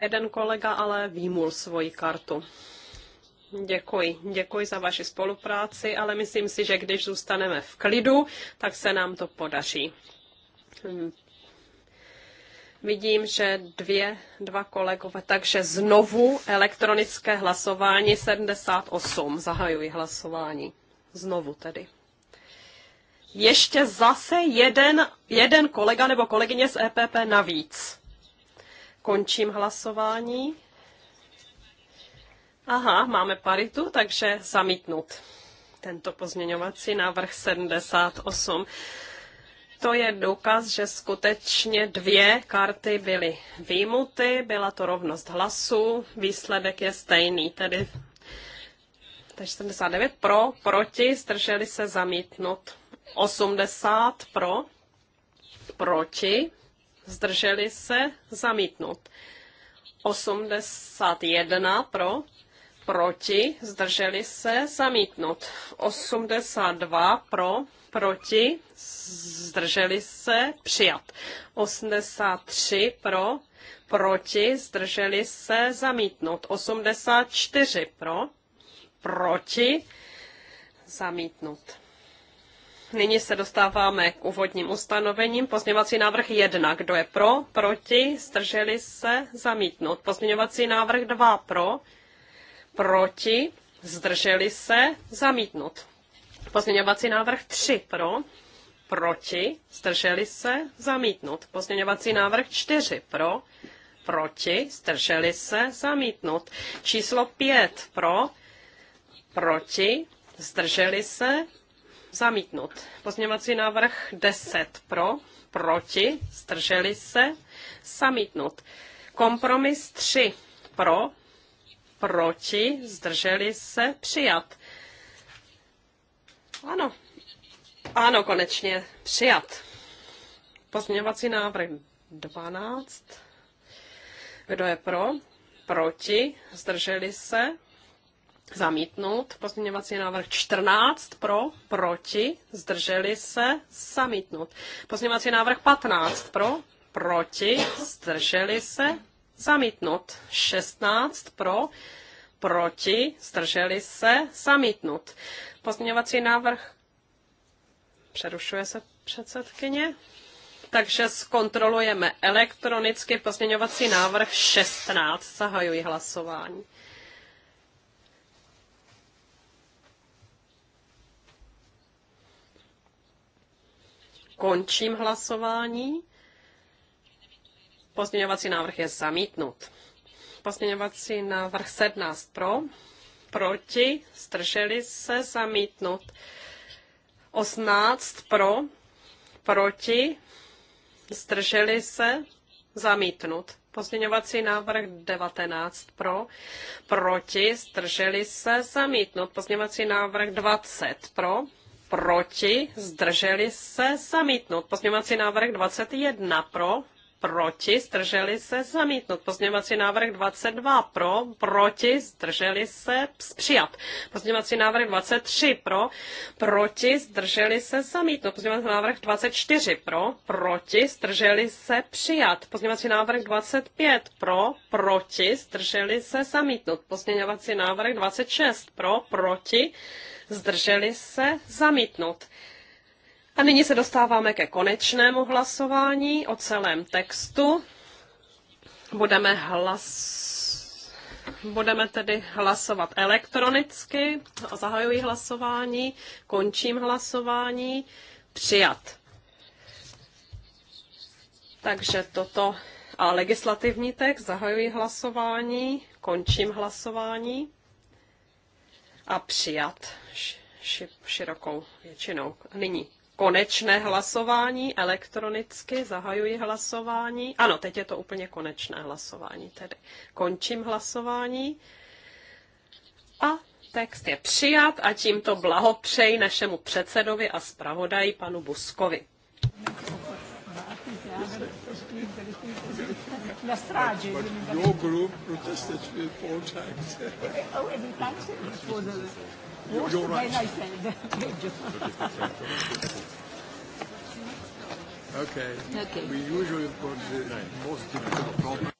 Jeden kolega ale výmul svoji kartu. Děkuji. Děkuji za vaši spolupráci, ale myslím si, že když zůstaneme v klidu, tak se nám to podaří. Hmm. Vidím, že dvě, dva kolegové, takže znovu elektronické hlasování 78. Zahajuji hlasování. Znovu tedy. Ještě zase jeden, jeden kolega nebo kolegyně z EPP navíc. Končím hlasování. Aha, máme paritu, takže zamítnut tento pozměňovací návrh 78. To je důkaz, že skutečně dvě karty byly výjimuty, byla to rovnost hlasů, výsledek je stejný, tedy 79 pro, proti, zdrželi se zamítnut. 80 pro, proti, zdrželi se, zamítnout 81 pro, proti, zdrželi se, zamítnout 82 pro, proti, zdrželi se, přijat. 83 pro, proti, zdrželi se, zamítnout 84 pro, proti, zamítnout Nyní se dostáváme k úvodním ustanovením. Pozměňovací návrh 1. Kdo je pro? Proti? Strželi se? Zamítnout. Pozměňovací návrh 2. Pro? Proti? Zdrželi se? Zamítnout. Pozměňovací návrh 3. Pro? Proti? Zdrželi se? Zamítnout. Pozměňovací návrh 4. Pro? Proti? Zdrželi se? Zamítnout. Číslo 5. Pro? Proti? Zdrželi se? Zamítnut. Pozměňovací návrh 10 pro, proti, zdrželi se, zamítnut. Kompromis 3 pro, proti, zdrželi se, přijat. Ano, ano, konečně přijat. Pozměňovací návrh 12. Kdo je pro? Proti? Zdrželi se? Zamítnout. Pozměňovací návrh 14 pro, proti, zdrželi se, zamítnout. Pozměňovací návrh 15 pro, proti, zdrželi se, zamítnout. 16 pro, proti, zdrželi se, zamítnout. Pozměňovací návrh přerušuje se předsedkyně. Takže zkontrolujeme elektronicky pozměňovací návrh 16. Zahajuji hlasování. Končím hlasování. Pozměňovací návrh je zamítnut. Pozměňovací návrh 17 pro, proti, strželi se, zamítnut. 18 pro, proti, strželi se, zamítnut. Pozměňovací návrh 19 pro, proti, strželi se, zamítnut. Pozměňovací návrh 20 pro, proti, zdrželi se, zamítnout. Pozměňovací návrh 21 pro, proti, zdrželi se, zamítnout. Pozměňovací návrh 22 pro, proti, zdrželi se, přijat. Pozměňovací návrh 23 pro, proti, zdrželi se, zamítnout. Pozměňovací návrh 24 pro, proti, zdrželi se, přijat. Pozměňovací návrh 25 pro, proti, zdrželi se, zamítnout. Pozměňovací návrh 26 pro, proti, zdrželi se, zamítnut. A nyní se dostáváme ke konečnému hlasování o celém textu. Budeme hlas... Budeme tedy hlasovat elektronicky. Zahajuji hlasování, končím hlasování. Přijat. Takže toto a legislativní text, zahajuji hlasování, končím hlasování a přijat širokou většinou. Nyní konečné hlasování elektronicky, zahajuji hlasování. Ano, teď je to úplně konečné hlasování, tedy končím hlasování. A text je přijat a tímto blahopřeji našemu předsedovi a zpravodaji panu Buskovi. Your group protested four times. oh, every time for the You're, no, no, no, you're right. I said, Okay. okay. We usually put the most difficult problem.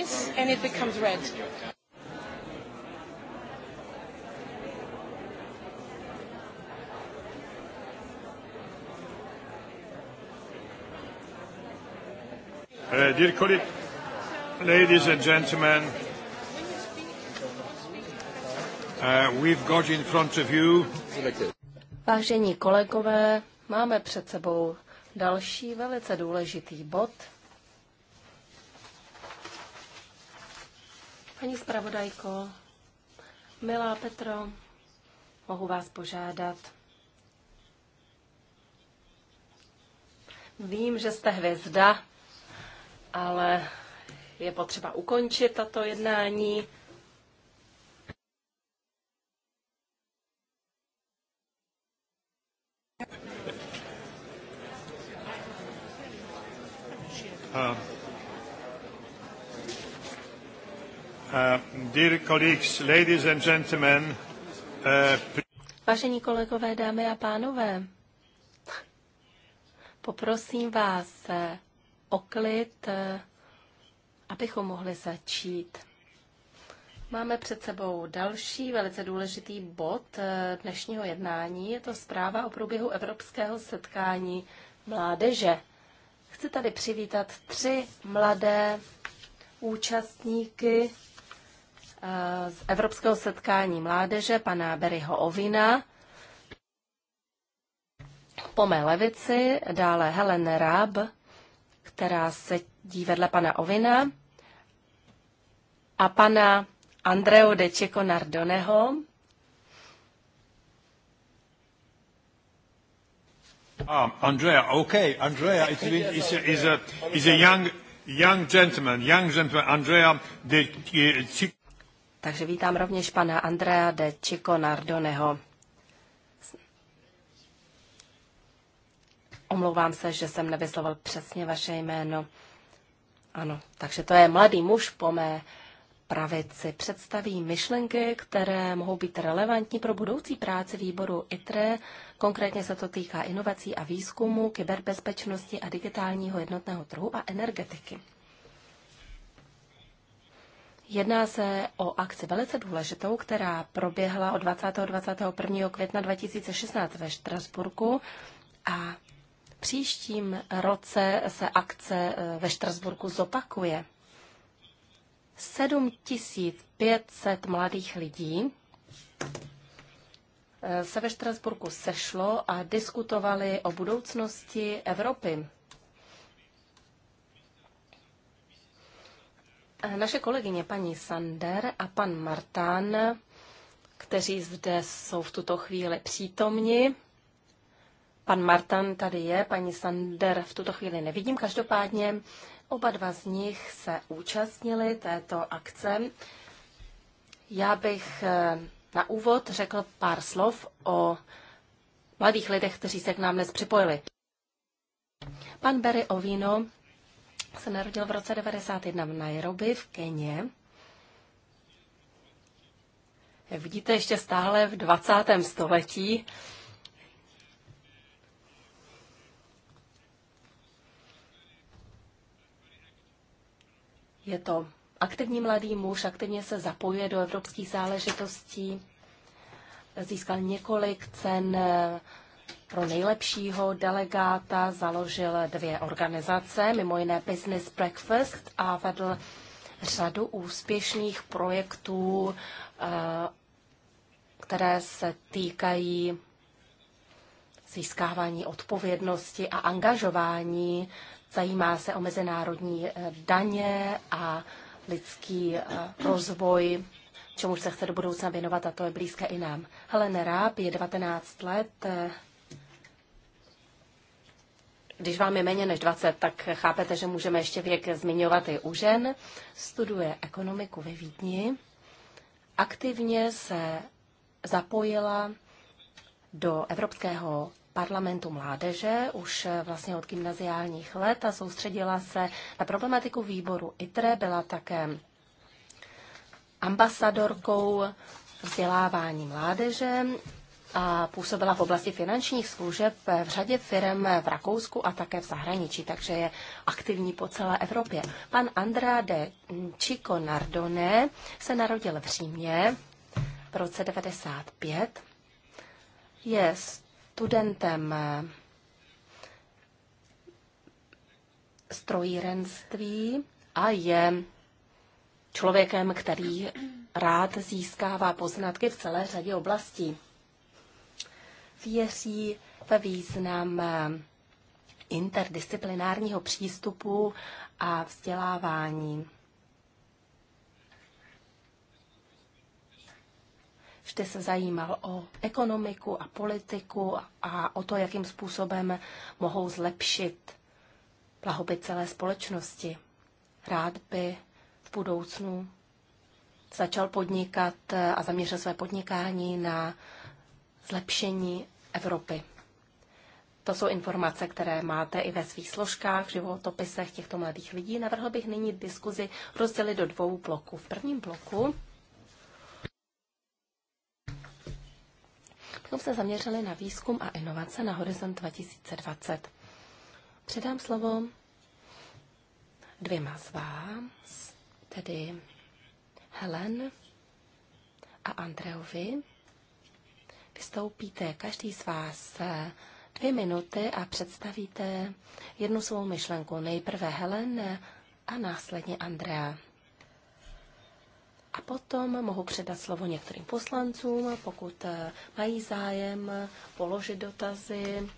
is and it becomes red. Uh, dear colleague, ladies and gentlemen, uh, we've got in front of you. Vážení kolegové, máme před sebou další velice důležitý bod, Paní zpravodajko, milá Petro, mohu vás požádat. Vím, že jste hvězda, ale je potřeba ukončit tato jednání. Uh, Vážení kolegové, dámy a pánové, poprosím vás eh, o klid, eh, abychom mohli začít. Máme před sebou další velice důležitý bod eh, dnešního jednání. Je to zpráva o průběhu evropského setkání mládeže. Chci tady přivítat tři mladé účastníky z Evropského setkání mládeže, pana Berryho Ovina. Po mé levici dále Helen Rab, která sedí vedle pana Ovina a pana Andreo de Chico Nardoneho. Ah, Andrea, okay, Andrea is, is, is, a, is a young, young gentleman, young gentleman, Andrea The, uh, takže vítám rovněž pana Andrea de Chico Nardoneho. Omlouvám se, že jsem nevyslovil přesně vaše jméno. Ano, takže to je mladý muž po mé pravici. Představí myšlenky, které mohou být relevantní pro budoucí práci výboru ITRE. Konkrétně se to týká inovací a výzkumu, kyberbezpečnosti a digitálního jednotného trhu a energetiky. Jedná se o akci velice důležitou, která proběhla od 20. 21. května 2016 ve Štrasburku a příštím roce se akce eh, ve Štrasburku zopakuje. 7500 mladých lidí eh, se ve Štrasburku sešlo a diskutovali o budoucnosti Evropy. Naše kolegyně paní Sander a pan Martán, kteří zde jsou v tuto chvíli přítomni. Pan Martan tady je, paní Sander v tuto chvíli nevidím. Každopádně oba dva z nich se účastnili této akce. Já bych eh, na úvod řekl pár slov o mladých lidech, kteří se k nám dnes připojili. Pan Berry Ovino se narodil v roce 91 v Nairobi v Keně. Jak vidíte, ještě stále v 20. století. Je to aktivní mladý muž, aktivně se zapojuje do evropských záležitostí, získal několik cen pro nejlepšího delegáta založil dvě organizace, mimo jiné Business Breakfast a vedl řadu úspěšných projektů, eh, které se týkají získávání odpovědnosti a angažování. Zajímá se o mezinárodní eh, daně a lidský eh, rozvoj čemu se chce do budoucna věnovat a to je blízké i nám. Helen Ráb je 19 let, když vám je méně než 20, tak chápete, že můžeme ještě věk zmiňovat i u žen. Studuje ekonomiku ve Vídni. Aktivně se zapojila do Evropského parlamentu mládeže už eh, vlastně od gymnaziálních let a soustředila se na problematiku výboru ITRE. Byla také ambasadorkou vzdělávání mládeže a působila v oblasti finančních služeb v řadě firm v Rakousku a také v zahraničí, takže je aktivní po celé Evropě. Pan de Chico Nardone se narodil v Římě v roce 95. Je studentem strojírenství a je člověkem, který rád získává poznatky v celé řadě oblastí věří ve význam eh, interdisciplinárního přístupu a vzdělávání. Vždy se zajímal o ekonomiku a politiku a o to, jakým způsobem mohou zlepšit blahobyt celé společnosti. Rád by v budoucnu začal podnikat eh, a zaměřil své podnikání na zlepšení Evropy. To jsou informace, které máte i ve svých složkách, v životopisech těchto mladých lidí. Navrhl bych nyní diskuzi rozdělit do dvou bloků. V prvním bloku bychom se zaměřili na výzkum a inovace na Horizont 2020. Předám slovo dvěma z vás, tedy Helen a Andreovi vystoupíte každý z vás eh, dvě minuty a představíte jednu svou myšlenku. Nejprve Helen a následně Andrea. A potom mohu předat slovo některým poslancům, pokud eh, mají zájem položit dotazy.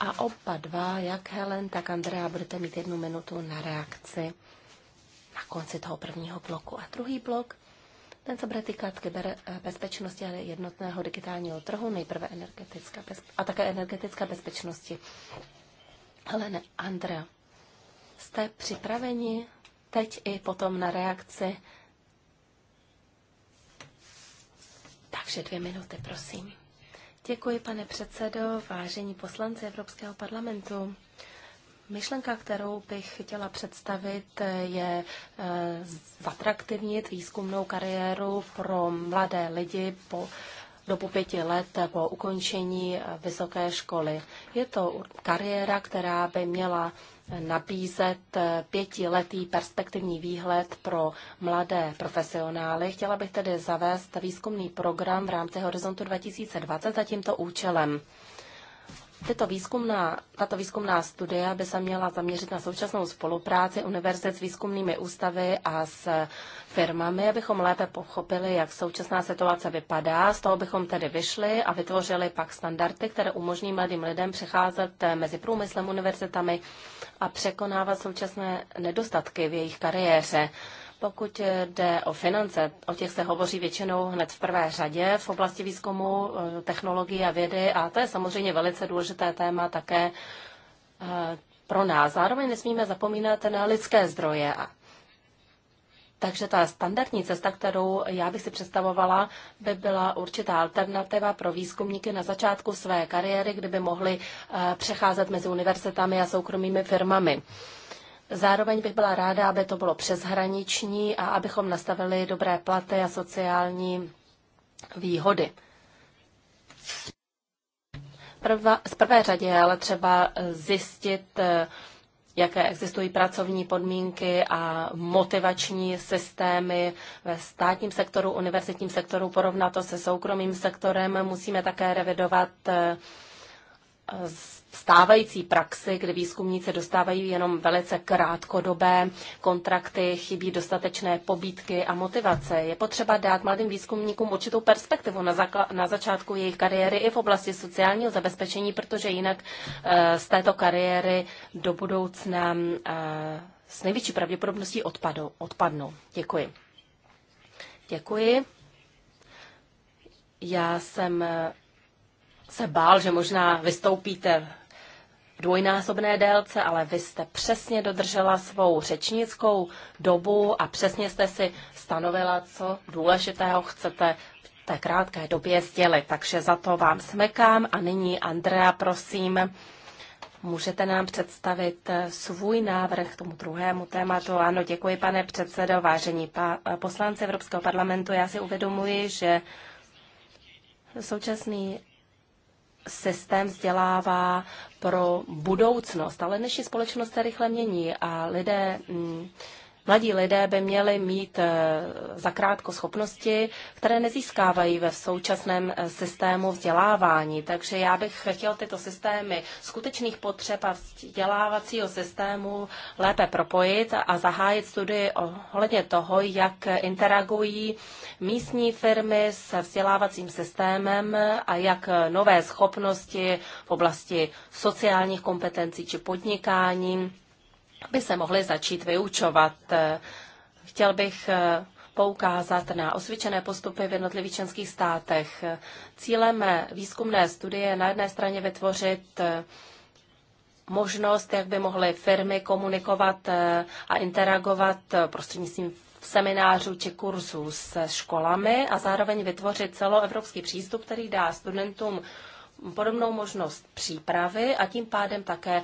A oba dva, jak Helen, tak Andrea, budete mít jednu minutu na reakci na konci toho prvního bloku. A druhý blok ten se bude týkat kyberbezpečnosti a jednotného digitálního trhu, nejprve energetická bez... a také energetická bezpečnosti. Helene, Andrea, jste připraveni teď i potom na reakci? Takže dvě minuty, prosím. Děkuji, pane předsedo, vážení poslanci Evropského parlamentu. Myšlenka, kterou bych chtěla představit, je eh, zatraktivnit výzkumnou kariéru pro mladé lidi po dobu pěti let po ukončení eh, vysoké školy. Je to kariéra, která by měla nabízet eh, pětiletý perspektivní výhled pro mladé profesionály. Chtěla bych tedy zavést výzkumný program v rámci Horizontu 2020 za tímto účelem. Tato výzkumná, tato výzkumná studia by se měla zaměřit na současnou spolupráci univerzit s výzkumnými ústavy a s firmami, abychom lépe pochopili, jak současná situace vypadá. Z toho bychom tedy vyšli a vytvořili pak standardy, které umožní mladým lidem přecházet mezi průmyslem, univerzitami a překonávat současné nedostatky v jejich kariéře. Pokud jde o finance, o těch se hovoří většinou hned v prvé řadě v oblasti výzkumu, eh, technologií a vědy a to je samozřejmě velice důležité téma také eh, pro nás. Zároveň nesmíme zapomínat na lidské zdroje. Takže ta standardní cesta, kterou já bych si představovala, by byla určitá alternativa pro výzkumníky na začátku své kariéry, kdyby mohli eh, přecházet mezi univerzitami a soukromými firmami. Zároveň bych byla ráda, aby to bylo přeshraniční a abychom nastavili dobré platy a sociální výhody. Prva, z prvé řadě je ale třeba zjistit, eh, jaké existují pracovní podmínky a motivační systémy ve státním sektoru, univerzitním sektoru, porovnat to se soukromým sektorem. Musíme také revidovat eh, stávající praxi, kdy výzkumníci dostávají jenom velice krátkodobé kontrakty, chybí dostatečné pobídky a motivace. Je potřeba dát mladým výzkumníkům určitou perspektivu na, na začátku jejich kariéry i v oblasti sociálního zabezpečení, protože jinak e, z této kariéry do budoucna e, s největší pravděpodobností odpadu, odpadnou. Děkuji. Děkuji. Já jsem eh, se bál, že možná vystoupíte v dvojnásobné délce, ale vy jste přesně dodržela svou řečnickou dobu a přesně jste si stanovila, co důležitého chcete v té krátké době sdělit. Takže za to vám smekám a nyní Andrea, prosím, můžete nám představit svůj návrh tomu druhému tématu. Ano, děkuji, pane předsedo, vážení poslanci Evropského parlamentu. Já si uvědomuji, že Současný systém vzdělává pro budoucnost. Ale dnešní společnost se rychle mění a lidé mm, Mladí lidé by měli mít eh, zakrátko schopnosti, které nezískávají ve současném eh, systému vzdělávání. Takže já bych chtěl tyto systémy skutečných potřeb a vzdělávacího systému lépe propojit a zahájit studii ohledně toho, jak interagují místní firmy se vzdělávacím systémem a jak eh, nové schopnosti v oblasti sociálních kompetencí či podnikání by se mohly začít vyučovat. Chtěl bych eh, poukázat na osvědčené postupy v jednotlivých členských státech. Cílem výzkumné studie je na jedné straně vytvořit eh, možnost, jak by mohly firmy komunikovat eh, a interagovat prostřednictvím seminářů či kurzů s školami a zároveň vytvořit celoevropský přístup, který dá studentům podobnou možnost přípravy a tím pádem také e,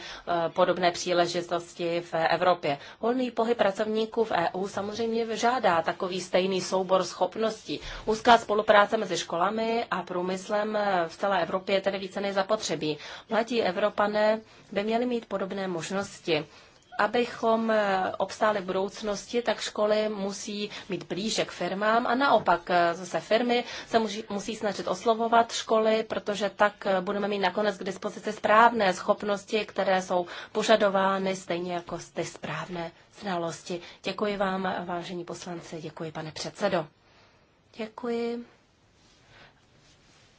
podobné příležitosti v Evropě. Volný pohyb pracovníků v EU samozřejmě žádá takový stejný soubor schopností. Úzká spolupráce mezi školami a průmyslem e, v celé Evropě je tedy více než zapotřebí. Mladí Evropané by měli mít podobné možnosti abychom eh, obstáli v budoucnosti, tak školy musí mít blíže k firmám a naopak eh, zase firmy se musí snažit oslovovat školy, protože tak eh, budeme mít nakonec k dispozici správné schopnosti, které jsou požadovány stejně jako ty správné znalosti. Děkuji vám, vážení poslanci, děkuji, pane předsedo. Děkuji.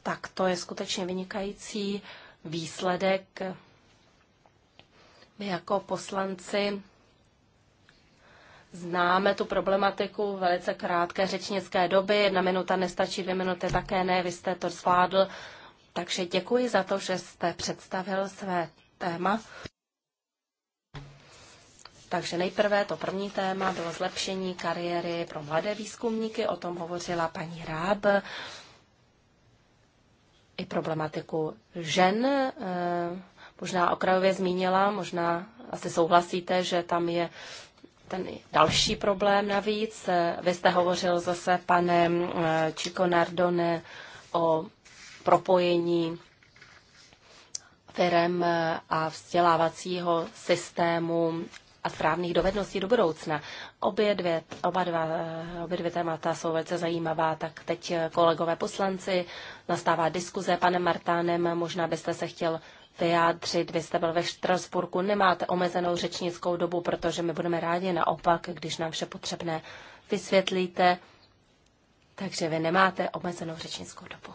Tak to je skutečně vynikající výsledek my jako poslanci známe tu problematiku velice krátké řečnické doby. Jedna minuta nestačí, dvě minuty také ne, vy jste to zvládl. Takže děkuji za to, že jste představil své téma. Takže nejprve to první téma bylo zlepšení kariéry pro mladé výzkumníky, o tom hovořila paní Ráb, i problematiku žen eh, možná okrajově zmínila, možná asi souhlasíte, že tam je ten další problém navíc. Vy jste hovořil zase, pane eh, Chico Nardone, o propojení firem eh, a vzdělávacího systému a správných dovedností do budoucna. Obě dvě, oba dva, eh, obě dvě témata jsou velice zajímavá, tak teď kolegové poslanci, nastává diskuze. Pane Martánem, možná byste se chtěl vyjádřit. Vy jste byl ve Štrasburku, nemáte omezenou řečnickou dobu, protože my budeme rádi naopak, když nám vše potřebné vysvětlíte. Takže vy nemáte omezenou řečnickou dobu.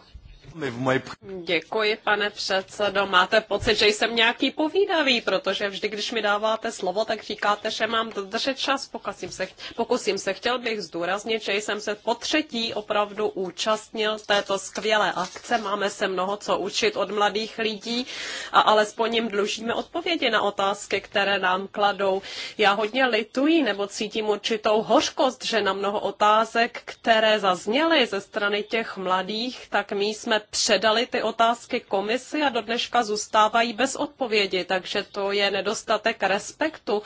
Děkuji, pane předsedo. Máte pocit, že jsem nějaký povídavý, protože vždy, když mi dáváte slovo, tak říkáte, že mám dodržet čas. Pokusím se, pokusím se. Chtěl bych zdůraznit, že jsem se po třetí opravdu účastnil této skvělé akce. Máme se mnoho co učit od mladých lidí a alespoň jim dlužíme odpovědi na otázky, které nám kladou. Já hodně lituji nebo cítím určitou hořkost, že na mnoho otázek, které zazněly ze strany těch mladých, tak my jsme předali ty otázky komisi a do dneška zůstávají bez odpovědi, takže to je nedostatek respektu.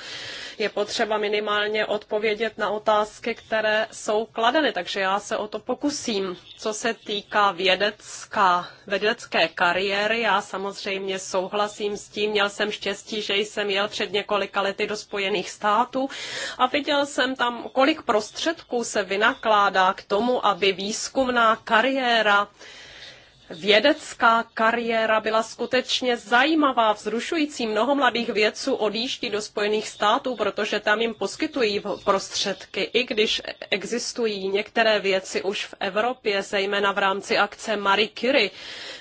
Je potřeba minimálně odpovědět na otázky, které jsou kladeny, takže já se o to pokusím. Co se týká vědecká, vědecké kariéry, já samozřejmě souhlasím s tím, měl jsem štěstí, že jsem jel před několika lety do Spojených států a viděl jsem tam, kolik prostředků se vynakládá k tomu, aby výzkumná kariéra vědecká kariéra byla skutečně zajímavá, vzrušující. Mnoho mladých vědců odjíždí do Spojených států, protože tam jim poskytují prostředky, i když existují některé věci už v Evropě, zejména v rámci akce Marie Curie.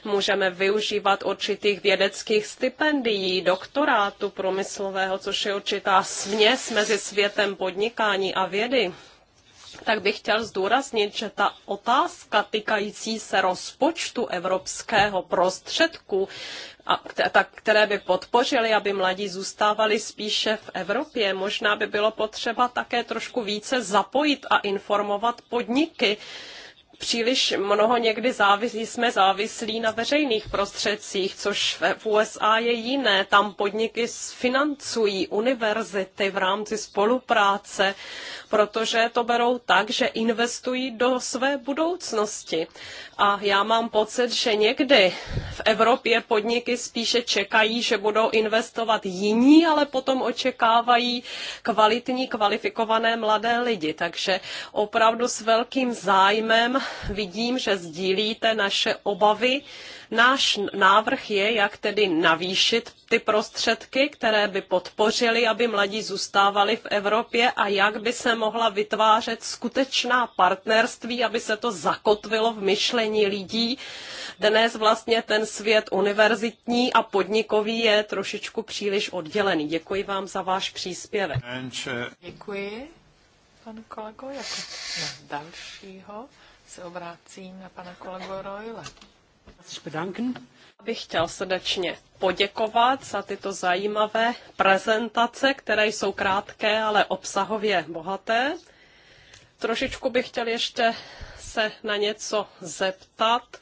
Můžeme využívat určitých vědeckých stipendií, doktorátu průmyslového, což je určitá směs mezi světem podnikání a vědy tak bych chtěl zdůraznit, že ta otázka týkající se rozpočtu evropského prostředku, a tak, které by podpořily, aby mladí zůstávali spíše v Evropě. Možná by bylo potřeba také trošku více zapojit a informovat podniky, příliš mnoho někdy závislí, jsme závislí na veřejných prostředcích, což v USA je jiné. Tam podniky financují univerzity v rámci spolupráce, protože to berou tak, že investují do své budoucnosti. A já mám pocit, že někdy v Evropě podniky spíše čekají, že budou investovat jiní, ale potom očekávají kvalitní, kvalifikované mladé lidi. Takže opravdu s velkým zájmem vidím, že sdílíte naše obavy. Náš návrh je, jak tedy navýšit ty prostředky, které by podpořily, aby mladí zůstávali v Evropě a jak by se mohla vytvářet skutečná partnerství, aby se to zakotvilo v myšlení lidí. Dnes vlastně ten svět univerzitní a podnikový je trošičku příliš oddělený. Děkuji vám za váš příspěvek. Děkuji, pan kolego, jako dalšího se obrácím na pana kolegu Royle. Bych chtěl srdečně poděkovat za tyto zajímavé prezentace, které jsou krátké, ale obsahově bohaté. Trošičku bych chtěl ještě se na něco zeptat.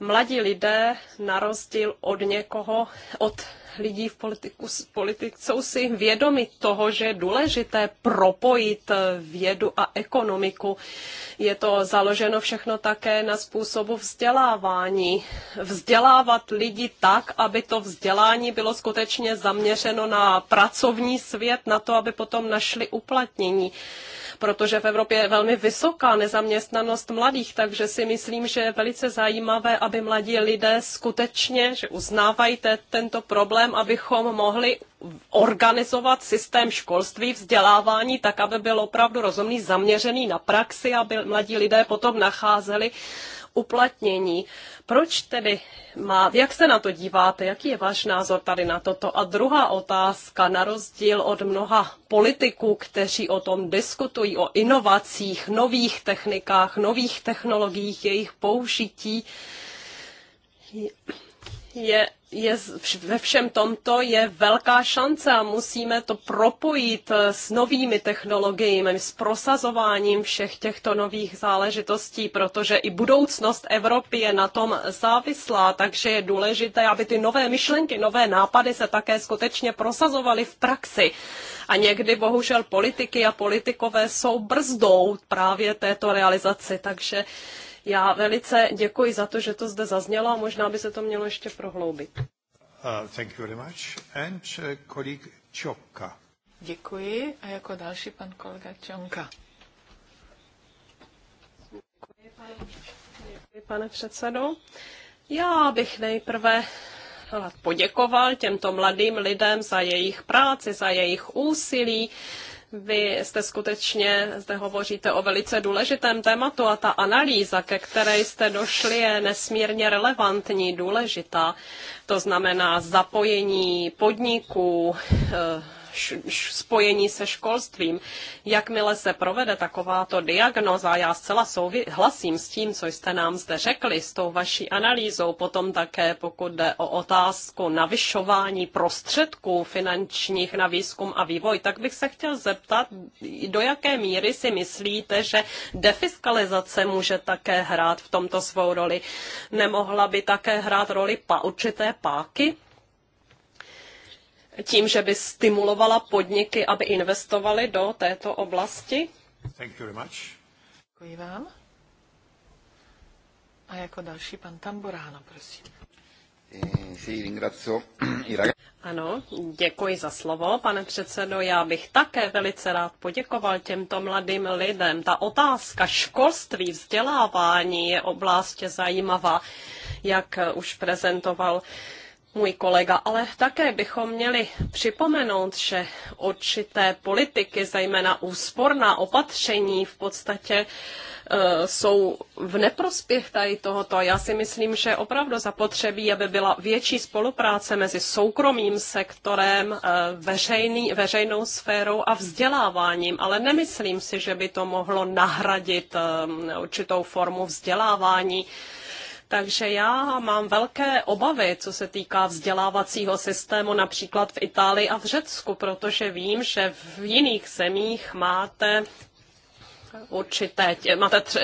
Mladí lidé, na rozdíl od někoho, od lidí v politiku, politik jsou si vědomi toho, že je důležité propojit eh, vědu a ekonomiku. Je to založeno všechno také na způsobu vzdělávání. Vzdělávat lidi tak, aby to vzdělání bylo skutečně zaměřeno na pracovní svět, na to, aby potom našli uplatnění protože v Evropě je velmi vysoká nezaměstnanost mladých, takže si myslím, že je velice zajímavé, aby mladí lidé skutečně, že uznávají te, tento problém, abychom mohli organizovat systém školství, vzdělávání tak, aby byl opravdu rozumný, zaměřený na praxi, aby mladí lidé potom nacházeli uplatnění. Proč tedy má, jak se na to díváte, jaký je váš názor tady na toto? A druhá otázka, na rozdíl od mnoha politiků, kteří o tom diskutují, o inovacích, nových technikách, nových technologiích, jejich použití, je je, ve všem tomto je velká šance a musíme to propojit eh, s novými technologiemi, s prosazováním všech těchto nových záležitostí, protože i budoucnost Evropy je na tom závislá, takže je důležité, aby ty nové myšlenky, nové nápady se také skutečně prosazovaly v praxi. A někdy bohužel politiky a politikové jsou brzdou právě této realizaci, takže já velice děkuji za to, že to zde zaznělo a možná by se to mělo ještě prohloubit. Uh, thank you very much. And kolik uh, Čoka. Děkuji a jako další pan kolega Čonka. Děkuji, pane, děkuji, pane předsedo. Já bych nejprve poděkoval těmto mladým lidem za jejich práci, za jejich úsilí, vy jste skutečně, zde hovoříte o velice důležitém tématu a ta analýza, ke které jste došli, je nesmírně relevantní, důležitá. To znamená zapojení podniků, eh, spojení se školstvím. Jakmile se provede takováto diagnoza, já zcela souhlasím s tím, co jste nám zde řekli, s tou vaší analýzou, potom také pokud jde o otázku navyšování prostředků finančních na výzkum a vývoj, tak bych se chtěl zeptat, do jaké míry si myslíte, že defiskalizace může také hrát v tomto svou roli? Nemohla by také hrát roli pa určité páky? tím, že by stimulovala podniky, aby investovaly do této oblasti? Thank you very much. Děkuji vám. A jako další pan Tamboráno, prosím. Ano, děkuji za slovo, pane předsedo. Já bych také velice rád poděkoval těmto mladým lidem. Ta otázka školství, vzdělávání je oblastě zajímavá, jak už prezentoval můj kolega, ale také bychom měli připomenout, že určité politiky, zejména úsporná opatření, v podstatě e, jsou v neprospěch tady tohoto. Já si myslím, že opravdu zapotřebí, aby byla větší spolupráce mezi soukromým sektorem, e, veřejný, veřejnou sférou a vzděláváním, ale nemyslím si, že by to mohlo nahradit e, určitou formu vzdělávání takže já mám velké obavy, co se týká vzdělávacího systému například v Itálii a v Řecku, protože vím, že v jiných zemích máte určité, máte tři,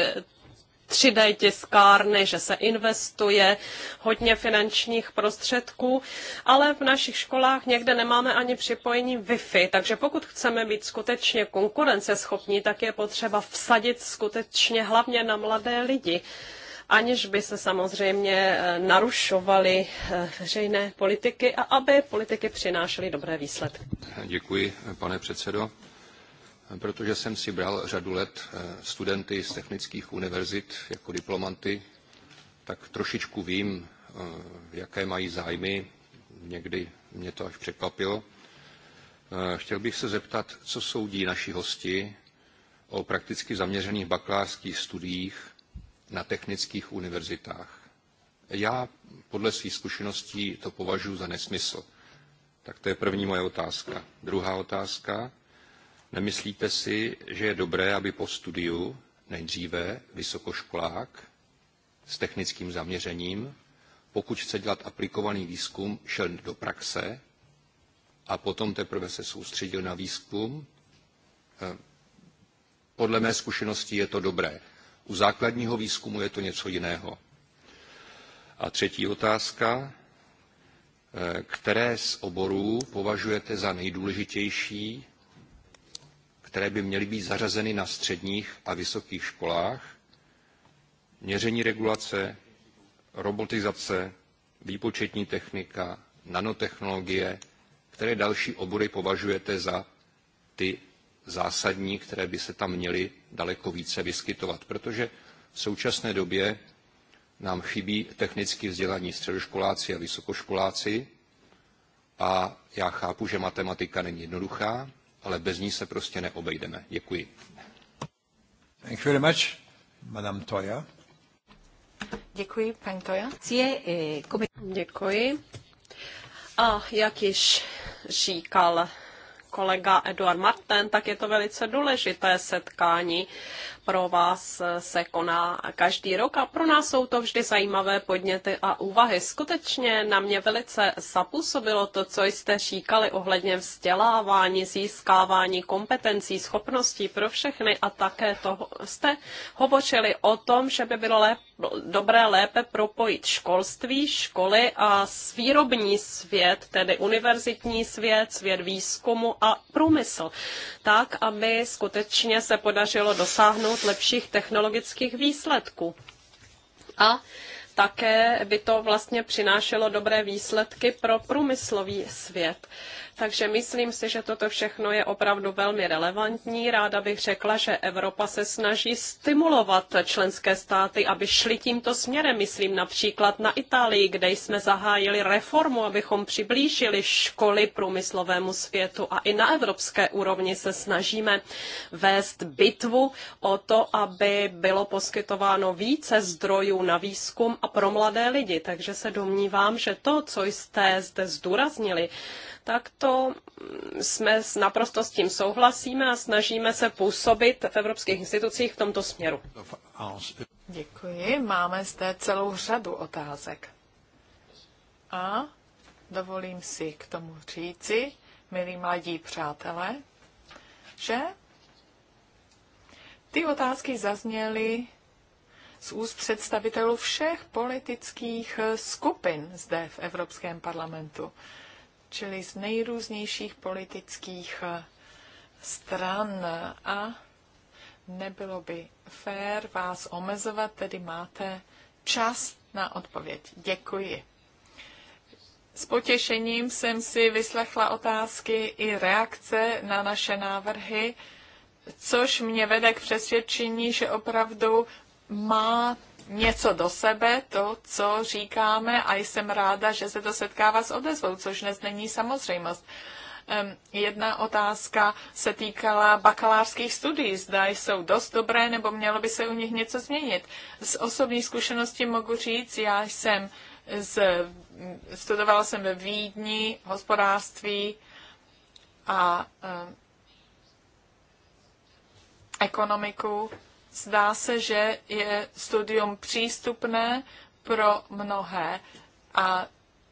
3D tiskárny, že se investuje hodně finančních prostředků, ale v našich školách někde nemáme ani připojení Wi-Fi, takže pokud chceme být skutečně konkurenceschopní, tak je potřeba vsadit skutečně hlavně na mladé lidi aniž by se samozřejmě eh, narušovaly eh, veřejné politiky a aby politiky přinášely dobré výsledky. Děkuji, pane předsedo. Protože jsem si bral řadu let eh, studenty z technických univerzit jako diplomanty, tak trošičku vím, jaké mají zájmy. Někdy mě to až překvapilo. Chtěl bych se zeptat, co soudí naši hosti o prakticky zaměřených bakalářských studiích na technických univerzitách. Já podle svých zkušeností to považuji za nesmysl. Tak to je první moje otázka. Druhá otázka. Nemyslíte si, že je dobré, aby po studiu nejdříve vysokoškolák s technickým zaměřením, pokud chce dělat aplikovaný výzkum, šel do praxe a potom teprve se soustředil na výzkum? Podle mé zkušenosti je to dobré. U základního výzkumu je to něco jiného. A třetí otázka. Které z oborů považujete za nejdůležitější, které by měly být zařazeny na středních a vysokých školách? Měření regulace, robotizace, výpočetní technika, nanotechnologie, které další obory považujete za ty zásadní, které by se tam měly daleko více vyskytovat, protože v současné době nám chybí technicky vzdělaní středoškoláci a vysokoškoláci a já chápu, že matematika není jednoduchá, ale bez ní se prostě neobejdeme. Děkuji. Thank you very much, Madame Toya. Děkuji, paní Toja. Děkuji. A jak již říkal kolega Eduard Marten, tak je to velice důležité setkání pro vás se koná každý rok a pro nás jsou to vždy zajímavé podněty a úvahy. Skutečně na mě velice zapůsobilo to, co jste říkali ohledně vzdělávání, získávání kompetencí, schopností pro všechny a také to jste hovořili o tom, že by bylo lépe dobré lépe propojit školství, školy a výrobní svět, tedy univerzitní svět, svět výzkumu a průmysl, tak, aby skutečně se podařilo dosáhnout dosáhnout lepších technologických výsledků. A také by to vlastně přinášelo dobré výsledky pro průmyslový svět. Takže myslím si, že toto všechno je opravdu velmi relevantní. Ráda bych řekla, že Evropa se snaží stimulovat členské státy, aby šli tímto směrem. Myslím například na Itálii, kde jsme zahájili reformu, abychom přiblížili školy průmyslovému světu a i na evropské úrovni se snažíme vést bitvu o to, aby bylo poskytováno více zdrojů na výzkum a pro mladé lidi. Takže se domnívám, že to, co jste zde zdůraznili, tak to jsme naprosto s tím souhlasíme a snažíme se působit v evropských institucích v tomto směru. Děkuji. Máme zde celou řadu otázek. A dovolím si k tomu říci, milí mladí přátelé, že ty otázky zazněly z úst představitelů všech politických skupin zde v Evropském parlamentu čili z nejrůznějších politických eh, stran a nebylo by fér vás omezovat, tedy máte čas na odpověď. Děkuji. S potěšením jsem si vyslechla otázky i reakce na naše návrhy, což mě vede k přesvědčení, že opravdu má něco do sebe, to, co říkáme, a jsem ráda, že se to setkává s odezvou, což dnes není samozřejmost. Jedna otázka se týkala bakalářských studií. Zda jsou dost dobré, nebo mělo by se u nich něco změnit. Z osobní zkušenosti mohu říct, já jsem z, studovala jsem ve Vídni hospodářství a ekonomiku Zdá se, že je studium přístupné pro mnohé a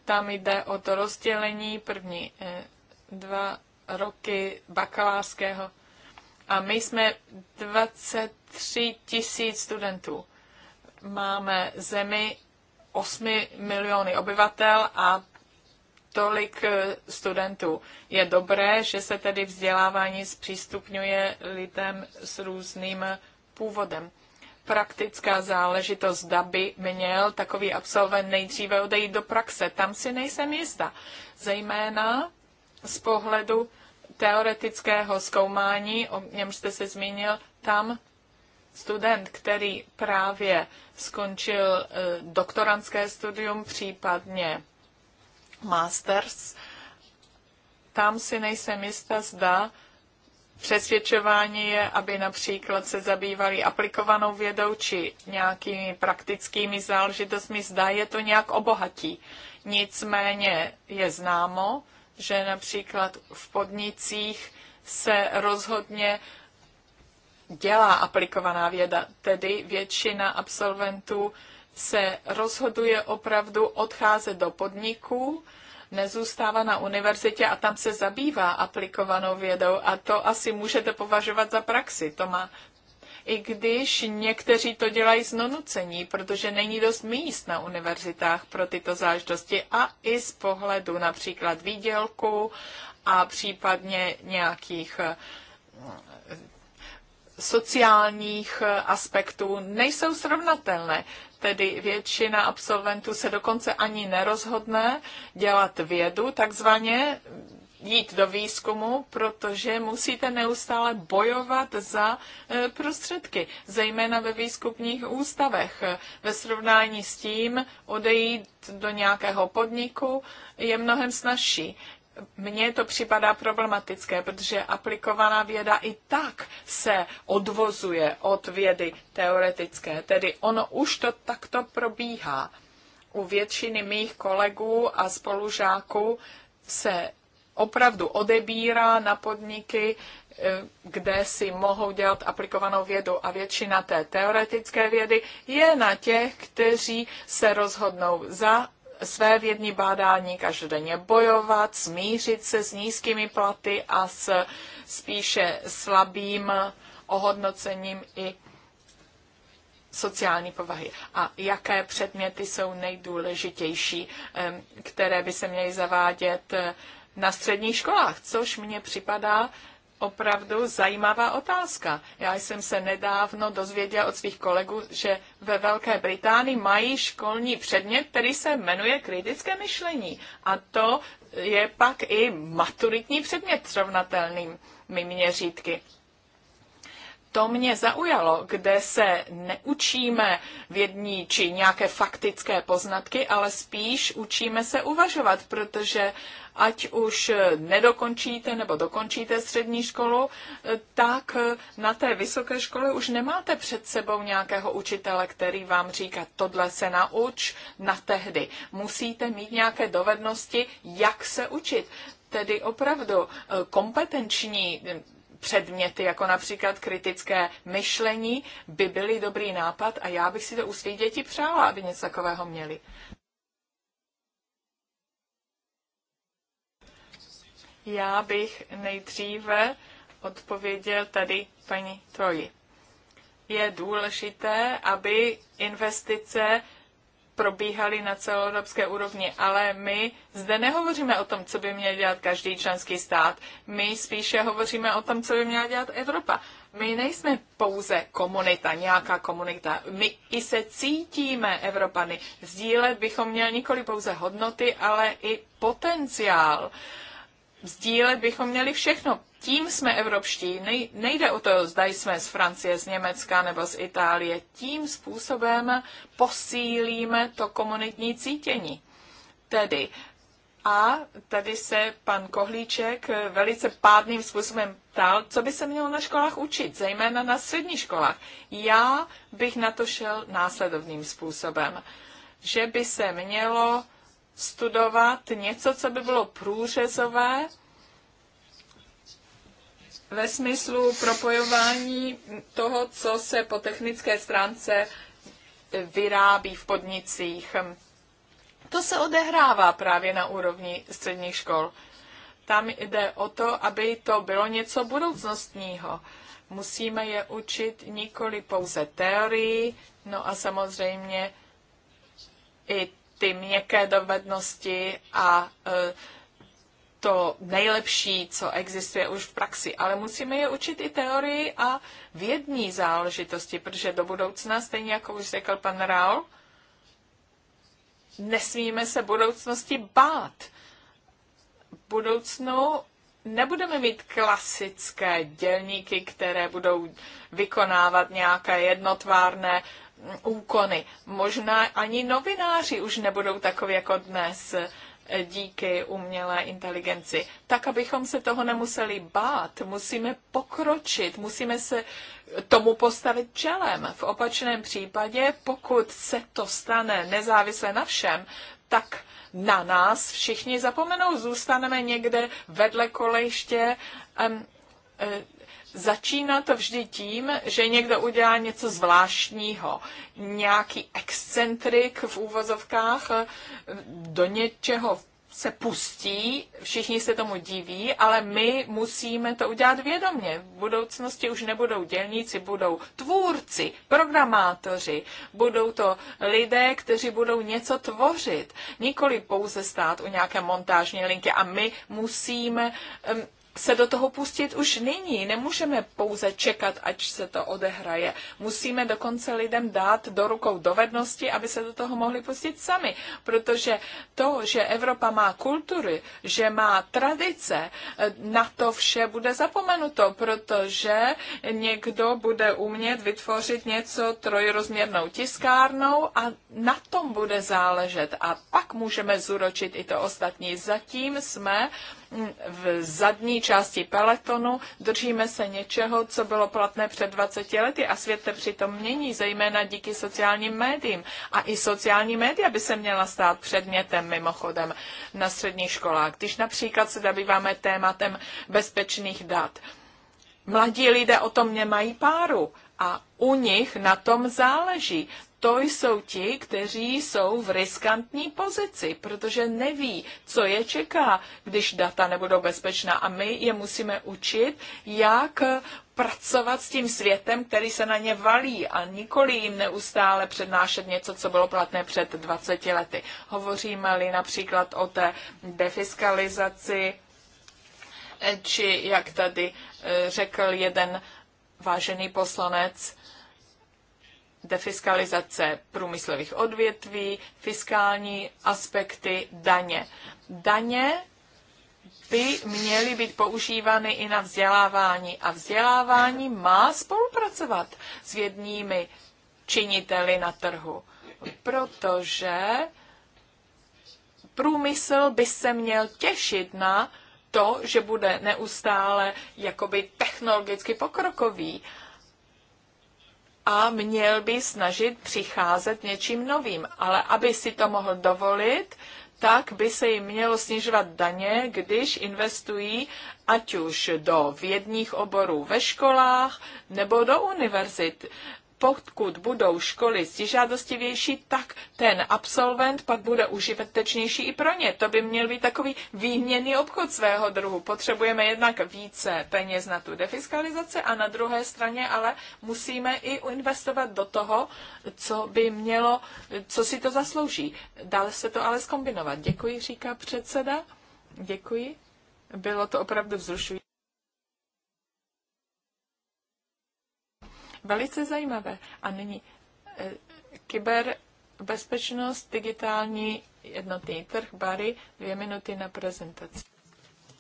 tam jde o to rozdělení první eh, dva roky bakalářského. A my jsme 23 tisíc studentů. Máme zemi 8 miliony obyvatel a tolik eh, studentů. Je dobré, že se tedy vzdělávání zpřístupňuje lidem s různým původem. Praktická záležitost, aby měl takový absolvent nejdříve odejít do praxe. Tam si nejsem jistá. Zejména z pohledu teoretického zkoumání, o něm jste se zmínil, tam student, který právě skončil e, doktorantské studium, případně masters, tam si nejsem jistá, zda Přesvědčování je, aby například se zabývali aplikovanou vědou či nějakými praktickými záležitostmi, zda je to nějak obohatí. Nicméně je známo, že například v podnicích se rozhodně dělá aplikovaná věda, tedy většina absolventů se rozhoduje opravdu odcházet do podniků, nezůstává na univerzitě a tam se zabývá aplikovanou vědou a to asi můžete považovat za praxi. To má i když někteří to dělají z nonucení, protože není dost míst na univerzitách pro tyto záždosti a i z pohledu například výdělku a případně nějakých eh, sociálních eh, aspektů nejsou srovnatelné tedy většina absolventů se dokonce ani nerozhodne dělat vědu, takzvaně jít do výzkumu, protože musíte neustále bojovat za e, prostředky, zejména ve výzkumných ústavech. Ve srovnání s tím odejít do nějakého podniku je mnohem snažší mně to připadá problematické, protože aplikovaná věda i tak se odvozuje od vědy teoretické. Tedy ono už to takto probíhá. U většiny mých kolegů a spolužáků se opravdu odebírá na podniky, eh, kde si mohou dělat aplikovanou vědu. A většina té teoretické vědy je na těch, kteří se rozhodnou za své vědní bádání každodenně bojovat, smířit se s nízkými platy a s spíše slabým ohodnocením i sociální povahy a jaké předměty jsou nejdůležitější, které by se měly zavádět eh, na středních školách, což mně připadá, opravdu zajímavá otázka. Já jsem se nedávno dozvěděla od svých kolegů, že ve Velké Británii mají školní předmět, který se jmenuje kritické myšlení. A to je pak i maturitní předmět srovnatelným měřítky to mě zaujalo, kde se neučíme vědní či nějaké faktické poznatky, ale spíš učíme se uvažovat, protože ať už nedokončíte nebo dokončíte střední školu, tak na té vysoké škole už nemáte před sebou nějakého učitele, který vám říká, tohle se nauč na tehdy. Musíte mít nějaké dovednosti, jak se učit. Tedy opravdu eh, kompetenční předměty, jako například kritické myšlení, by byly dobrý nápad a já bych si to u svých dětí přála, aby něco takového měli. Já bych nejdříve odpověděl tady paní Troji. Je důležité, aby investice probíhaly na celoevropské úrovni, ale my zde nehovoříme o tom, co by měl dělat každý členský stát. My spíše hovoříme o tom, co by měla dělat Evropa. My nejsme pouze komunita, nějaká komunita. My i se cítíme Evropany. Sdílet bychom měli nikoli pouze hodnoty, ale i potenciál. Uh, sdílet bychom měli všechno. Tím jsme evropští. Nej, nejde o to, zda jsme z Francie, z Německa nebo z Itálie. Tím způsobem posílíme to komunitní cítění. Tedy a tady se pan Kohlíček velice pádným způsobem ptal, co by se mělo na školách učit, zejména na středních školách. Já bych na to šel následovným způsobem, že by se mělo studovat něco, co by bylo průřezové ve smyslu propojování toho, co se po technické stránce vyrábí v podnicích. To se odehrává právě na úrovni středních škol. Tam jde o to, aby to bylo něco budoucnostního. Musíme je učit nikoli pouze teorii, no a samozřejmě i ty měkké dovednosti a e, to nejlepší, co existuje už v praxi, ale musíme je učit i teorii a vědní záležitosti, protože do budoucna, stejně jako už řekl pan Raul, nesmíme se budoucnosti bát. V budoucnu nebudeme mít klasické dělníky, které budou vykonávat nějaké jednotvárné úkony. Možná ani novináři už nebudou takový jako dnes eh, díky umělé inteligenci. Tak, abychom se toho nemuseli bát, musíme pokročit, musíme se tomu postavit čelem. V opačném případě, pokud se to stane nezávisle na všem, tak na nás všichni zapomenou, zůstaneme někde vedle kolejště, um, Začíná to vždy tím, že někdo udělá něco zvláštního, nějaký excentrik v úvozovkách, eh, do něčeho se pustí, všichni se tomu diví, ale my musíme to udělat vědomě. V budoucnosti už nebudou dělníci, budou tvůrci, programátoři, budou to lidé, kteří budou něco tvořit, nikoli pouze stát u nějaké montážní linky a my musíme um, se do toho pustit už nyní. Nemůžeme pouze čekat, až se to odehraje. Musíme dokonce lidem dát do rukou dovednosti, aby se do toho mohli pustit sami. Protože to, že Evropa má kultury, že má tradice, na to vše bude zapomenuto, protože někdo bude umět vytvořit něco trojrozměrnou tiskárnou a na tom bude záležet. A pak můžeme zuročit i to ostatní. Zatím jsme v zadní části peletonu, držíme se něčeho, co bylo platné před 20 lety a svět se přitom mění, zejména díky sociálním médiím. A i sociální média by se měla stát předmětem mimochodem na středních školách. Když například se zabýváme tématem bezpečných dat. Mladí lidé o tom nemají páru a u nich na tom záleží to jsou ti, kteří jsou v riskantní pozici, protože neví, co je čeká, když data nebudou bezpečná a my je musíme učit, jak pracovat s tím světem, který se na ně valí a nikoli jim neustále přednášet něco, co bylo platné před 20 lety. Hovoříme-li například o té defiskalizaci, či jak tady eh, řekl jeden vážený poslanec, defiskalizace průmyslových odvětví, fiskální aspekty, daně. Daně by měly být používány i na vzdělávání a vzdělávání má spolupracovat s vědními činiteli na trhu, protože průmysl by se měl těšit na to, že bude neustále jakoby technologicky pokrokový a měl by snažit přicházet něčím novým. Ale aby si to mohl dovolit, tak by se jim mělo snižovat daně, když investují ať už do vědních oborů ve školách nebo do univerzit pokud budou školy stižádostivější, tak ten absolvent pak bude užitečnější i pro ně. To by měl být takový výměný obchod svého druhu. Potřebujeme jednak více peněz na tu defiskalizaci a na druhé straně ale musíme i investovat do toho, co by mělo, co si to zaslouží. Dále se to ale skombinovat. Děkuji, říká předseda. Děkuji. Bylo to opravdu vzrušující. velice zajímavé. A nyní e, kyberbezpečnost, digitální jednotný trh, bary, dvě minuty na prezentaci.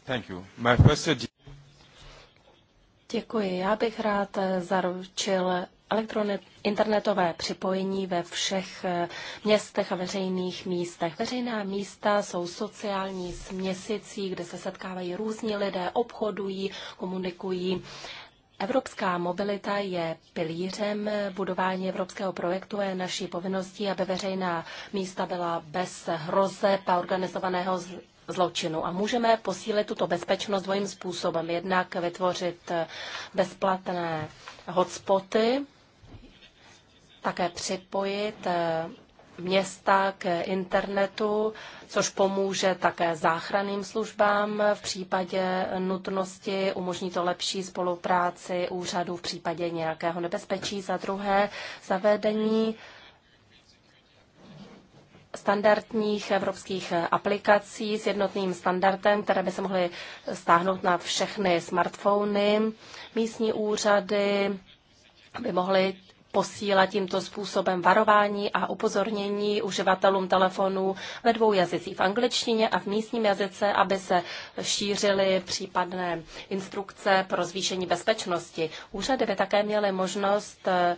Thank you. My first... Děkuji. Já bych rád eh, zaručil internetové připojení ve všech eh, městech a veřejných místech. Veřejná místa jsou sociální směsicí, kde se setkávají různí lidé, obchodují, komunikují Evropská mobilita je pilířem budování evropského projektu a je naší povinností, aby veřejná místa byla bez hrozeb a organizovaného zločinu. A můžeme posílit tuto bezpečnost dvojím způsobem. Jednak vytvořit bezplatné hotspoty, také připojit eh, města k internetu, což pomůže také záchranným službám v případě nutnosti, umožní to lepší spolupráci úřadů v případě nějakého nebezpečí. Za druhé, zavedení standardních evropských aplikací s jednotným standardem, které by se mohly stáhnout na všechny smartfony. Místní úřady by mohly posílá tímto způsobem varování a upozornění uživatelům telefonů ve dvou jazycích, v angličtině a v místním jazyce, aby se šířily případné instrukce pro zvýšení bezpečnosti. Úřady by také měly možnost eh,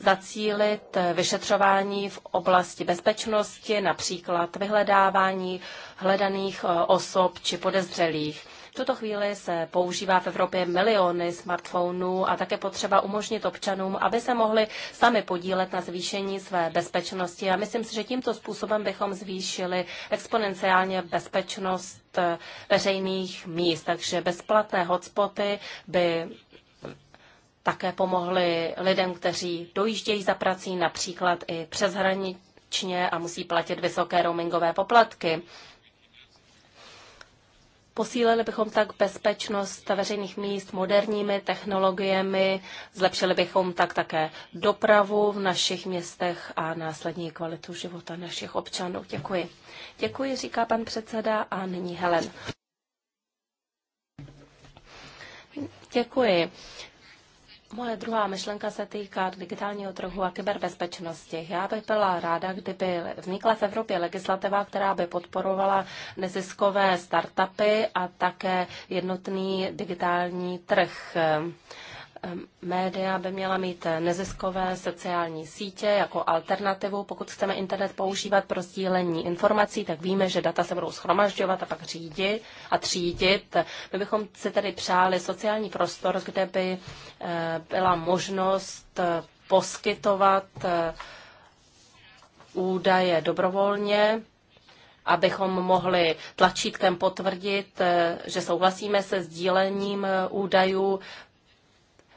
zacílit vyšetřování v oblasti bezpečnosti, například vyhledávání hledaných eh, osob či podezřelých tuto chvíli se používá v Evropě miliony smartphonů a také potřeba umožnit občanům, aby se mohli sami podílet na zvýšení své bezpečnosti. A myslím si, že tímto způsobem bychom zvýšili exponenciálně bezpečnost eh, veřejných míst. Takže bezplatné hotspoty by také pomohly lidem, kteří dojíždějí za prací například i přes hranice a musí platit vysoké roamingové poplatky. Posílili bychom tak bezpečnost veřejných míst moderními technologiemi, zlepšili bychom tak také dopravu v našich městech a následně kvalitu života našich občanů. Děkuji. Děkuji, říká pan předseda a nyní Helen. Děkuji. Moje druhá myšlenka se týká digitálního trhu a kyberbezpečnosti. Já bych byla ráda, kdyby vznikla v Evropě legislativa, která by podporovala neziskové startupy a také jednotný digitální trh. Média by měla mít eh, neziskové sociální sítě jako alternativu. Pokud chceme internet používat pro sdílení informací, tak víme, že data se budou schromažďovat a pak řídit a třídit. My bychom si tedy přáli sociální prostor, kde by eh, byla možnost eh, poskytovat údaje dobrovolně, abychom mohli tlačítkem potvrdit, že souhlasíme se sdílením údajů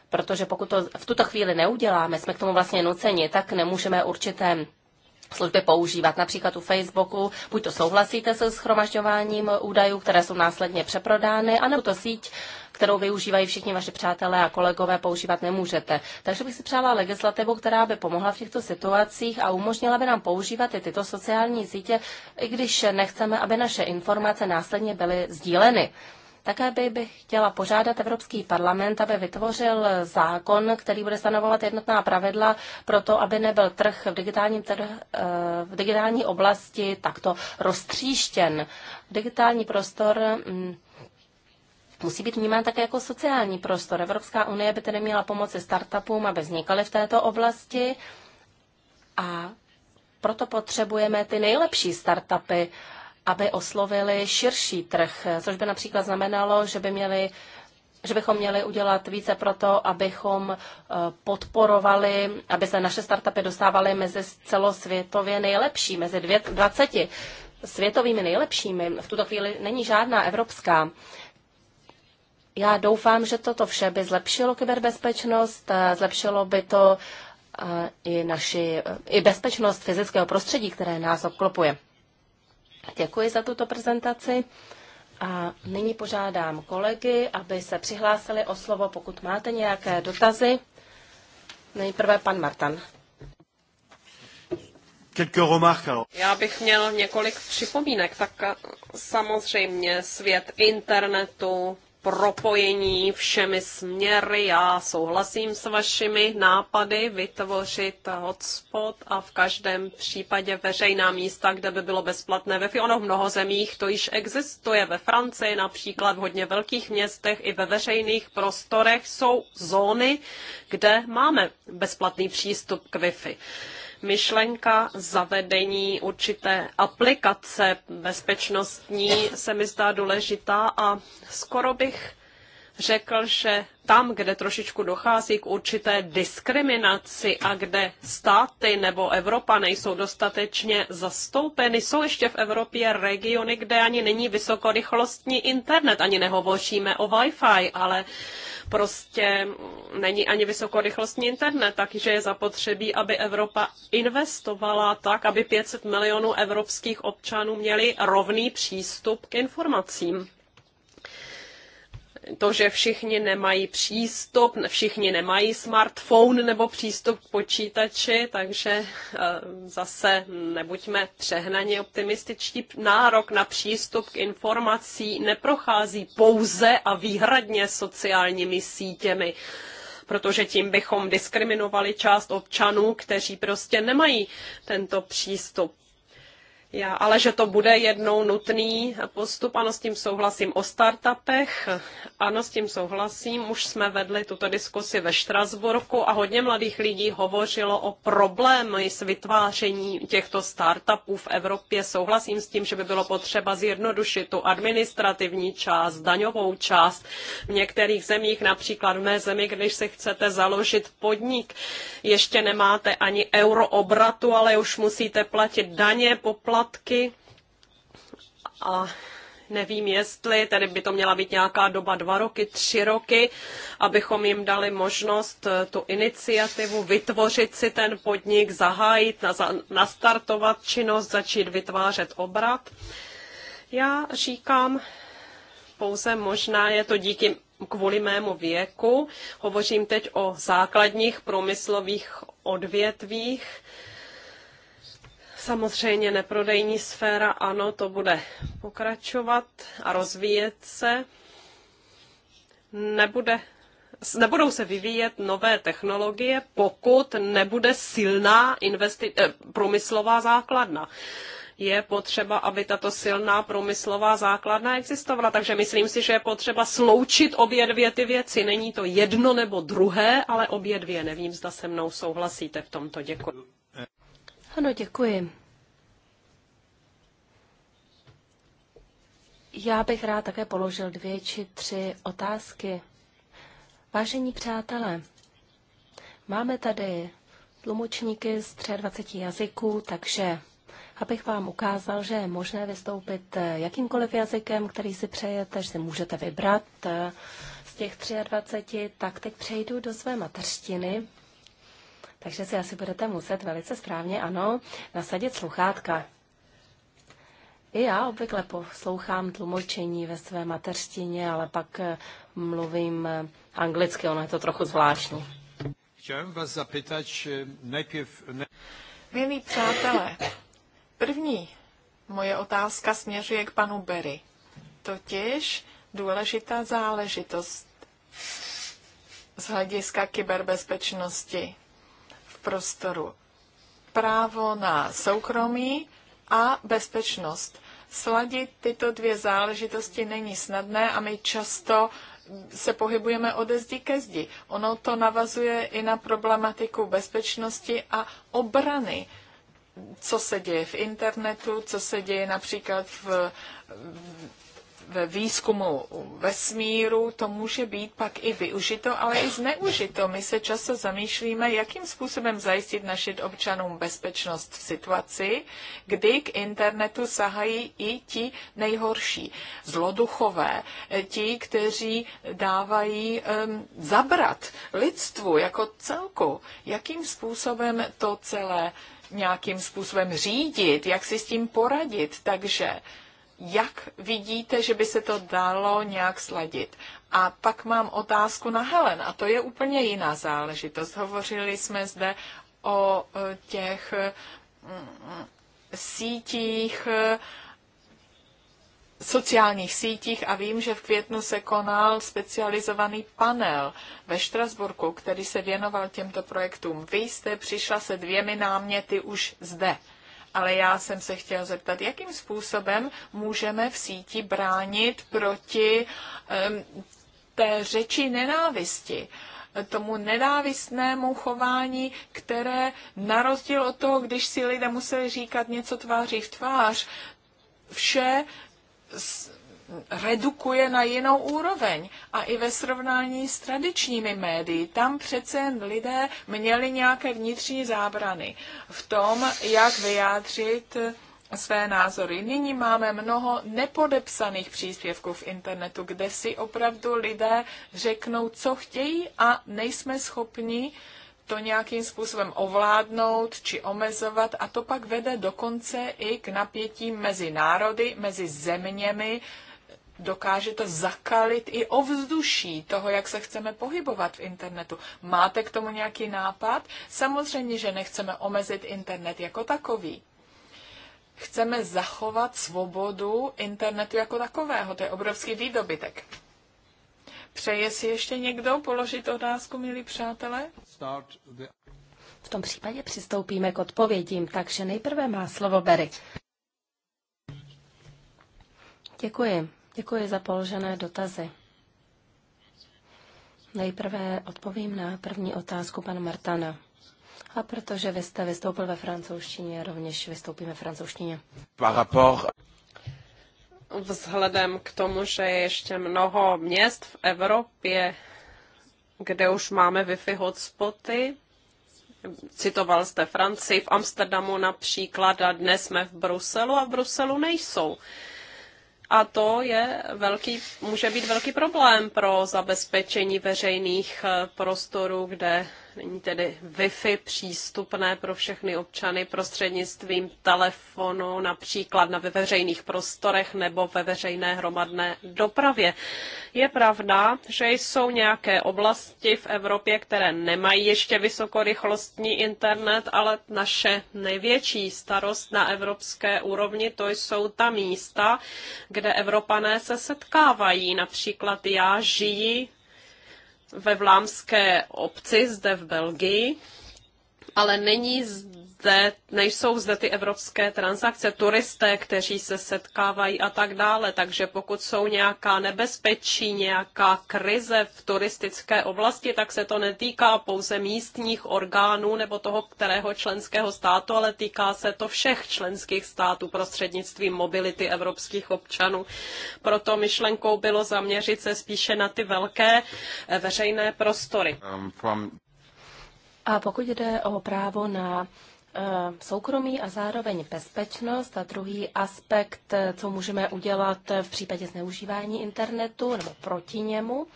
protože pokud to v tuto chvíli neuděláme, jsme k tomu vlastně nuceni, tak nemůžeme určité služby používat. Například u Facebooku buď to souhlasíte se schromažďováním údajů, které jsou následně přeprodány, anebo to síť, kterou využívají všichni vaši přátelé a kolegové, používat nemůžete. Takže bych si přála legislativu, která by pomohla v těchto situacích a umožnila by nám používat i tyto sociální sítě, i když nechceme, aby naše informace následně byly sdíleny. Také by bych chtěla požádat Evropský parlament, aby vytvořil zákon, který bude stanovovat jednotná pravidla pro to, aby nebyl trh v, digitálním trh, eh, v digitální oblasti takto roztříštěn. Digitální prostor mm, musí být vnímán také jako sociální prostor. Evropská unie by tedy měla pomoci startupům, aby vznikaly v této oblasti a proto potřebujeme ty nejlepší startupy, aby oslovili širší trh, což by například znamenalo, že by měli že bychom měli udělat více pro to, abychom eh, podporovali, aby se naše startupy dostávaly mezi celosvětově nejlepší, mezi 20 světovými nejlepšími. V tuto chvíli není žádná evropská. Já doufám, že toto vše by zlepšilo kyberbezpečnost, eh, zlepšilo by to eh, i, naši, i bezpečnost fyzického prostředí, které nás obklopuje. Děkuji za tuto prezentaci. A nyní požádám kolegy, aby se přihlásili o slovo, pokud máte nějaké dotazy. Nejprve pan Martan. Já bych měl několik připomínek. Tak samozřejmě svět internetu, propojení všemi směry. Já souhlasím s vašimi nápady vytvořit hotspot a v každém případě veřejná místa, kde by bylo bezplatné Wi-Fi. Ono v mnoho zemích to již existuje. Ve Francii například v hodně velkých městech i ve veřejných prostorech jsou zóny, kde máme bezplatný přístup k Wi-Fi myšlenka zavedení určité aplikace bezpečnostní se mi zdá důležitá a skoro bych řekl, že tam, kde trošičku dochází k určité diskriminaci a kde státy nebo Evropa nejsou dostatečně zastoupeny, jsou ještě v Evropě regiony, kde ani není vysokorychlostní internet, ani nehovoříme o Wi-Fi, ale prostě není ani vysokorychlostní internet, takže je zapotřebí, aby Evropa investovala tak, aby 500 milionů evropských občanů měli rovný přístup k informacím to, že všichni nemají přístup, všichni nemají smartphone nebo přístup k počítači, takže eh, zase nebuďme přehnaně optimističtí. Nárok na přístup k informací neprochází pouze a výhradně sociálními sítěmi protože tím bychom diskriminovali část občanů, kteří prostě nemají tento přístup. Já, ale že to bude jednou nutný postup, ano, s tím souhlasím. O startupech, ano, s tím souhlasím. Už jsme vedli tuto diskusi ve Štrasburku a hodně mladých lidí hovořilo o problémy s vytváření těchto startupů v Evropě. Souhlasím s tím, že by bylo potřeba zjednodušit tu administrativní část, daňovou část. V některých zemích, například v mé zemi, když si chcete založit podnik, ještě nemáte ani euro obratu, ale už musíte platit daně, poplatky poplatky a nevím, jestli tady by to měla být nějaká doba dva roky, tři roky, abychom jim dali možnost eh, tu iniciativu vytvořit si ten podnik, zahájit, nastartovat činnost, začít vytvářet obrat. Já říkám, pouze možná je to díky kvůli mému věku. Hovořím teď o základních průmyslových odvětvích Samozřejmě neprodejní sféra, ano, to bude pokračovat a rozvíjet se. Nebude, nebudou se vyvíjet nové technologie, pokud nebude silná investi- eh, průmyslová základna je potřeba, aby tato silná průmyslová základna existovala. Takže myslím si, že je potřeba sloučit obě dvě ty věci. Není to jedno nebo druhé, ale obě dvě. Nevím, zda se mnou souhlasíte v tomto. Děkuji. Ano, děkuji. Já bych rád také položil dvě či tři otázky. Vážení přátelé, máme tady tlumočníky z 23 jazyků, takže abych vám ukázal, že je možné vystoupit jakýmkoliv jazykem, který si přejete, že si můžete vybrat z těch 23, tak teď přejdu do své mateřtiny takže si asi budete muset velice správně, ano, nasadit sluchátka. I já obvykle poslouchám tlumočení ve své mateřštině, ale pak eh, mluvím eh, anglicky, ono je to trochu zvláštní. Chciałem vás zapytat eh, Ne... Milí přátelé, první moje otázka směřuje k panu Berry. Totiž důležitá záležitost z hlediska kyberbezpečnosti prostoru. Právo na soukromí a bezpečnost. Sladit tyto dvě záležitosti není snadné a my často se pohybujeme ode zdi ke zdi. Ono to navazuje i na problematiku bezpečnosti a obrany. Co se děje v internetu, co se děje například v, v ve výzkumu vesmíru, to může být pak i využito, ale i zneužito. My se často zamýšlíme, jakým způsobem zajistit našim občanům bezpečnost v situaci, kdy k internetu sahají i ti nejhorší, zloduchové, ti, kteří dávají um, zabrat lidstvu jako celku. Jakým způsobem to celé nějakým způsobem řídit, jak si s tím poradit. Takže jak vidíte, že by se to dalo nějak sladit? A pak mám otázku na Helen, a to je úplně jiná záležitost. Hovořili jsme zde o e, těch mm, sítích, e, sociálních sítích a vím, že v květnu se konal specializovaný panel ve Štrasburku, který se věnoval těmto projektům. Vy jste přišla se dvěmi náměty už zde ale já jsem se chtěla zeptat, jakým způsobem můžeme v síti bránit proti um, té řeči nenávisti tomu nenávistnému chování, které na rozdíl od toho, když si lidé museli říkat něco tváří v tvář, vše redukuje na jinou úroveň. A i ve srovnání s tradičními médií, tam přece lidé měli nějaké vnitřní zábrany v tom, jak vyjádřit eh, své názory. Nyní máme mnoho nepodepsaných příspěvků v internetu, kde si opravdu lidé řeknou, co chtějí a nejsme schopni to nějakým způsobem ovládnout či omezovat a to pak vede dokonce i k napětí mezi národy, mezi zeměmi, Dokáže to zakalit i ovzduší toho, jak se chceme pohybovat v internetu. Máte k tomu nějaký nápad? Samozřejmě, že nechceme omezit internet jako takový. Chceme zachovat svobodu internetu jako takového. To je obrovský výdobytek. Přeje si ještě někdo položit otázku, milí přátelé? V tom případě přistoupíme k odpovědím, takže nejprve má slovo Bery. Děkuji. Děkuji za položené dotazy. Nejprve odpovím na první otázku pana Martana. A protože vy jste vystoupil ve francouzštině, rovněž vystoupíme ve francouzštině. Vzhledem k tomu, že je ještě mnoho měst v Evropě, kde už máme Wi-Fi hotspoty, citoval jste Francii, v Amsterdamu například a dnes jsme v Bruselu a v Bruselu nejsou. A to je velký, může být velký problém pro zabezpečení veřejných eh, prostorů, kde Není tedy Wi-Fi přístupné pro všechny občany prostřednictvím telefonu, například na ve veřejných prostorech nebo ve veřejné hromadné dopravě. Je pravda, že jsou nějaké oblasti v Evropě, které nemají ještě vysokorychlostní internet, ale naše největší starost na evropské úrovni to jsou ta místa, kde Evropané se setkávají. Například já žiji ve vlámské obci zde v Belgii, ale není zde, nejsou zde ty evropské transakce, turisté, kteří se setkávají a tak dále. Takže pokud jsou nějaká nebezpečí, nějaká krize v turistické oblasti, tak se to netýká pouze místních orgánů nebo toho, kterého členského státu, ale týká se to všech členských států prostřednictvím mobility evropských občanů. Proto myšlenkou bylo zaměřit se spíše na ty velké eh, veřejné prostory. Um, a pokud jde o právo na Eh, soukromí a zároveň bezpečnost a druhý aspekt, eh, co můžeme udělat v případě zneužívání internetu nebo proti němu,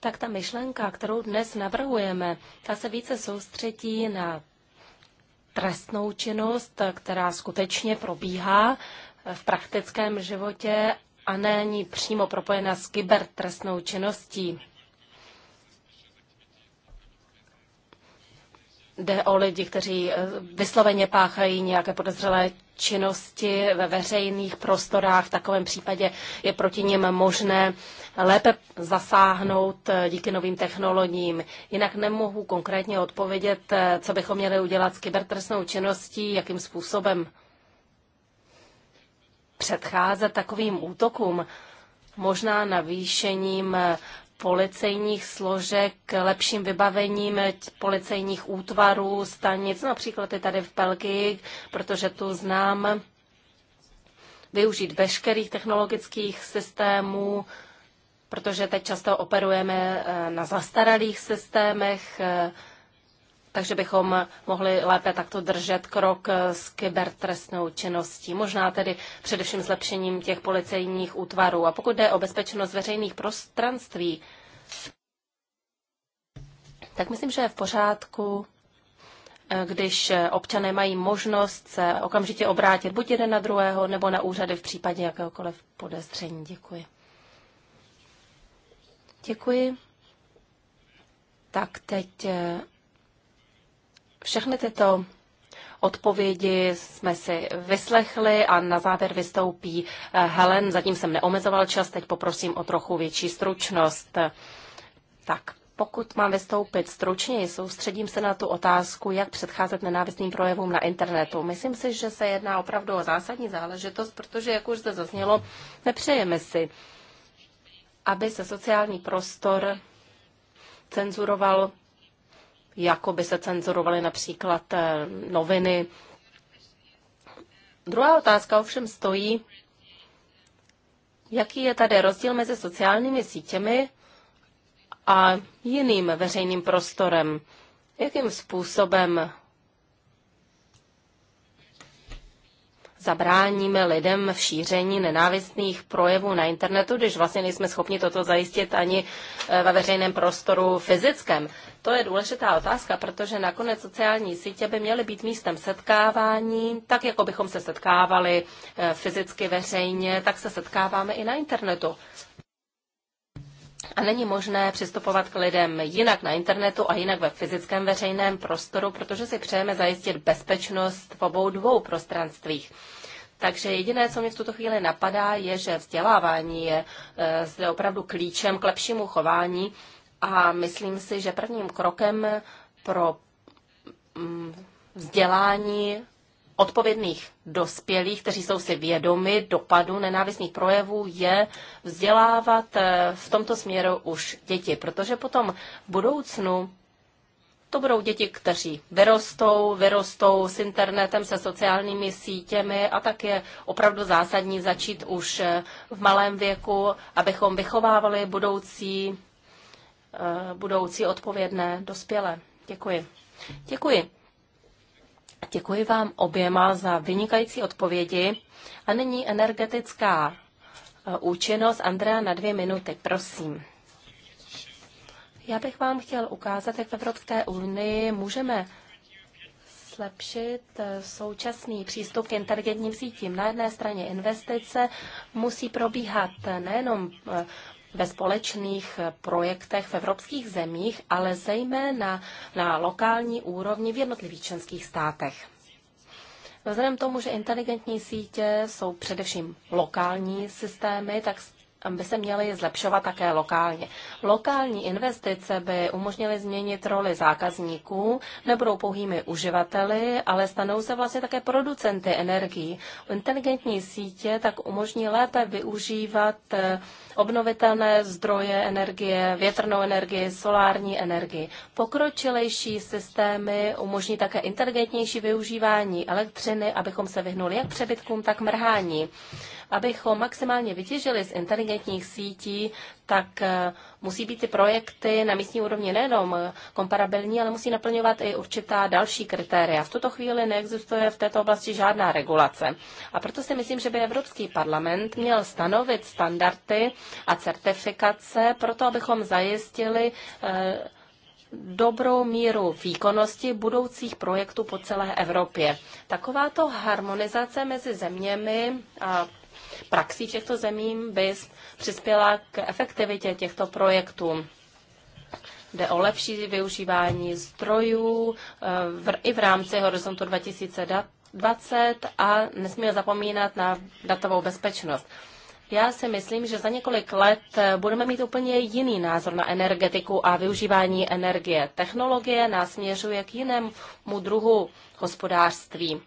tak ta myšlenka, kterou dnes navrhujeme, ta se více soustředí na trestnou činnost, která skutečně probíhá v praktickém životě a není přímo propojena s kybertrestnou činností. jde o lidi, kteří eh, vysloveně páchají nějaké podezřelé činnosti ve veřejných prostorách. V takovém případě je proti něm možné lépe zasáhnout eh, díky novým technologiím. Jinak nemohu konkrétně odpovědět, eh, co bychom měli udělat s kybertrestnou činností, jakým způsobem předcházet takovým útokům možná navýšením policejních složek, lepším vybavením policejních útvarů, stanic, například i tady v Belgii, protože tu znám využít veškerých technologických systémů, protože teď často operujeme eh, na zastaralých systémech, eh, takže bychom mohli lépe takto držet krok s kybertrestnou činností. Možná tedy především zlepšením těch policejních útvarů. A pokud jde o bezpečnost veřejných prostranství, tak myslím, že je v pořádku, eh, když občané mají možnost se okamžitě obrátit buď jeden na druhého, nebo na úřady v případě jakéhokoliv podezření. Děkuji. Děkuji. Tak teď eh, všechny tyto odpovědi jsme si vyslechli a na závěr vystoupí eh, Helen. Zatím jsem neomezoval čas, teď poprosím o trochu větší stručnost. Tak, pokud mám vystoupit stručněji, soustředím se na tu otázku, jak předcházet nenávistným projevům na internetu. Myslím si, že se jedná opravdu o zásadní záležitost, protože, jak už zde zaznělo, nepřejeme si, aby se sociální prostor cenzuroval jako by se cenzurovaly například eh, noviny. Druhá otázka ovšem stojí, jaký je tady rozdíl mezi sociálními sítěmi a jiným veřejným prostorem. Jakým způsobem zabráníme lidem v šíření nenávistných projevů na internetu, když vlastně nejsme schopni toto zajistit ani e, ve veřejném prostoru fyzickém? To je důležitá otázka, protože nakonec sociální sítě by měly být místem setkávání, tak jako bychom se setkávali e, fyzicky veřejně, tak se setkáváme i na internetu. A není možné přistupovat k lidem jinak na internetu a jinak ve fyzickém veřejném prostoru, protože si přejeme zajistit bezpečnost v obou dvou prostranstvích. Takže jediné, co mi v tuto chvíli napadá, je, že vzdělávání je eh, zde opravdu klíčem k lepšímu chování a myslím si, že prvním krokem pro mm, vzdělání odpovědných dospělých, kteří jsou si vědomi dopadu nenávistných projevů, je vzdělávat eh, v tomto směru už děti, protože potom v budoucnu to budou děti, kteří vyrostou, vyrostou s internetem, se sociálními sítěmi a tak je opravdu zásadní začít už eh, v malém věku, abychom vychovávali budoucí, eh, budoucí odpovědné dospělé. Děkuji. Děkuji. Děkuji vám oběma za vynikající odpovědi. A nyní energetická eh, účinnost. Andrea na dvě minuty, prosím. Já bych vám chtěl ukázat, jak v Evropské unii můžeme zlepšit eh, současný přístup k inteligentním sítím. Na jedné straně investice musí probíhat nejenom eh, ve společných eh, projektech v evropských zemích, ale zejména na lokální úrovni v jednotlivých členských státech. Vzhledem tomu, že inteligentní sítě jsou především lokální systémy, tak by se měly zlepšovat také lokálně. Lokální investice by umožnily změnit roli zákazníků, nebudou pouhými uživateli, ale stanou se vlastně také producenty energií. Inteligentní sítě tak umožní lépe využívat eh, obnovitelné zdroje energie, větrnou energii, solární energii. Pokročilejší systémy umožní také inteligentnější využívání elektřiny, abychom se vyhnuli jak přebytkům, tak mrhání. Abychom maximálně vytěžili z inteligentních sítí, tak eh, musí být ty projekty na místní úrovni nejenom eh, komparabilní, ale musí naplňovat i určitá další kritéria. V tuto chvíli neexistuje v této oblasti žádná regulace. A proto si myslím, že by Evropský parlament měl stanovit standardy a certifikace pro to, abychom zajistili eh, dobrou míru výkonnosti budoucích projektů po celé Evropě. Takováto harmonizace mezi zeměmi a praxí v těchto zemím by přispěla k efektivitě těchto projektů. Jde o lepší využívání zdrojů eh, v, i v rámci horizontu 2020 a nesmíme zapomínat na datovou bezpečnost. Já si myslím, že za několik let eh, budeme mít úplně jiný názor na energetiku a využívání energie. Technologie nás směřuje k jinému druhu hospodářství.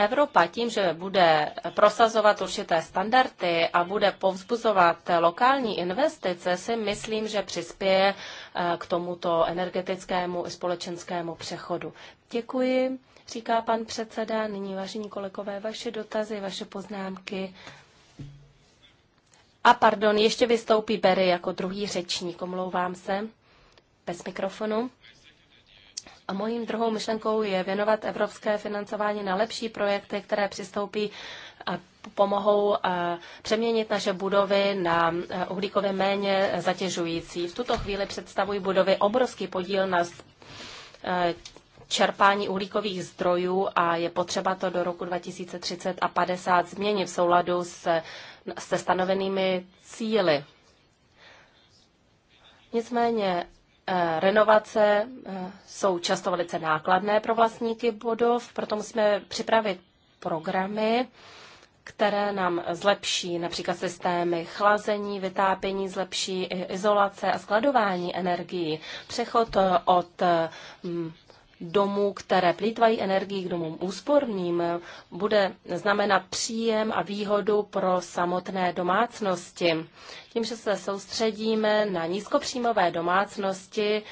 Evropa tím, že bude prosazovat určité standardy a bude povzbuzovat lokální investice, si myslím, že přispěje eh, k tomuto energetickému i společenskému přechodu. Děkuji, říká pan předseda. Nyní, vážení kolegové, vaše dotazy, vaše poznámky. A pardon, ještě vystoupí Berry jako druhý řečník, omlouvám se, bez mikrofonu. A mojím druhou myšlenkou je věnovat evropské financování na lepší projekty, které přistoupí a pomohou eh, přeměnit naše budovy na eh, uhlíkově méně zatěžující. V tuto chvíli představují budovy obrovský podíl na eh, čerpání uhlíkových zdrojů a je potřeba to do roku 2030 a 50 změnit v souladu se, se stanovenými cíly. Nicméně Eh, renovace eh, jsou často velice nákladné pro vlastníky budov, proto musíme připravit programy, které nám zlepší například systémy chlazení, vytápění, zlepší izolace a skladování energií. Přechod eh, od domů, které plýtvají energii k domům úsporným, bude znamenat příjem a výhodu pro samotné domácnosti. Tím, že se soustředíme na nízkopříjmové domácnosti,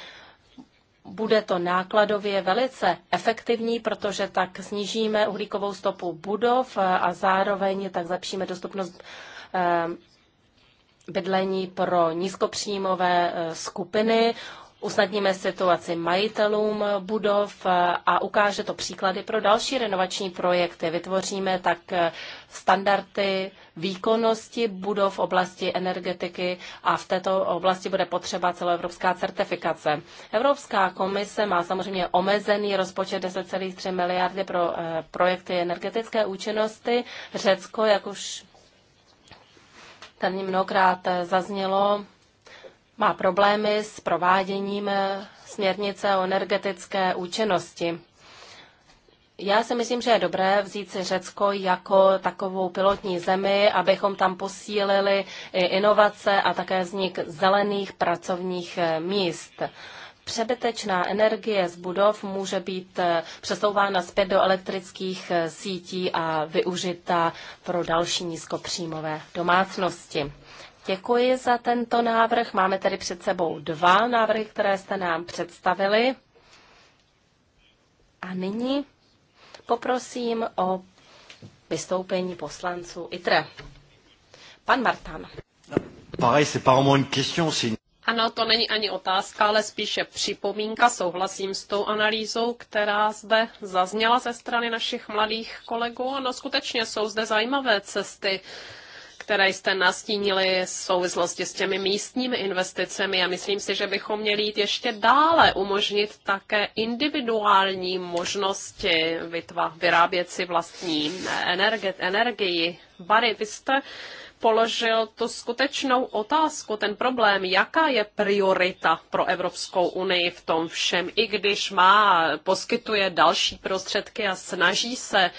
bude to nákladově velice efektivní, protože tak snížíme uhlíkovou stopu budov a zároveň tak zlepšíme dostupnost eh, bydlení pro nízkopříjmové eh, skupiny usnadníme situaci majitelům budov a ukáže to příklady pro další renovační projekty. Vytvoříme tak standardy výkonnosti budov v oblasti energetiky a v této oblasti bude potřeba celoevropská certifikace. Evropská komise má samozřejmě omezený rozpočet 10,3 miliardy pro eh, projekty energetické účinnosti. Řecko, jak už tady mnohokrát eh, zaznělo, má problémy s prováděním eh, směrnice o energetické účinnosti. Já si myslím, že je dobré vzít si Řecko jako takovou pilotní zemi, abychom tam posílili inovace a také vznik zelených pracovních eh, míst. Přebytečná energie z budov může být eh, přesouvána zpět do elektrických sítí a využita pro další nízkopříjmové domácnosti. Děkuji za tento návrh. Máme tedy před sebou dva návrhy, které jste nám představili. A nyní poprosím o vystoupení poslanců ITRE. Pan Martan. Ano, to není ani otázka, ale spíše připomínka. Souhlasím s tou analýzou, která zde zazněla ze strany našich mladých kolegů. Ano, skutečně jsou zde zajímavé cesty, které jste nastínili v souvislosti s těmi místními investicemi a myslím si, že bychom měli jít ještě dále, umožnit také individuální možnosti vytva, vyrábět si vlastní energie, energii. Bary, vy jste položil tu skutečnou otázku, ten problém, jaká je priorita pro Evropskou unii v tom všem, i když má, poskytuje další prostředky a snaží se uh,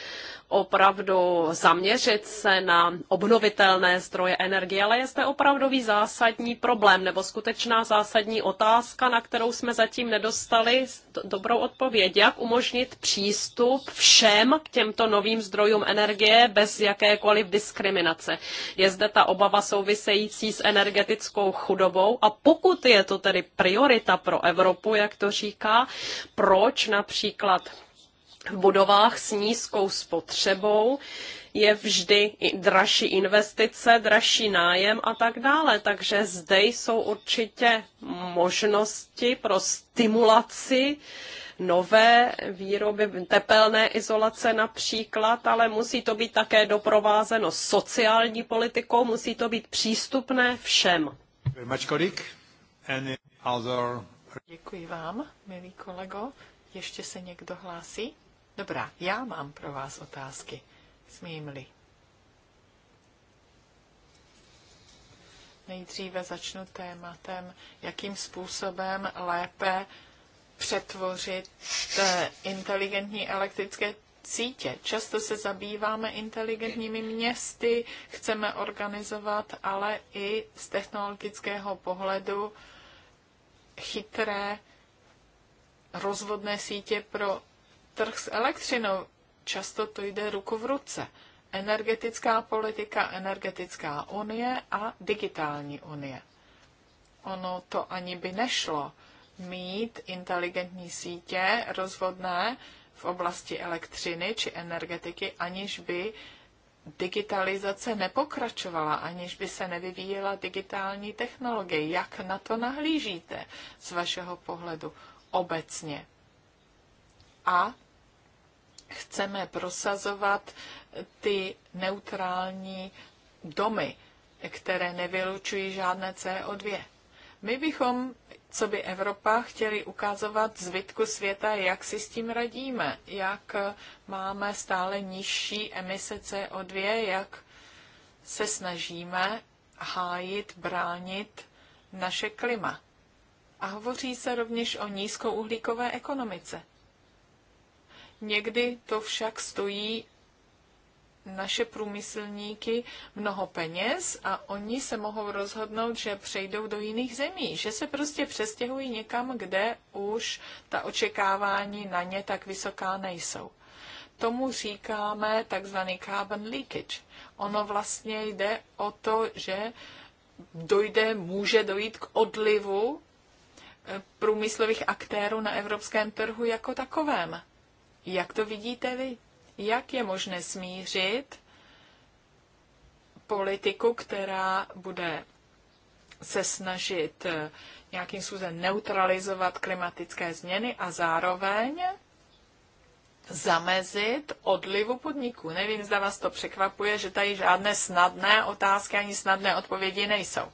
opravdu zaměřit se na obnovitelné zdroje energie, ale je zde opravdový zásadní problém nebo skutečná zásadní otázka, na kterou jsme zatím nedostali dobrou odpověď. Jak umožnit přístup všem k těmto novým zdrojům energie bez jakékoliv diskriminace? Je zde ta obava související s energetickou chudobou a pokud je to tedy priorita pro Evropu, jak to říká, proč například v budovách s nízkou spotřebou je vždy dražší investice, dražší nájem a tak dále. Takže zde jsou určitě možnosti pro stimulaci nové výroby, tepelné izolace například, ale musí to být také doprovázeno sociální politikou, musí to být přístupné všem. Děkuji vám, milý kolego. Ještě se někdo hlásí? Dobrá, já mám pro vás otázky. Smím-li? Nejdříve začnu tématem, jakým způsobem lépe přetvořit eh, inteligentní elektrické sítě. Často se zabýváme inteligentními městy, chceme organizovat, ale i z technologického pohledu chytré rozvodné sítě pro trh s elektřinou. Často to jde ruku v ruce. Energetická politika, energetická unie a digitální unie. Ono to ani by nešlo mít inteligentní sítě rozvodné v oblasti elektřiny či energetiky, aniž by digitalizace nepokračovala, aniž by se nevyvíjela digitální technologie. Jak na to nahlížíte z vašeho pohledu obecně? A chceme prosazovat ty neutrální domy, které nevylučují žádné CO2. My bychom, co by Evropa, chtěli ukazovat zbytku světa, jak si s tím radíme, jak máme stále nižší emise CO2, jak se snažíme hájit, bránit naše klima. A hovoří se rovněž o nízkouhlíkové ekonomice. Někdy to však stojí naše průmyslníky mnoho peněz a oni se mohou rozhodnout, že přejdou do jiných zemí, že se prostě přestěhují někam, kde už ta očekávání na ně tak vysoká nejsou. Tomu říkáme takzvaný carbon leakage. Ono vlastně jde o to, že dojde, může dojít k odlivu eh, průmyslových aktérů na evropském trhu jako takovém. Jak to vidíte vy? Jak je možné smířit politiku, která bude se snažit eh, nějakým způsobem neutralizovat klimatické změny a zároveň zamezit odlivu podniků. Nevím, zda vás to překvapuje, že tady žádné snadné otázky ani snadné odpovědi nejsou.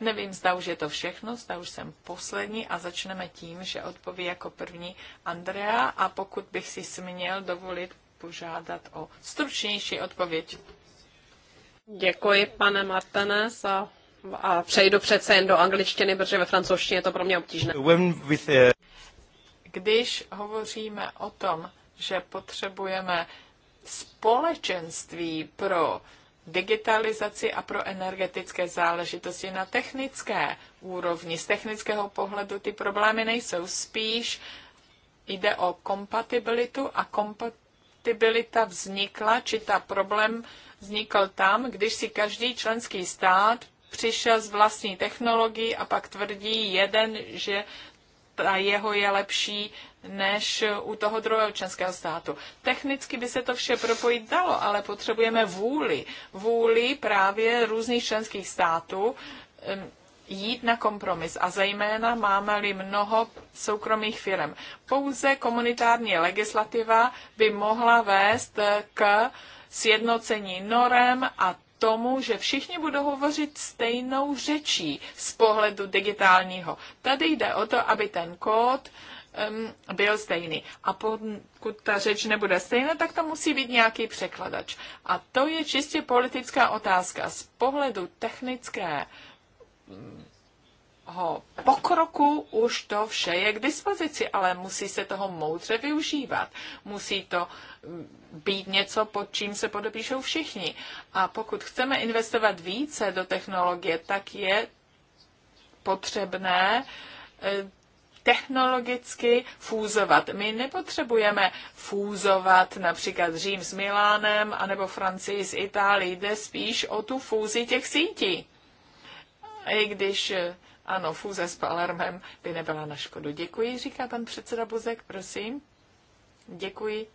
Nevím, zda už je to všechno, zda už jsem poslední a začneme tím, že odpoví jako první Andrea a pokud bych si směl dovolit požádat o stručnější odpověď. Děkuji, pane Martinez, a, a přejdu přece jen do angličtiny, protože ve francouzštině je to pro mě obtížné. Uh, Když hovoříme o tom, že potřebujeme společenství pro digitalizaci a pro energetické záležitosti na technické úrovni. Z technického pohledu ty problémy nejsou, spíš jde o kompatibilitu a kompatibilita vznikla, či ta problém vznikl tam, když si každý členský stát přišel s vlastní technologií a pak tvrdí jeden, že ta jeho je lepší než u toho druhého členského státu. Technicky by se to vše propojit dalo, ale potřebujeme vůli. Vůli právě různých členských států jít na kompromis a zejména máme-li mnoho soukromých firm. Pouze komunitární legislativa by mohla vést k sjednocení norem a tomu, že všichni budou hovořit stejnou řečí z pohledu digitálního. Tady jde o to, aby ten kód um, byl stejný. A pokud ta řeč nebude stejná, tak to musí být nějaký překladač. A to je čistě politická otázka. Z pohledu technického. Mm, pokroku už to vše je k dispozici, ale musí se toho moudře využívat. Musí to být něco, pod čím se podepíšou všichni. A pokud chceme investovat více do technologie, tak je potřebné eh, technologicky fúzovat. My nepotřebujeme fúzovat například Řím s Milánem anebo Francii s Itálií. Jde spíš o tu fúzi těch sítí. I když eh, ano, fúze s Palermem by nebyla na škodu. Děkuji, říká pan předseda Buzek, prosím. Děkuji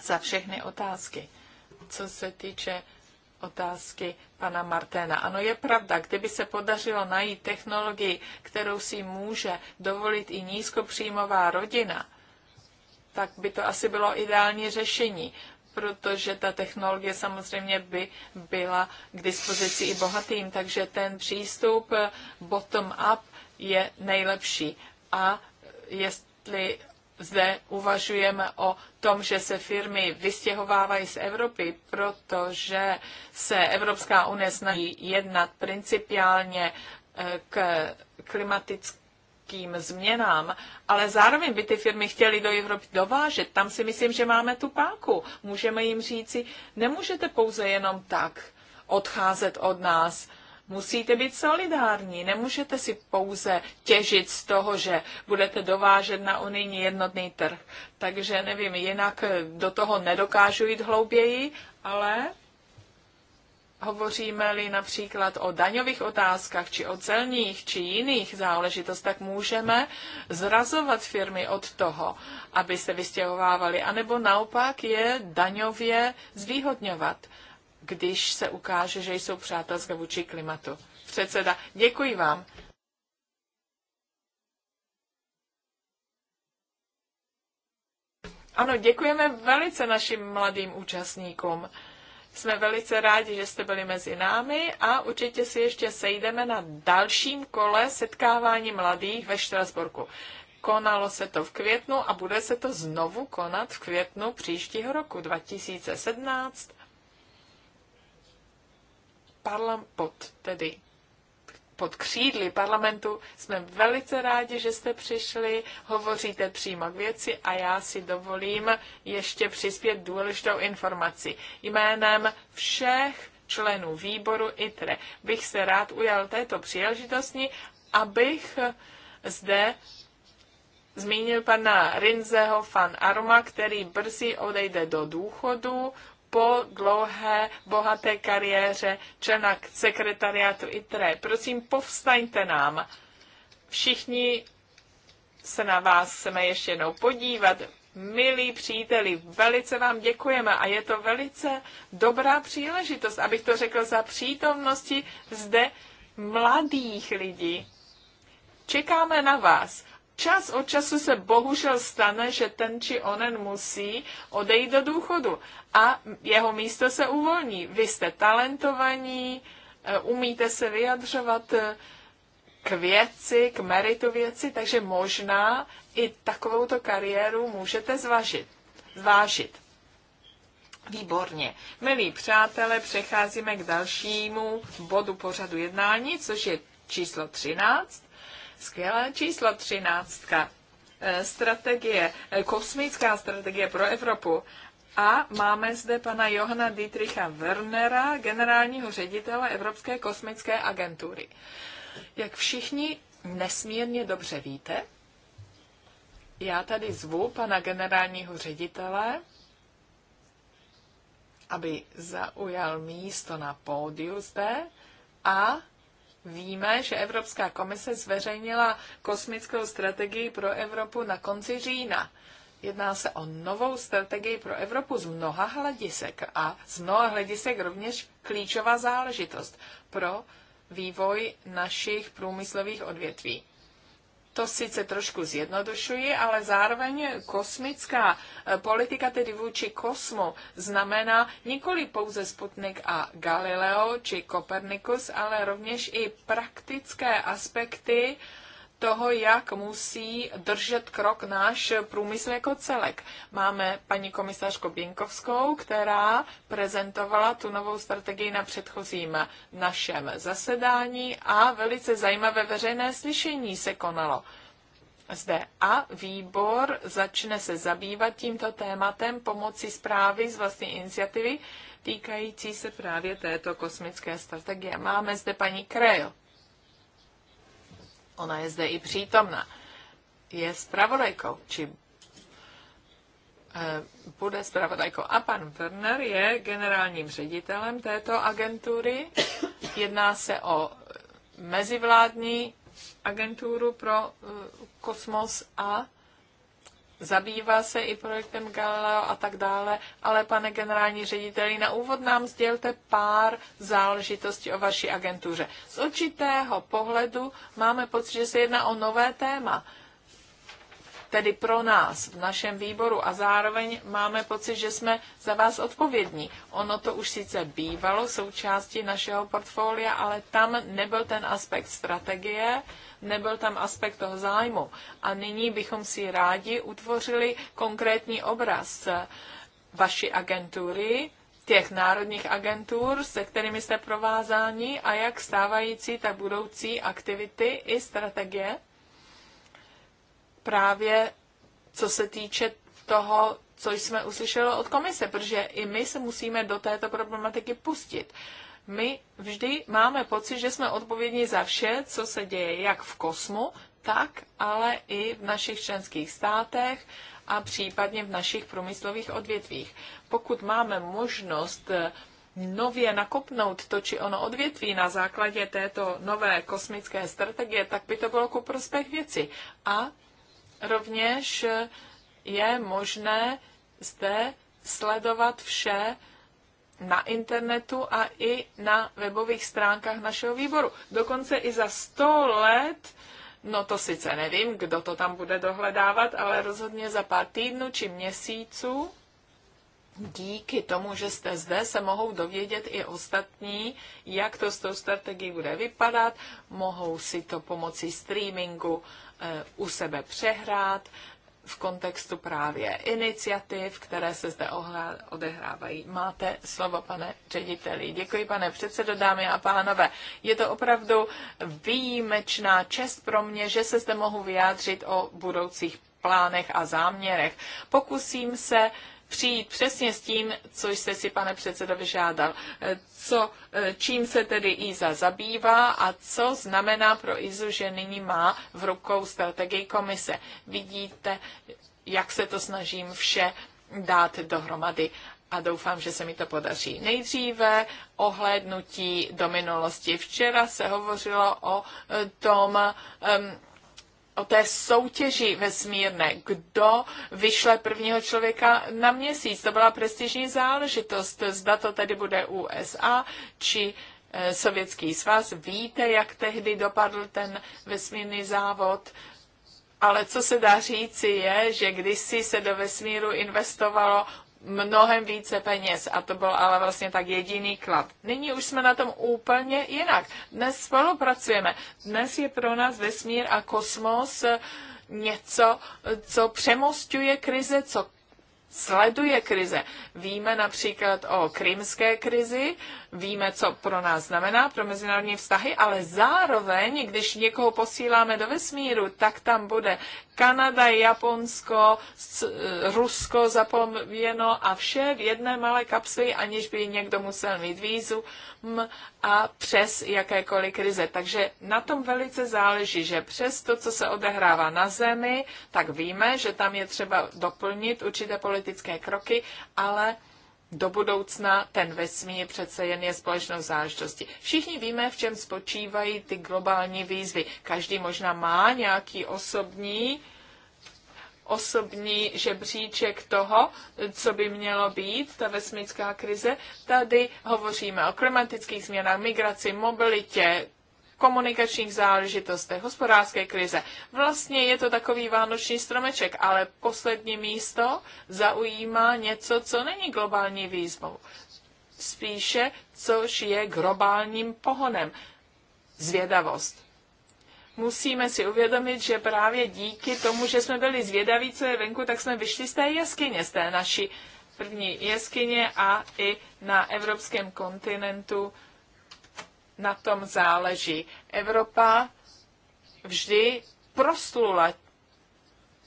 za všechny otázky. Co se týče otázky pana Marténa. Ano, je pravda, kdyby se podařilo najít technologii, kterou si může dovolit i nízkopříjmová rodina, tak by to asi bylo ideální řešení, protože ta technologie samozřejmě by byla k dispozici i bohatým, takže ten přístup bottom-up je nejlepší. A jestli zde uvažujeme o tom, že se firmy vystěhovávají z Evropy, protože se Evropská unie snaží jednat principiálně eh, k klimatickým změnám, ale zároveň by ty firmy chtěly do Evropy dovážet. Tam si myslím, že máme tu páku. Můžeme jim říci, nemůžete pouze jenom tak odcházet od nás musíte být solidární. Nemůžete si pouze těžit z toho, že budete dovážet na unijní jednotný trh. Takže nevím, jinak do toho nedokážu jít hlouběji, ale hovoříme-li například o daňových otázkách, či o celních, či jiných záležitostech, tak můžeme zrazovat firmy od toho, aby se vystěhovávali, anebo naopak je daňově zvýhodňovat když se ukáže, že jsou přátelské vůči klimatu. Předseda, děkuji vám. Ano, děkujeme velice našim mladým účastníkům. Jsme velice rádi, že jste byli mezi námi a určitě si ještě sejdeme na dalším kole setkávání mladých ve Štrasburku. Konalo se to v květnu a bude se to znovu konat v květnu příštího roku 2017 parlam, pod, tedy pod křídly parlamentu. Jsme velice rádi, že jste přišli, hovoříte přímo k věci a já si dovolím ještě přispět důležitou informaci. Jménem všech členů výboru ITRE bych se rád ujal této příležitosti, abych zde zmínil pana Rinzeho van Arma, který brzy odejde do důchodu po dlouhé, bohaté kariéře člena sekretariátu ITRE. Prosím, povstaňte nám. Všichni se na vás chceme ještě jednou podívat. Milí příteli, velice vám děkujeme a je to velice dobrá příležitost, abych to řekl za přítomnosti zde mladých lidí. Čekáme na vás čas od času se bohužel stane, že ten či onen musí odejít do důchodu a jeho místo se uvolní. Vy jste talentovaní, eh, umíte se vyjadřovat eh, k věci, k meritu věci, takže možná i takovouto kariéru můžete zvažit, zvážit. Výborně. Milí přátelé, přecházíme k dalšímu bodu pořadu jednání, což je číslo 13 Skvělé číslo 13. Eh, strategie, eh, kosmická strategie pro Evropu. A máme zde pana Johana Dietricha Wernera, generálního ředitele Evropské kosmické agentury. Jak všichni nesmírně dobře víte, já tady zvu pana generálního ředitele, aby zaujal místo na pódiu zde a víme, že Evropská komise zveřejnila kosmickou strategii pro Evropu na konci října. Jedná se o novou strategii pro Evropu z mnoha hledisek a z mnoha hledisek rovněž klíčová záležitost pro vývoj našich průmyslových odvětví. To sice trošku zjednodušuji, ale zároveň kosmická e, politika, tedy vůči kosmu, znamená nikoli pouze Sputnik a Galileo či Kopernikus, ale rovněž i praktické aspekty, toho, jak musí držet krok náš průmysl jako celek. Máme paní komisařku Binkovskou, která prezentovala tu novou strategii na předchozím našem zasedání a velice zajímavé veřejné slyšení se konalo zde. A výbor začne se zabývat tímto tématem pomocí zprávy z vlastní iniciativy týkající se právě této kosmické strategie. Máme zde paní Krejl ona je zde i přítomna, je zpravodajkou, či eh, bude zpravodajkou. A pan Werner je generálním ředitelem této agentury. Jedná se o mezivládní agenturu pro eh, kosmos a zabývá se i projektem Galileo a tak dále, ale pane generální řediteli, na úvod nám sdělte pár záležitostí o vaší agentuře. Z určitého pohledu máme pocit, že se jedná o nové téma, tedy pro nás v našem výboru a zároveň máme pocit, že jsme za vás odpovědní. Ono to už sice bývalo součástí našeho portfolia, ale tam nebyl ten aspekt strategie, nebyl tam aspekt toho zájmu. A nyní bychom si rádi utvořili konkrétní obraz vaší agentury, těch národních agentur, se kterými jste provázáni a jak stávající, tak budoucí aktivity i strategie právě co se týče toho, co jsme uslyšeli od komise, protože i my se musíme do této problematiky pustit. My vždy máme pocit, že jsme odpovědní za vše, co se děje jak v kosmu, tak ale i v našich členských státech a případně v našich průmyslových odvětvích. Pokud máme možnost eh, nově nakopnout to či ono odvětví na základě této nové kosmické strategie, tak by to bylo ku prospěch věci. A rovněž eh, je možné zde sledovat vše, na internetu a i na webových stránkách našeho výboru. Dokonce i za 100 let, no to sice nevím, kdo to tam bude dohledávat, ale rozhodně za pár týdnů či měsíců, díky tomu, že jste zde, se mohou dovědět i ostatní, jak to s tou strategií bude vypadat, mohou si to pomocí streamingu eh, u sebe přehrát, v kontextu právě iniciativ, které se zde odehrávají. Máte slovo, pane řediteli. Děkuji, pane předsedo, dámy a pánové. Je to opravdu výjimečná čest pro mě, že se zde mohu vyjádřit o budoucích plánech a záměrech. Pokusím se přijít přesně s tím, co jste si, pane předsedo, vyžádal. Eh, co, eh, čím se tedy IZA zabývá a co znamená pro IZU, že nyní má v rukou strategii komise. Vidíte, jak se to snažím vše dát dohromady a doufám, že se mi to podaří. Nejdříve ohlédnutí do minulosti. Včera se hovořilo o eh, tom, um, o té soutěži vesmírné. Kdo vyšle prvního člověka na měsíc? To byla prestižní záležitost. Zda to tedy bude USA či eh, Sovětský svaz. Víte, jak tehdy dopadl ten vesmírný závod? Ale co se dá říci je, že kdysi se do vesmíru investovalo mnohem více peněz a to byl ale vlastně tak jediný klad. Nyní už jsme na tom úplně jinak. Dnes spolupracujeme. Dnes je pro nás vesmír a kosmos eh, něco, co přemostuje krize, co sleduje krize. Víme například o krymské krizi, víme, co pro nás znamená, pro mezinárodní vztahy, ale zároveň, když někoho posíláme do vesmíru, tak tam bude Kanada, Japonsko, Rusko zapomněno a vše v jedné malé kapsli, aniž by někdo musel mít vízu a přes jakékoliv krize. Takže na tom velice záleží, že přes to, co se odehrává na zemi, tak víme, že tam je třeba doplnit určité politické kroky, ale do budoucna ten vesmír přece jen je společnou záležitostí. Všichni víme, v čem spočívají ty globální výzvy. Každý možná má nějaký osobní osobní žebříček toho, co by mělo být, ta vesmická krize. Tady hovoříme o klimatických změnách, migraci, mobilitě, komunikačních záležitostech, hospodářské krize. Vlastně je to takový vánoční stromeček, ale poslední místo zaujímá něco, co není globální výzvou. Spíše, což je globálním pohonem. Zvědavost. Musíme si uvědomit, že právě díky tomu, že jsme byli zvědaví, co je venku, tak jsme vyšli z té jeskyně, z té naší první jeskyně a i na evropském kontinentu na tom záleží. Evropa vždy proslula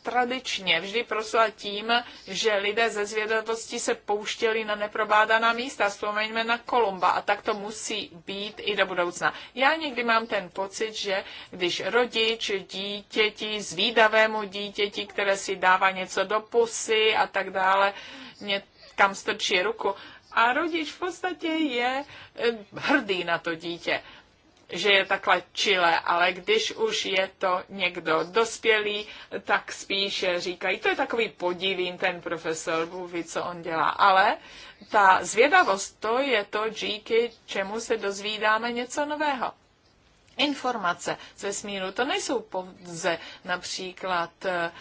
tradičně vždy prosila tím, že lidé ze zvědavosti se pouštěli na neprobádaná místa. Vzpomeňme na Kolumba a tak to musí být i do budoucna. Já někdy mám ten pocit, že když rodič dítěti, zvídavému dítěti, které si dává něco do pusy a tak dále, mě kam strčí ruku, a rodič v podstatě je eh, hrdý na to dítě že je takhle čile, ale když už je to někdo dospělý, tak spíše říkají, to je takový podivín ten profesor, Bůh ví, co on dělá. Ale ta zvědavost, to je to, díky čemu se dozvídáme něco nového informace z vesmíru. To nejsou pouze například eh,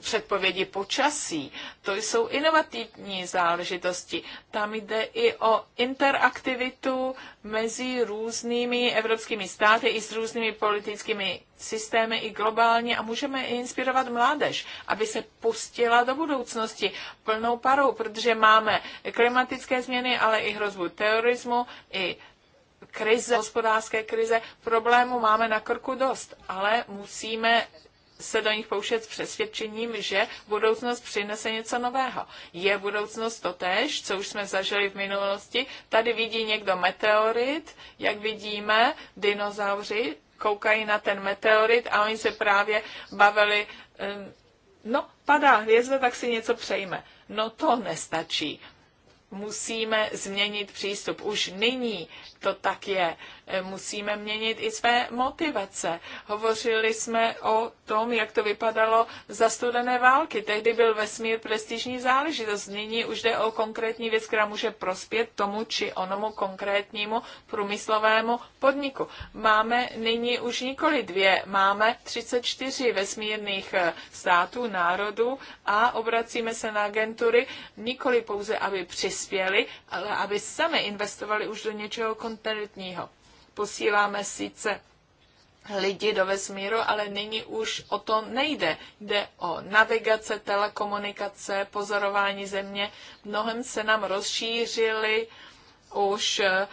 předpovědi počasí, to jsou inovativní záležitosti. Tam jde i o interaktivitu mezi různými evropskými státy i s různými politickými systémy i globálně a můžeme inspirovat mládež, aby se pustila do budoucnosti plnou parou, protože máme klimatické změny, ale i hrozbu terorismu, i krize, hospodářské krize, problémů máme na krku dost, ale musíme se do nich poušet s přesvědčením, že budoucnost přinese něco nového. Je budoucnost totéž, co už jsme zažili v minulosti. Tady vidí někdo meteorit, jak vidíme, dinozauři koukají na ten meteorit a oni se právě bavili, no padá hvězda, tak si něco přejme. No to nestačí musíme změnit přístup. Už nyní to tak je musíme měnit i své motivace. Hovořili jsme o tom, jak to vypadalo za studené války. Tehdy byl vesmír prestižní záležitost. Nyní už jde o konkrétní věc, která může prospět tomu či onomu konkrétnímu průmyslovému podniku. Máme nyní už nikoli dvě, máme 34 vesmírných eh, států, národů a obracíme se na agentury nikoli pouze, aby přispěli, ale aby sami investovali už do něčeho konkrétního. Posíláme sice lidi do vesmíru, ale nyní už o to nejde. Jde o navigace, telekomunikace, pozorování země. Mnohem se nám rozšířily už eh,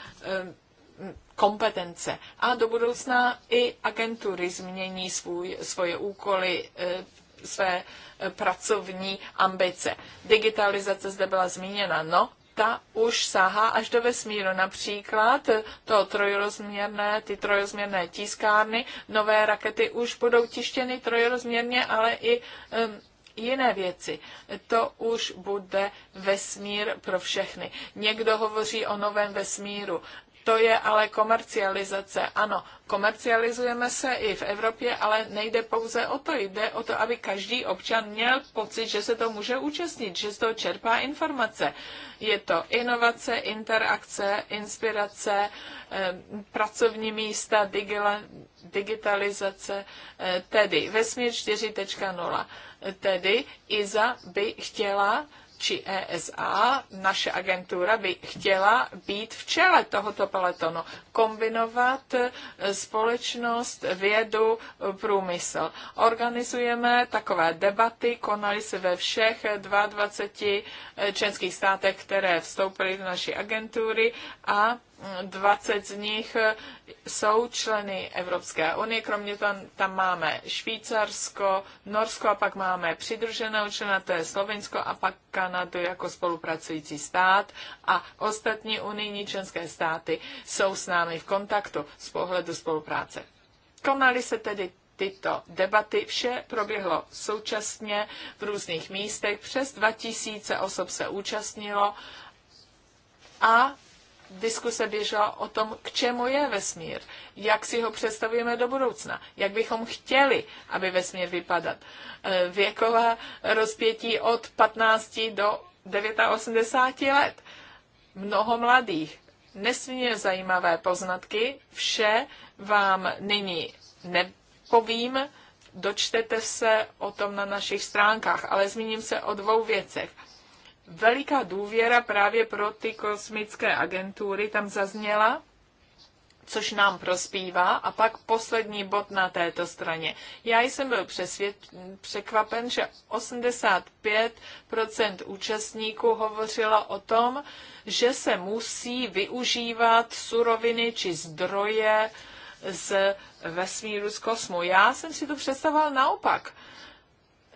kompetence. A do budoucna i agentury změní svůj, svoje úkoly, eh, své eh, pracovní ambice. Digitalizace zde byla zmíněna. No, ta už sahá až do vesmíru. Například to trojrozměrné, ty trojrozměrné tiskárny, nové rakety už budou tištěny trojrozměrně, ale i um, jiné věci. To už bude vesmír pro všechny. Někdo hovoří o novém vesmíru to je ale komercializace. Ano, komercializujeme se i v Evropě, ale nejde pouze o to. Jde o to, aby každý občan měl pocit, že se to může účastnit, že z toho čerpá informace. Je to inovace, interakce, inspirace, eh, pracovní místa, digitalizace, eh, tedy vesmír 4.0. Tedy IZA by chtěla či ESA, naše agentura by chtěla být v čele tohoto peletonu, kombinovat eh, společnost, vědu, průmysl. Organizujeme takové debaty, konaly se ve všech 22 eh, členských státech, které vstoupily do naší agentury a 20 z nich jsou členy Evropské unie, kromě toho tam máme Švýcarsko, Norsko a pak máme přidruženého člena, to je Slovensko a pak Kanadu jako spolupracující stát a ostatní unijní členské státy jsou s námi v kontaktu z pohledu spolupráce. Konaly se tedy tyto debaty. Vše proběhlo současně v různých místech. Přes 2000 osob se účastnilo a diskuse běžela o tom, k čemu je vesmír, jak si ho představujeme do budoucna, jak bychom chtěli, aby vesmír vypadat. Eh, Věková rozpětí od 15 do 89 let. Mnoho mladých. Nesmírně zajímavé poznatky. Vše vám nyní nepovím, dočtete se o tom na našich stránkách, ale zmíním se o dvou věcech veliká důvěra právě pro ty kosmické agentury tam zazněla, což nám prospívá. A pak poslední bod na této straně. Já jsem byl přesvěd, překvapen, že 85% účastníků hovořilo o tom, že se musí využívat suroviny či zdroje z vesmíru, z kosmu. Já jsem si to představoval naopak,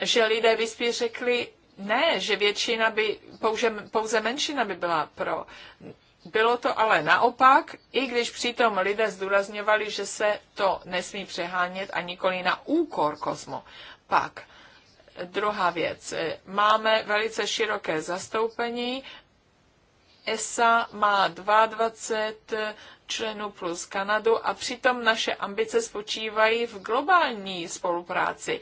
že lidé by spíš řekli, ne, že většina by, pouze, pouze menšina by byla pro. Bylo to ale naopak, i když přitom lidé zdůrazňovali, že se to nesmí přehánět a nikoli na úkor kosmo. Pak druhá věc. Máme velice široké zastoupení. ESA má 22 členů plus Kanadu a přitom naše ambice spočívají v globální spolupráci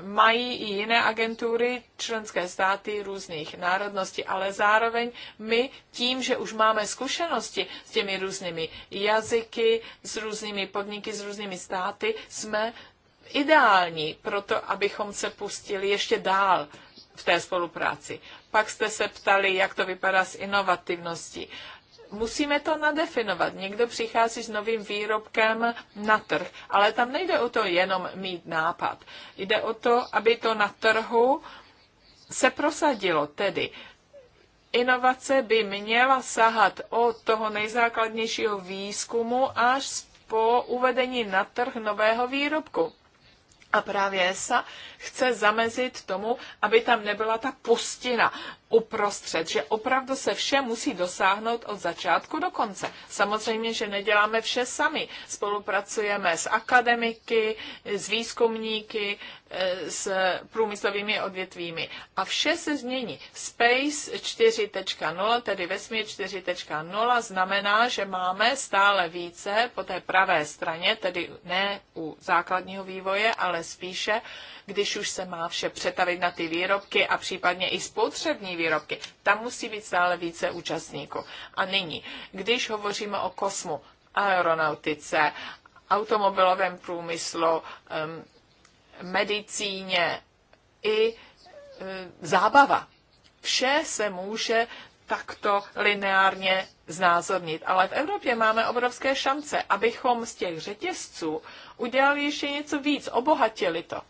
mají i jiné agentury, členské státy různých národností, ale zároveň my tím, že už máme zkušenosti s těmi různými jazyky, s různými podniky, s různými státy, jsme ideální pro to, abychom se pustili ještě dál v té spolupráci. Pak jste se ptali, jak to vypadá s inovativností musíme to nadefinovat. Někdo přichází s novým výrobkem na trh, ale tam nejde o to jenom mít nápad. Jde o to, aby to na trhu se prosadilo, tedy Inovace by měla sahat od toho nejzákladnějšího výzkumu až po uvedení na trh nového výrobku. A právě se chce zamezit tomu, aby tam nebyla ta pustina uprostřed, že opravdu se vše musí dosáhnout od začátku do konce. Samozřejmě, že neděláme vše sami. Spolupracujeme s akademiky, s výzkumníky, eh, s průmyslovými odvětvími. A vše se změní. Space 4.0, tedy vesmír 4.0, znamená, že máme stále více po té pravé straně, tedy ne u základního vývoje, ale spíše když už se má vše přetavit na ty výrobky a případně i spotřební výrobky. Tam musí být stále více účastníků. A nyní, když hovoříme o kosmu, aeronautice, automobilovém průmyslu, medicíně i e, zábava. Vše se může takto lineárně znázornit. Ale v Evropě máme obrovské šance, abychom z těch řetězců udělali ještě něco víc, obohatili to.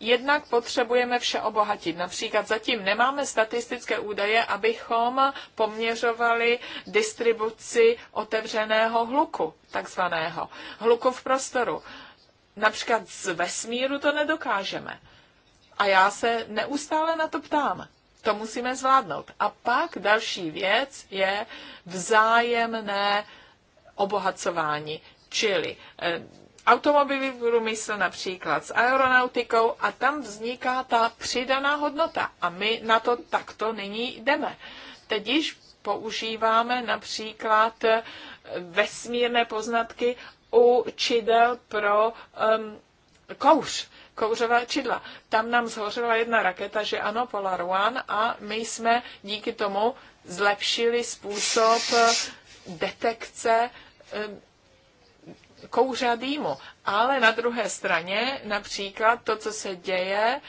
Jednak potřebujeme vše obohatit. Například zatím nemáme statistické údaje, abychom poměřovali distribuci otevřeného hluku, takzvaného hluku v prostoru. Například z vesmíru to nedokážeme. A já se neustále na to ptám. To musíme zvládnout. A pak další věc je vzájemné obohacování, čili eh, automobilový průmysl například s aeronautikou a tam vzniká ta přidaná hodnota a my na to takto nyní jdeme. Teď již používáme například eh, vesmírné poznatky u čidel pro um, kouř, kouřová čidla. Tam nám zhořela jedna raketa, že ano, Polar One, a my jsme díky tomu zlepšili způsob eh, detekce um, kouře dýmu. Ale na druhé straně například to, co se děje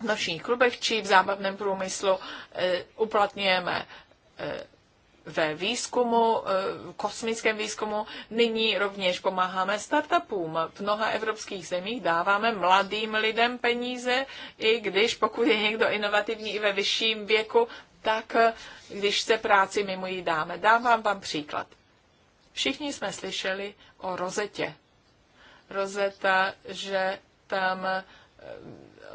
v nočních klubech či v zábavném průmyslu, eh, uplatňujeme eh, ve výzkumu, eh, kosmickém výzkumu. Nyní rovněž pomáháme startupům. V mnoha evropských zemích dáváme mladým lidem peníze, i když pokud je někdo inovativní i ve vyšším věku, tak když se práci mimo jí dáme. Dám vám, vám příklad. Všichni jsme slyšeli o rozetě. Rozeta, že tam eh,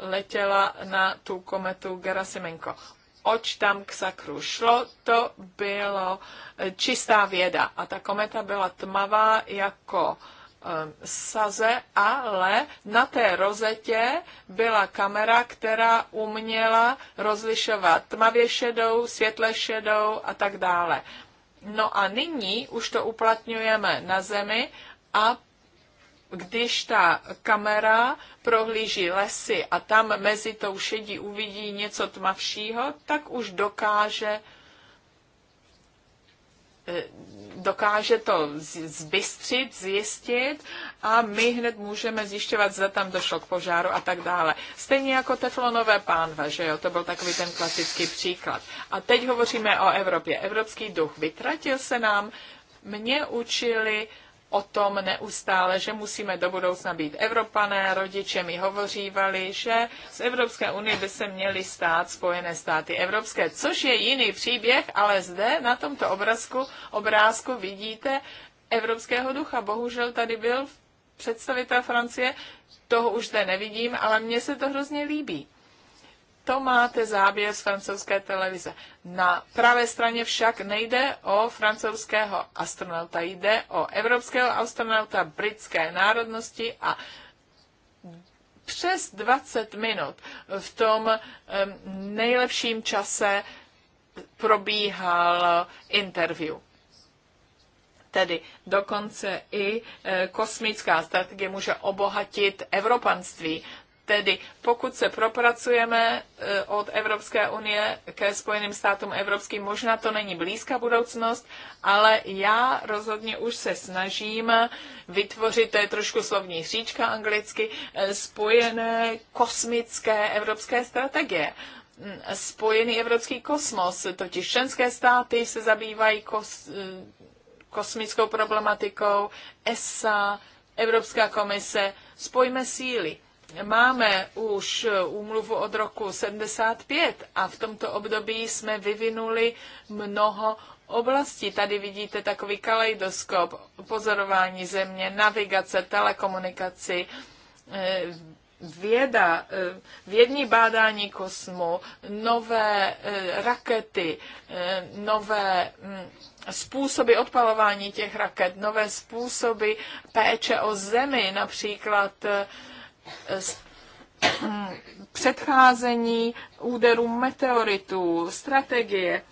letěla na tu kometu Gerasimenko. Oč tam k sakru šlo, to bylo eh, čistá věda. A ta kometa byla tmavá jako eh, saze, ale na té rozetě byla kamera, která uměla rozlišovat tmavě šedou, světle šedou a tak dále. No a nyní už to uplatňujeme na zemi a když ta kamera prohlíží lesy a tam mezi tou šedí uvidí něco tmavšího, tak už dokáže eh, dokáže to zbystřit, zjistit a my hned můžeme zjišťovat, zda tam došlo k požáru a tak dále. Stejně jako teflonové pánve, že jo, to byl takový ten klasický příklad. A teď hovoříme o Evropě. Evropský duch vytratil se nám, mě učili o tom neustále, že musíme do budoucna být Evropané, rodiče mi hovořívali, že z Evropské unie by se měly stát Spojené státy evropské, což je jiný příběh, ale zde na tomto obrazku, obrázku vidíte evropského ducha. Bohužel tady byl představitel Francie, toho už zde nevidím, ale mně se to hrozně líbí. To máte záběr z francouzské televize. Na pravé straně však nejde o francouzského astronauta, jde o evropského astronauta britské národnosti a přes 20 minut v tom nejlepším čase probíhal interview. Tedy dokonce i e, kosmická strategie může obohatit evropanství. Tedy pokud se propracujeme eh, od Evropské unie ke Spojeným státům evropským, možná to není blízká budoucnost, ale já rozhodně už se snažím vytvořit, to je trošku slovní hříčka anglicky, eh, spojené kosmické evropské strategie mm, spojený evropský kosmos. Totiž členské státy se zabývají kos, eh, kosmickou problematikou, ESA, Evropská komise. Spojme síly máme už úmluvu od roku 75 a v tomto období jsme vyvinuli mnoho oblastí. Tady vidíte takový kaleidoskop, pozorování země, navigace, telekomunikaci, eh, věda, eh, vědní bádání kosmu, nové eh, rakety, nové hm, způsoby odpalování těch raket, nové způsoby péče o zemi, například předcházení úderům meteoritů, strategie.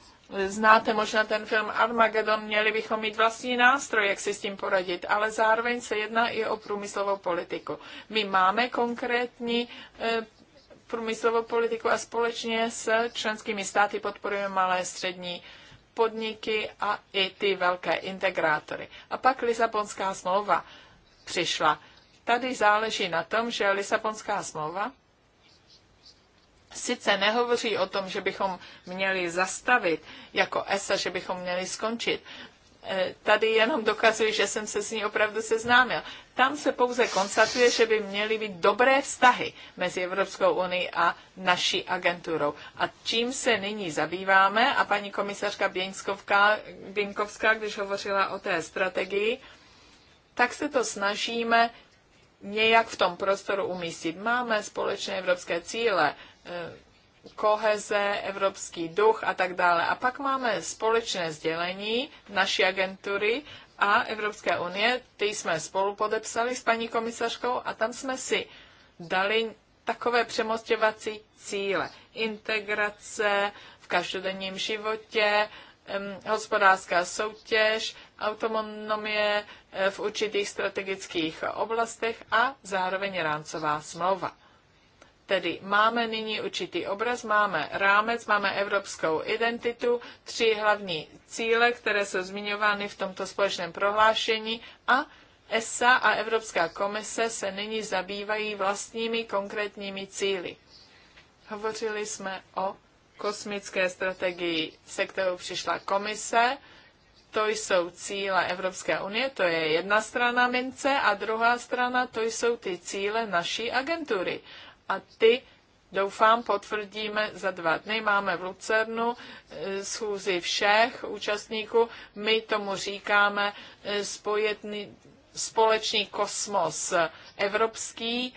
Znáte možná ten film Armageddon, měli bychom mít vlastní nástroj, jak si s tím poradit, ale zároveň se jedná i o průmyslovou politiku. My máme konkrétní eh, průmyslovou politiku a společně s členskými státy podporujeme malé střední podniky a i ty velké integrátory. A pak Lisabonská smlouva přišla Tady záleží na tom, že Lisabonská smlouva sice nehovoří o tom, že bychom měli zastavit jako ESA, že bychom měli skončit. E, tady jenom dokazuji, že jsem se s ní opravdu seznámil. Tam se pouze konstatuje, že by měly být dobré vztahy mezi Evropskou unii a naší agenturou. A čím se nyní zabýváme, a paní komisařka Binkovská, když hovořila o té strategii, tak se to snažíme nějak v tom prostoru umístit. Máme společné evropské cíle, e, koheze, evropský duch a tak dále. A pak máme společné sdělení naší agentury a Evropské unie, ty jsme spolu podepsali s paní komisařkou a tam jsme si dali takové přemostěvací cíle. Integrace v každodenním životě, hospodářská soutěž, autonomie eh, v určitých strategických oblastech a zároveň rámcová smlouva. Tedy máme nyní určitý obraz, máme rámec, máme evropskou identitu, tři hlavní cíle, které jsou zmiňovány v tomto společném prohlášení a ESA a Evropská komise se nyní zabývají vlastními konkrétními cíly. Hovořili jsme o kosmické strategii, se kterou přišla komise. To jsou cíle Evropské unie, to je jedna strana mince a druhá strana, to jsou ty cíle naší agentury. A ty doufám, potvrdíme za dva dny. Máme v Lucernu eh, schůzi všech účastníků. My tomu říkáme eh, spojetný, společný kosmos evropský,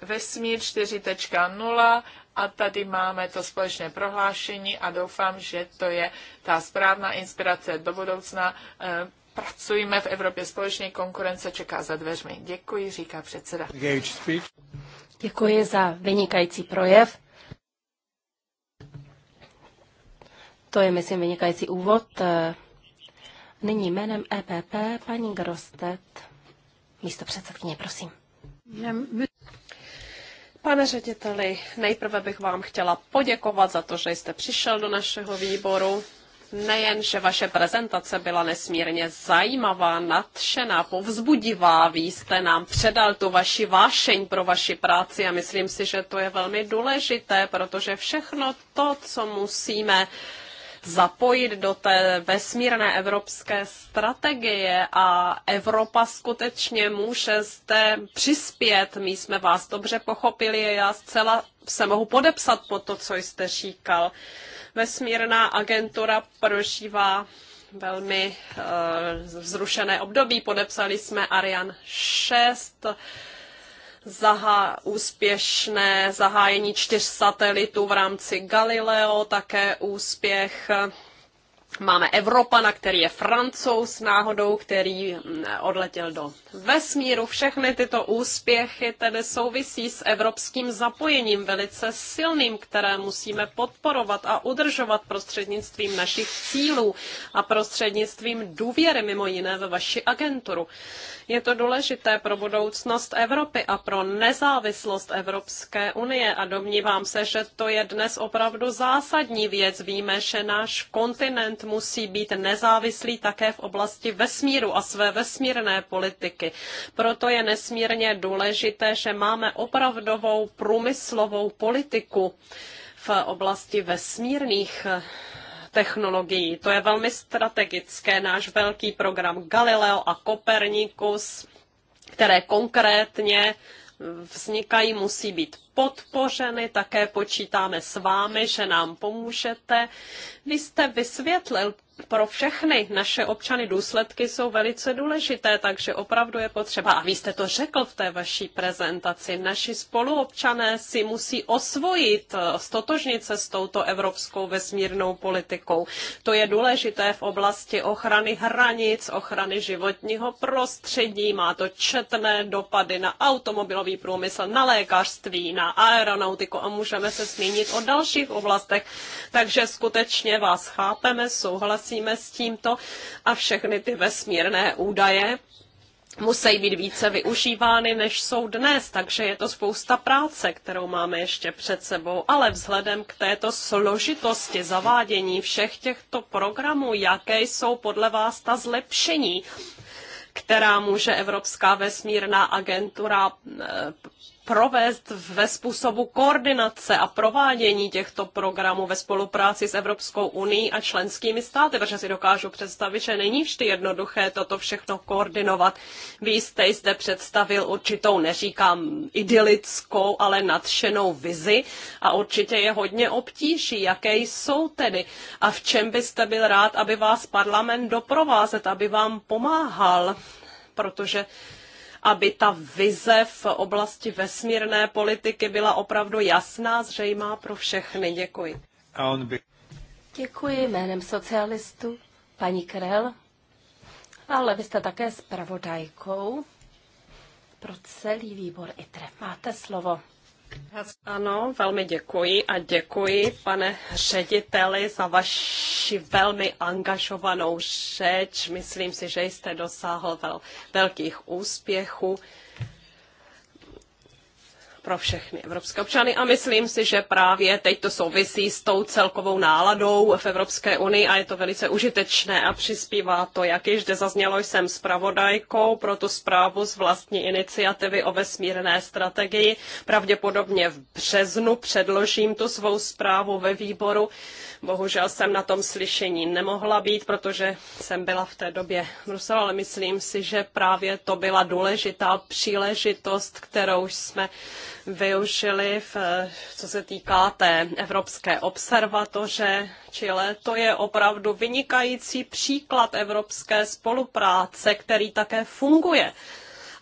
vesmír 4.0 a tady máme to společné prohlášení a doufám, že to je ta správná inspirace do budoucna. Eh, pracujeme v Evropě společně, konkurence čeká za dveřmi. Děkuji, říká předseda. Děkuji za vynikající projev. To je, myslím, vynikající úvod. Eh, nyní jménem EPP paní Grostet, místo předsedkyně, prosím. Pane řediteli, nejprve bych vám chtěla poděkovat za to, že jste přišel do našeho výboru. Nejen, že vaše prezentace byla nesmírně zajímavá, nadšená, povzbudivá, vy jste nám předal tu vaši vášeň pro vaši práci a myslím si, že to je velmi důležité, protože všechno to, co musíme zapojit do té vesmírné evropské strategie a Evropa skutečně může zde přispět. My jsme vás dobře pochopili, já zcela se mohu podepsat po to, co jste říkal. Vesmírná agentura prožívá velmi uh, vzrušené období. Podepsali jsme Ariane 6, zahá, úspěšné zahájení čtyř satelitů v rámci Galileo, také úspěch Máme Evropana, který je francouz náhodou, který mm, odletěl do vesmíru. Všechny tyto úspěchy tedy souvisí s evropským zapojením velice silným, které musíme podporovat a udržovat prostřednictvím našich cílů a prostřednictvím důvěry mimo jiné ve vaši agenturu. Je to důležité pro budoucnost Evropy a pro nezávislost Evropské unie a domnívám se, že to je dnes opravdu zásadní věc. Víme, že náš kontinent musí být nezávislý také v oblasti vesmíru a své vesmírné politiky. Proto je nesmírně důležité, že máme opravdovou průmyslovou politiku v oblasti vesmírných eh, technologií. To je velmi strategické. Náš velký program Galileo a Copernicus, které konkrétně vznikají, musí být podpořeny, také počítáme s vámi, že nám pomůžete. Vy jste vysvětlil pro všechny naše občany důsledky jsou velice důležité, takže opravdu je potřeba, a vy jste to řekl v té vaší prezentaci, naši spoluobčané si musí osvojit, eh, stotožnit se s touto evropskou vesmírnou politikou. To je důležité v oblasti ochrany hranic, ochrany životního prostředí, má to četné dopady na automobilový průmysl, na lékařství, na na aeronautiku a můžeme se zmínit o dalších oblastech. Takže skutečně vás chápeme, souhlasíme s tímto a všechny ty vesmírné údaje musí být více využívány, než jsou dnes, takže je to spousta práce, kterou máme ještě před sebou. Ale vzhledem k této složitosti zavádění všech těchto programů, jaké jsou podle vás ta zlepšení, která může Evropská vesmírná agentura eh, provést ve způsobu koordinace a provádění těchto programů ve spolupráci s Evropskou unii a členskými státy, protože si dokážu představit, že není vždy jednoduché toto všechno koordinovat. Vy jste zde představil určitou, neříkám idylickou, ale nadšenou vizi a určitě je hodně obtíží, jaké jsou tedy a v čem byste byl rád, aby vás parlament doprovázet, aby vám pomáhal, protože aby ta vize v oblasti vesmírné politiky byla opravdu jasná, zřejmá pro všechny. Děkuji. Děkuji jménem socialistu paní Krel Ale vy jste také zpravodajkou pro celý výbor ITRE. Máte slovo. Ano, velmi děkuji a děkuji, pane řediteli, za vaši velmi angažovanou řeč. Myslím si, že jste dosáhl vel, velkých úspěchů pro všechny evropské občany a myslím si, že právě teď to souvisí s tou celkovou náladou v Evropské unii a je to velice užitečné a přispívá to, jak již zde zaznělo, jsem zpravodajkou pro tu zprávu z vlastní iniciativy o vesmírné strategii. Pravděpodobně v březnu předložím tu svou zprávu ve výboru. Bohužel jsem na tom slyšení nemohla být, protože jsem byla v té době v Bruselu, ale myslím si, že právě to byla důležitá příležitost, kterou jsme využili, v, eh, co se týká té Evropské observatoře Chile. To je opravdu vynikající příklad evropské spolupráce, který také funguje.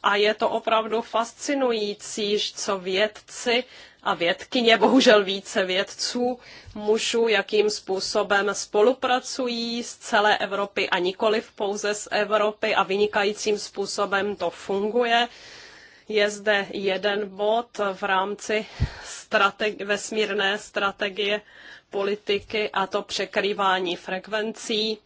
A je to opravdu fascinující, co vědci a vědkyně, bohužel více vědců, mužů, jakým způsobem spolupracují z celé Evropy a nikoliv pouze z Evropy a vynikajícím způsobem to funguje. Je zde jeden bod v rámci vesmírné strategie politiky a to překrývání frekvencí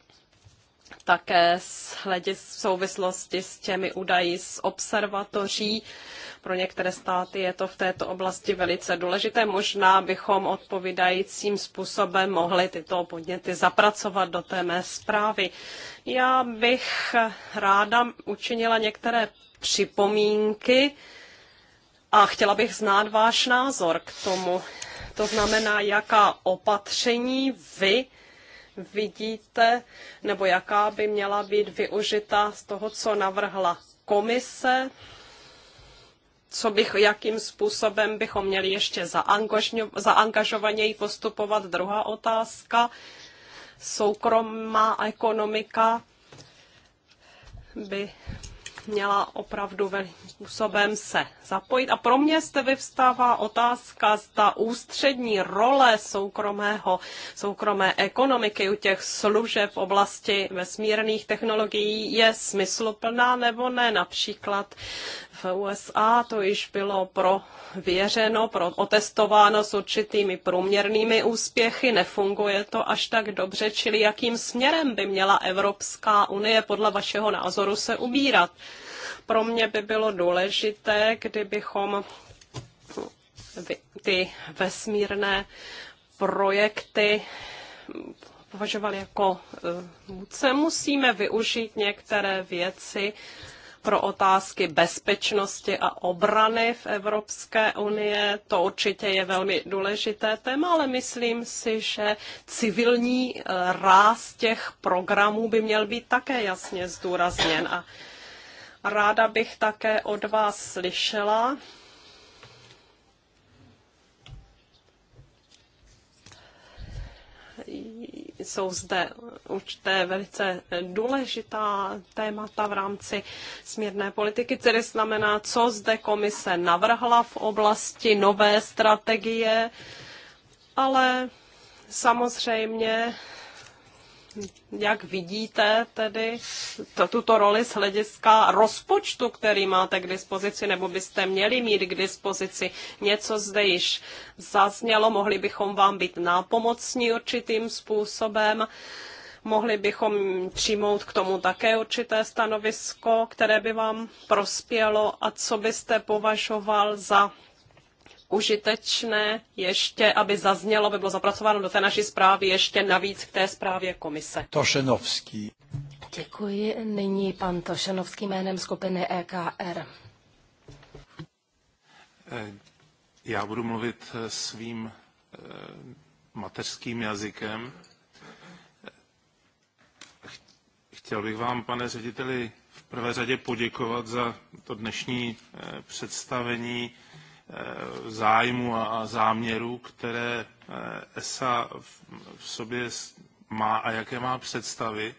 také s hledis v souvislosti s těmi údaji z observatoří. Pro některé státy je to v této oblasti velice důležité. Možná bychom odpovídajícím způsobem mohli tyto podněty zapracovat do té mé zprávy. Já bych ráda učinila některé připomínky a chtěla bych znát váš názor k tomu. To znamená, jaká opatření vy vidíte, nebo jaká by měla být využita z toho, co navrhla komise, co bych, jakým způsobem bychom měli ještě zaangažovaněji postupovat. Druhá otázka, soukromá ekonomika by měla opravdu velkým způsobem se zapojit. A pro mě jste vyvstává otázka, zda ústřední role soukromého, soukromé ekonomiky u těch služeb v oblasti vesmírných technologií je smysluplná nebo ne. Například v USA to již bylo prověřeno, pro, otestováno s určitými průměrnými úspěchy, nefunguje to až tak dobře, čili jakým směrem by měla Evropská unie podle vašeho názoru se ubírat. Pro mě by bylo důležité, kdybychom ty vesmírné projekty považovali jako se eh, Musíme využít některé věci, pro otázky bezpečnosti a obrany v Evropské unie. To určitě je velmi důležité téma, ale myslím si, že civilní eh, ráz těch programů by měl být také jasně zdůrazněn. A ráda bych také od vás slyšela, Jsou zde určité velice důležitá témata v rámci směrné politiky, které znamená, co zde komise navrhla v oblasti nové strategie, ale samozřejmě jak vidíte tedy tuto roli z hlediska rozpočtu, který máte k dispozici, nebo byste měli mít k dispozici? Něco zde již zaznělo, mohli bychom vám být nápomocní určitým způsobem mohli bychom přijmout k tomu také určité stanovisko, které by vám prospělo a co byste považoval za užitečné ještě, aby zaznělo, aby bylo zapracováno do té naší zprávy ještě navíc k té zprávě komise. Tošenovský. Děkuji. Nyní pan Tošenovský jménem skupiny EKR. Eh, já budu mluvit eh, svým eh, mateřským jazykem. Chtěl bych vám, pane řediteli, v prvé řadě poděkovat za to dnešní představení Eh, zájmu a záměru, které eh, ESA v sobě má a jaké má představy.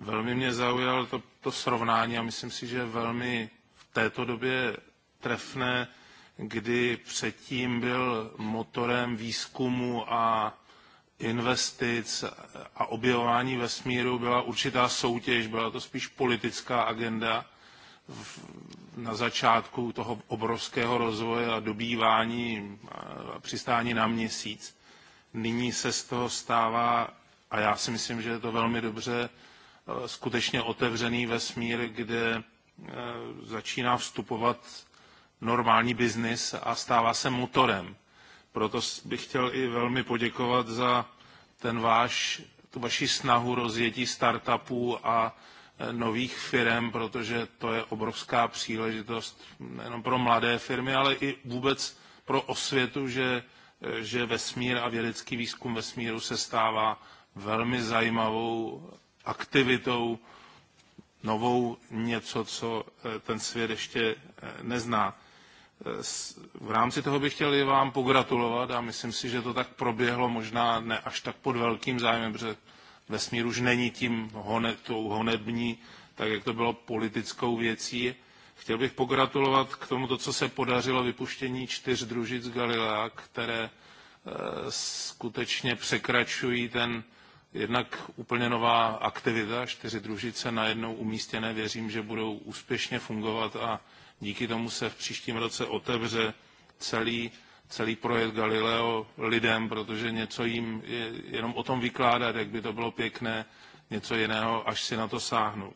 Velmi mě zaujalo to, to srovnání a myslím si, že velmi v této době trefné, kdy předtím byl motorem výzkumu a investic a objevování vesmíru byla určitá soutěž, byla to spíš politická agenda na začátku toho obrovského rozvoje a dobývání a přistání na měsíc. Nyní se z toho stává, a já si myslím, že je to velmi dobře, eh, skutečně otevřený vesmír, kde eh, začíná vstupovat normální biznis a stává se motorem. Proto bych chtěl i velmi poděkovat za ten váš, tu vaši snahu rozjetí startupů a Eh, nových firm, protože to je obrovská příležitost nejenom pro mladé firmy, ale i vůbec pro osvětu, že, eh, že vesmír a vědecký výzkum vesmíru se stává velmi zajímavou aktivitou, novou něco, co eh, ten svět ještě nezná. V rámci toho bych chtěl i vám pogratulovat a myslím si, že to tak proběhlo možná ne až tak pod velkým zájmem, protože Vesmír už není tím hone, tou honební, tak jak to bylo politickou věcí. Chtěl bych pogratulovat k tomu, to, co se podařilo vypuštění čtyř družic Galilea, které eh, skutečně překračují ten jednak úplně nová aktivita, čtyři družice najednou umístěné, věřím, že budou úspěšně fungovat a díky tomu se v příštím roce otevře celý celý projekt Galileo lidem, protože něco jim je, jenom o tom vykládat, jak by to bylo pěkné, něco jiného, až si na to sáhnu.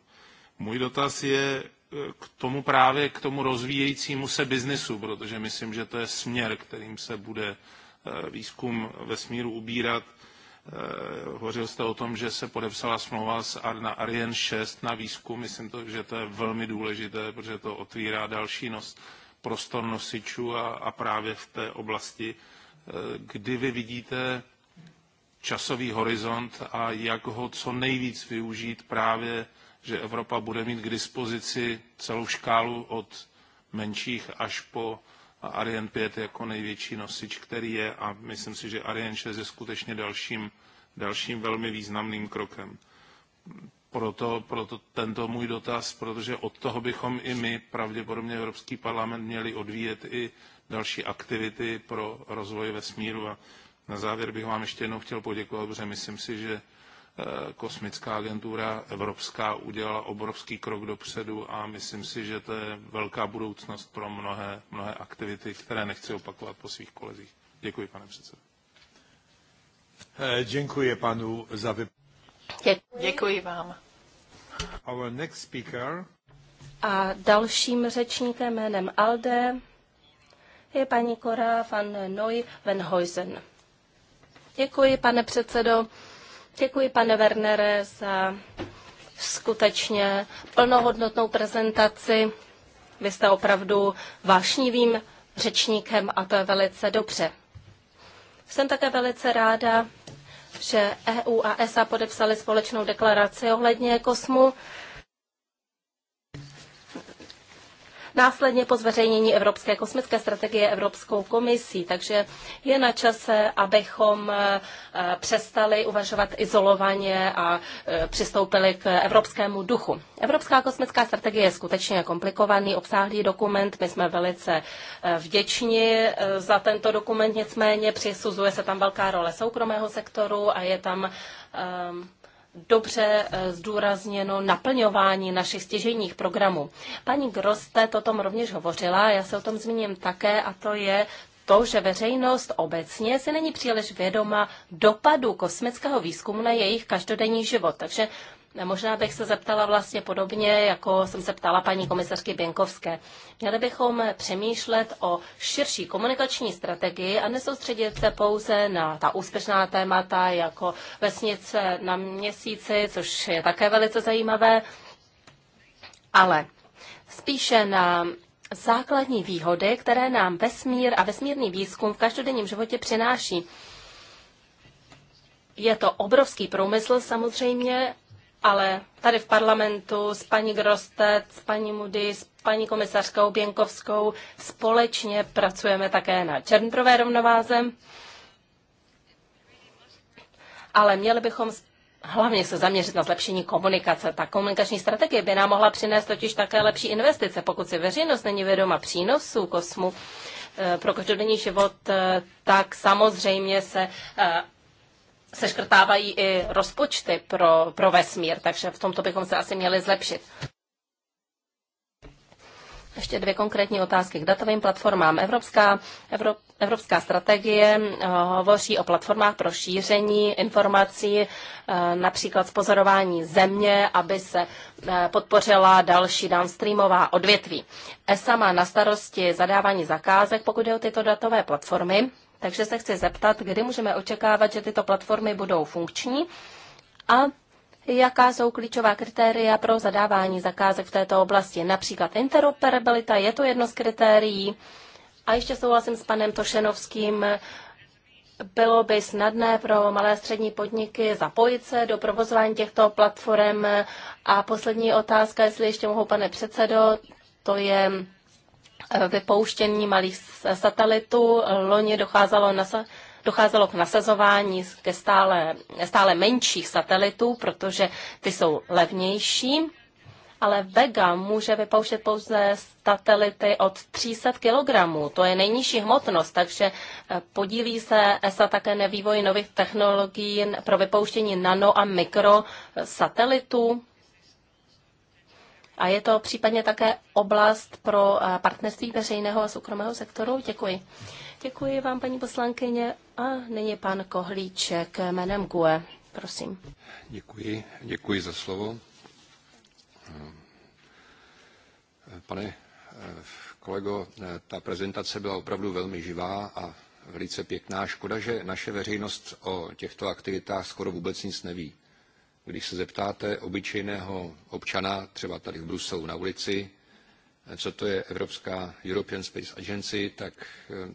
Můj dotaz je eh, k tomu právě k tomu rozvíjejícímu se biznesu, protože myslím, že to je směr, kterým se bude eh, výzkum vesmíru ubírat. Eh, hovořil jste o tom, že se podepsala smlouva na Ariane 6 na výzkum. Myslím, to, že to je velmi důležité, protože to otvírá další nos, prostor nosičů a, a právě v té oblasti, eh, kdy vy vidíte časový horizont a jak ho co nejvíc využít právě, že Evropa bude mít k dispozici celou škálu od menších až po Ariane 5 jako největší nosič, který je a myslím si, že Ariane 6 je skutečně dalším, dalším velmi významným krokem proto, proto tento můj dotaz, protože od toho bychom i my, pravděpodobně Evropský parlament, měli odvíjet i další aktivity pro rozvoj vesmíru. A na závěr bych vám ještě jednou chtěl poděkovat, protože myslím si, že eh, kosmická agentura evropská udělala obrovský krok dopředu a myslím si, že to je velká budoucnost pro mnohé, mnohé aktivity, které nechci opakovat po svých kolezích. Děkuji, pane předsedo. Eh, děkuji panu za vypadání. Děkuji, Děkuji vám. Our next speaker. A dalším řečníkem jménem Alde je paní Cora van Noy Hoysen. Děkuji, pane předsedo. Děkuji, pane Wernere, za skutečně plnohodnotnou prezentaci. Vy jste opravdu vášnivým řečníkem a to je velice dobře. Jsem také velice ráda, že EU a ESA podepsali společnou deklaraci ohledně kosmu. následně po zveřejnění Evropské kosmické strategie Evropskou komisí. Takže je na čase, abychom eh, přestali uvažovat izolovaně a eh, přistoupili k evropskému duchu. Evropská kosmická strategie je skutečně komplikovaný, obsáhlý dokument. My jsme velice eh, vděční za tento dokument, nicméně přisuzuje se tam velká role soukromého sektoru a je tam um, dobře eh, zdůrazněno naplňování našich stěžejních programů. Paní Groste o tom rovněž hovořila, já se o tom zmíním také, a to je to, že veřejnost obecně si není příliš vědoma dopadu kosmického výzkumu na jejich každodenní život. Takže Možná bych se zeptala vlastně podobně, jako jsem se ptala paní komisařky Běnkovské. Měli bychom přemýšlet o širší komunikační strategii a nesoustředit se pouze na ta úspěšná témata jako vesnice na měsíci, což je také velice zajímavé, ale spíše na základní výhody, které nám vesmír a vesmírný výzkum v každodenním životě přináší. Je to obrovský průmysl samozřejmě, ale tady v parlamentu s paní Grostet, s paní Mudy, s paní komisařkou Běnkovskou společně pracujeme také na černprové rovnováze. Ale měli bychom hlavně se zaměřit na zlepšení komunikace. Ta komunikační strategie by nám mohla přinést totiž také lepší investice. Pokud si veřejnost není vědoma přínosů kosmu eh, pro každodenní život, eh, tak samozřejmě se eh, seškrtávají i rozpočty pro, pro vesmír, takže v tomto bychom se asi měli zlepšit. Ještě dvě konkrétní otázky k datovým platformám. Evropská, Evrop, Evropská strategie eh, hovoří o platformách pro šíření informací, eh, například z pozorování země, aby se eh, podpořila další downstreamová odvětví. ESA má na starosti zadávání zakázek, pokud jde o tyto datové platformy. Takže se chci zeptat, kdy můžeme očekávat, že tyto platformy budou funkční a Jaká jsou klíčová kritéria pro zadávání zakázek v této oblasti? Například interoperabilita, je to jedno z kritérií. A ještě souhlasím s panem Tošenovským, bylo by snadné pro malé a střední podniky zapojit se do provozování těchto platform. A poslední otázka, jestli ještě mohu, pane předsedo, to je vypouštění malých satelitů. Loni docházelo nasa, docházelo k nasazování ke stále, stále menších satelitů, protože ty jsou levnější, ale Vega může vypouštět pouze satelity od 300 kg. To je nejnižší hmotnost, takže eh, podílí se ESA také na vývoji nových technologií pro vypouštění nano a mikro eh, satelitů. A je to případně také oblast pro eh, partnerství veřejného a soukromého sektoru? Děkuji. Děkuji vám, paní poslankyně. A nyní pan Kohlíček jménem GUE. Prosím. Děkuji, děkuji za slovo. Pane eh, kolego, eh, ta prezentace byla opravdu velmi živá a velice pěkná. Škoda, že naše veřejnost o těchto aktivitách skoro vůbec nic neví. Když se zeptáte obyčejného občana, třeba tady v Bruselu na ulici, co to je Evropská European Space Agency, tak eh,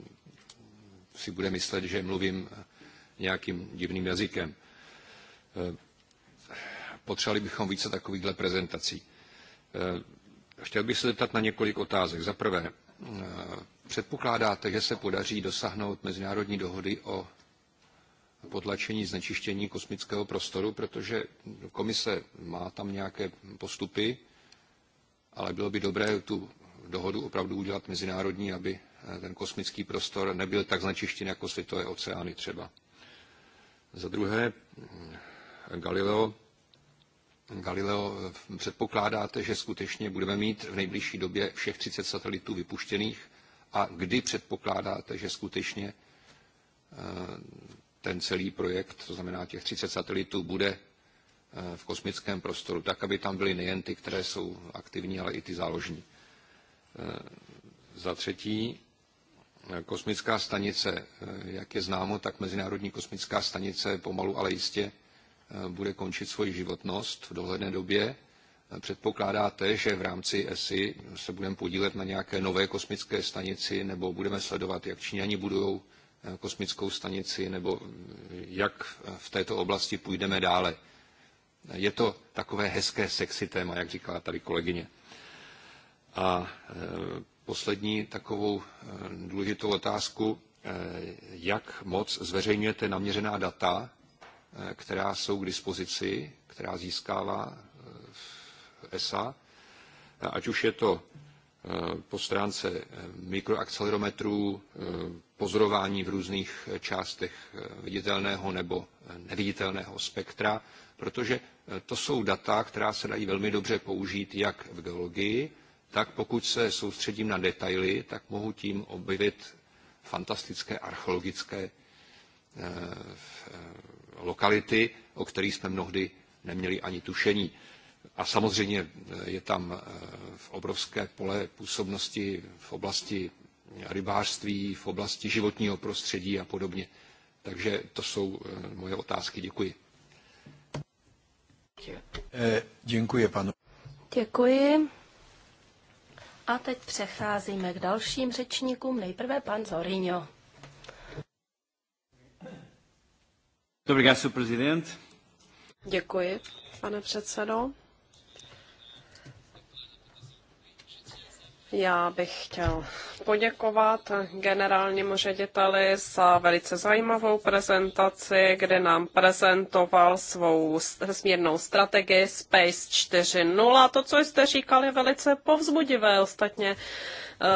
si bude myslet, že mluvím eh, nějakým divným jazykem. Eh, potřebovali bychom více takovýchhle prezentací. Chtěl bych se zeptat na několik otázek. Za prvé, předpokládáte, že se podaří dosáhnout mezinárodní dohody o potlačení znečištění kosmického prostoru, protože komise má tam nějaké postupy, ale bylo by dobré tu dohodu opravdu udělat mezinárodní, aby eh, ten kosmický prostor nebyl tak znečištěn jako světové oceány třeba. Za druhé, hm, Galileo, Galileo eh, předpokládáte, že skutečně budeme mít v nejbližší době všech 30 satelitů vypuštěných a kdy předpokládáte, že skutečně eh, ten celý projekt, to znamená těch 30 satelitů, bude eh, v kosmickém prostoru, tak, aby tam byly nejen ty, které jsou aktivní, ale i ty záložní. Eh, za třetí, eh, kosmická stanice, jak je známo, tak Mezinárodní kosmická stanice pomalu, ale jistě bude končit svoji životnost v dohledné době. Předpokládáte, že v rámci ESI se budeme podílet na nějaké nové kosmické stanici nebo budeme sledovat, jak Číňani budou kosmickou stanici nebo jak v této oblasti půjdeme dále. Je to takové hezké sexy téma, jak říkala tady kolegyně. A e, poslední takovou e, důležitou otázku, e, jak moc zveřejňujete naměřená data, která jsou k dispozici, která získává ESA, ať už je to Eh, po stránce eh, mikroakcelerometrů, eh, pozorování v různých částech viditelného nebo neviditelného spektra, protože to jsou data, která se dají velmi dobře použít jak v geologii, tak pokud se soustředím na detaily, tak mohu tím objevit fantastické archeologické lokality, o kterých jsme mnohdy neměli ani tušení. A samozřejmě eh, je tam eh, v obrovské pole působnosti v oblasti rybářství, v oblasti životního prostředí a podobně. Takže to jsou eh, moje otázky. Děkuji. Děkuji panu. Děkuji. A teď přecházíme k dalším řečníkům. Nejprve pan Zorino. Dobrý den, prezident. Děkuji, pane předsedo. Já bych chtěl poděkovat generálnímu řediteli za velice zajímavou prezentaci, kde nám prezentoval svou směrnou strategii Space 4.0. To, co jste říkali, je velice povzbudivé. Ostatně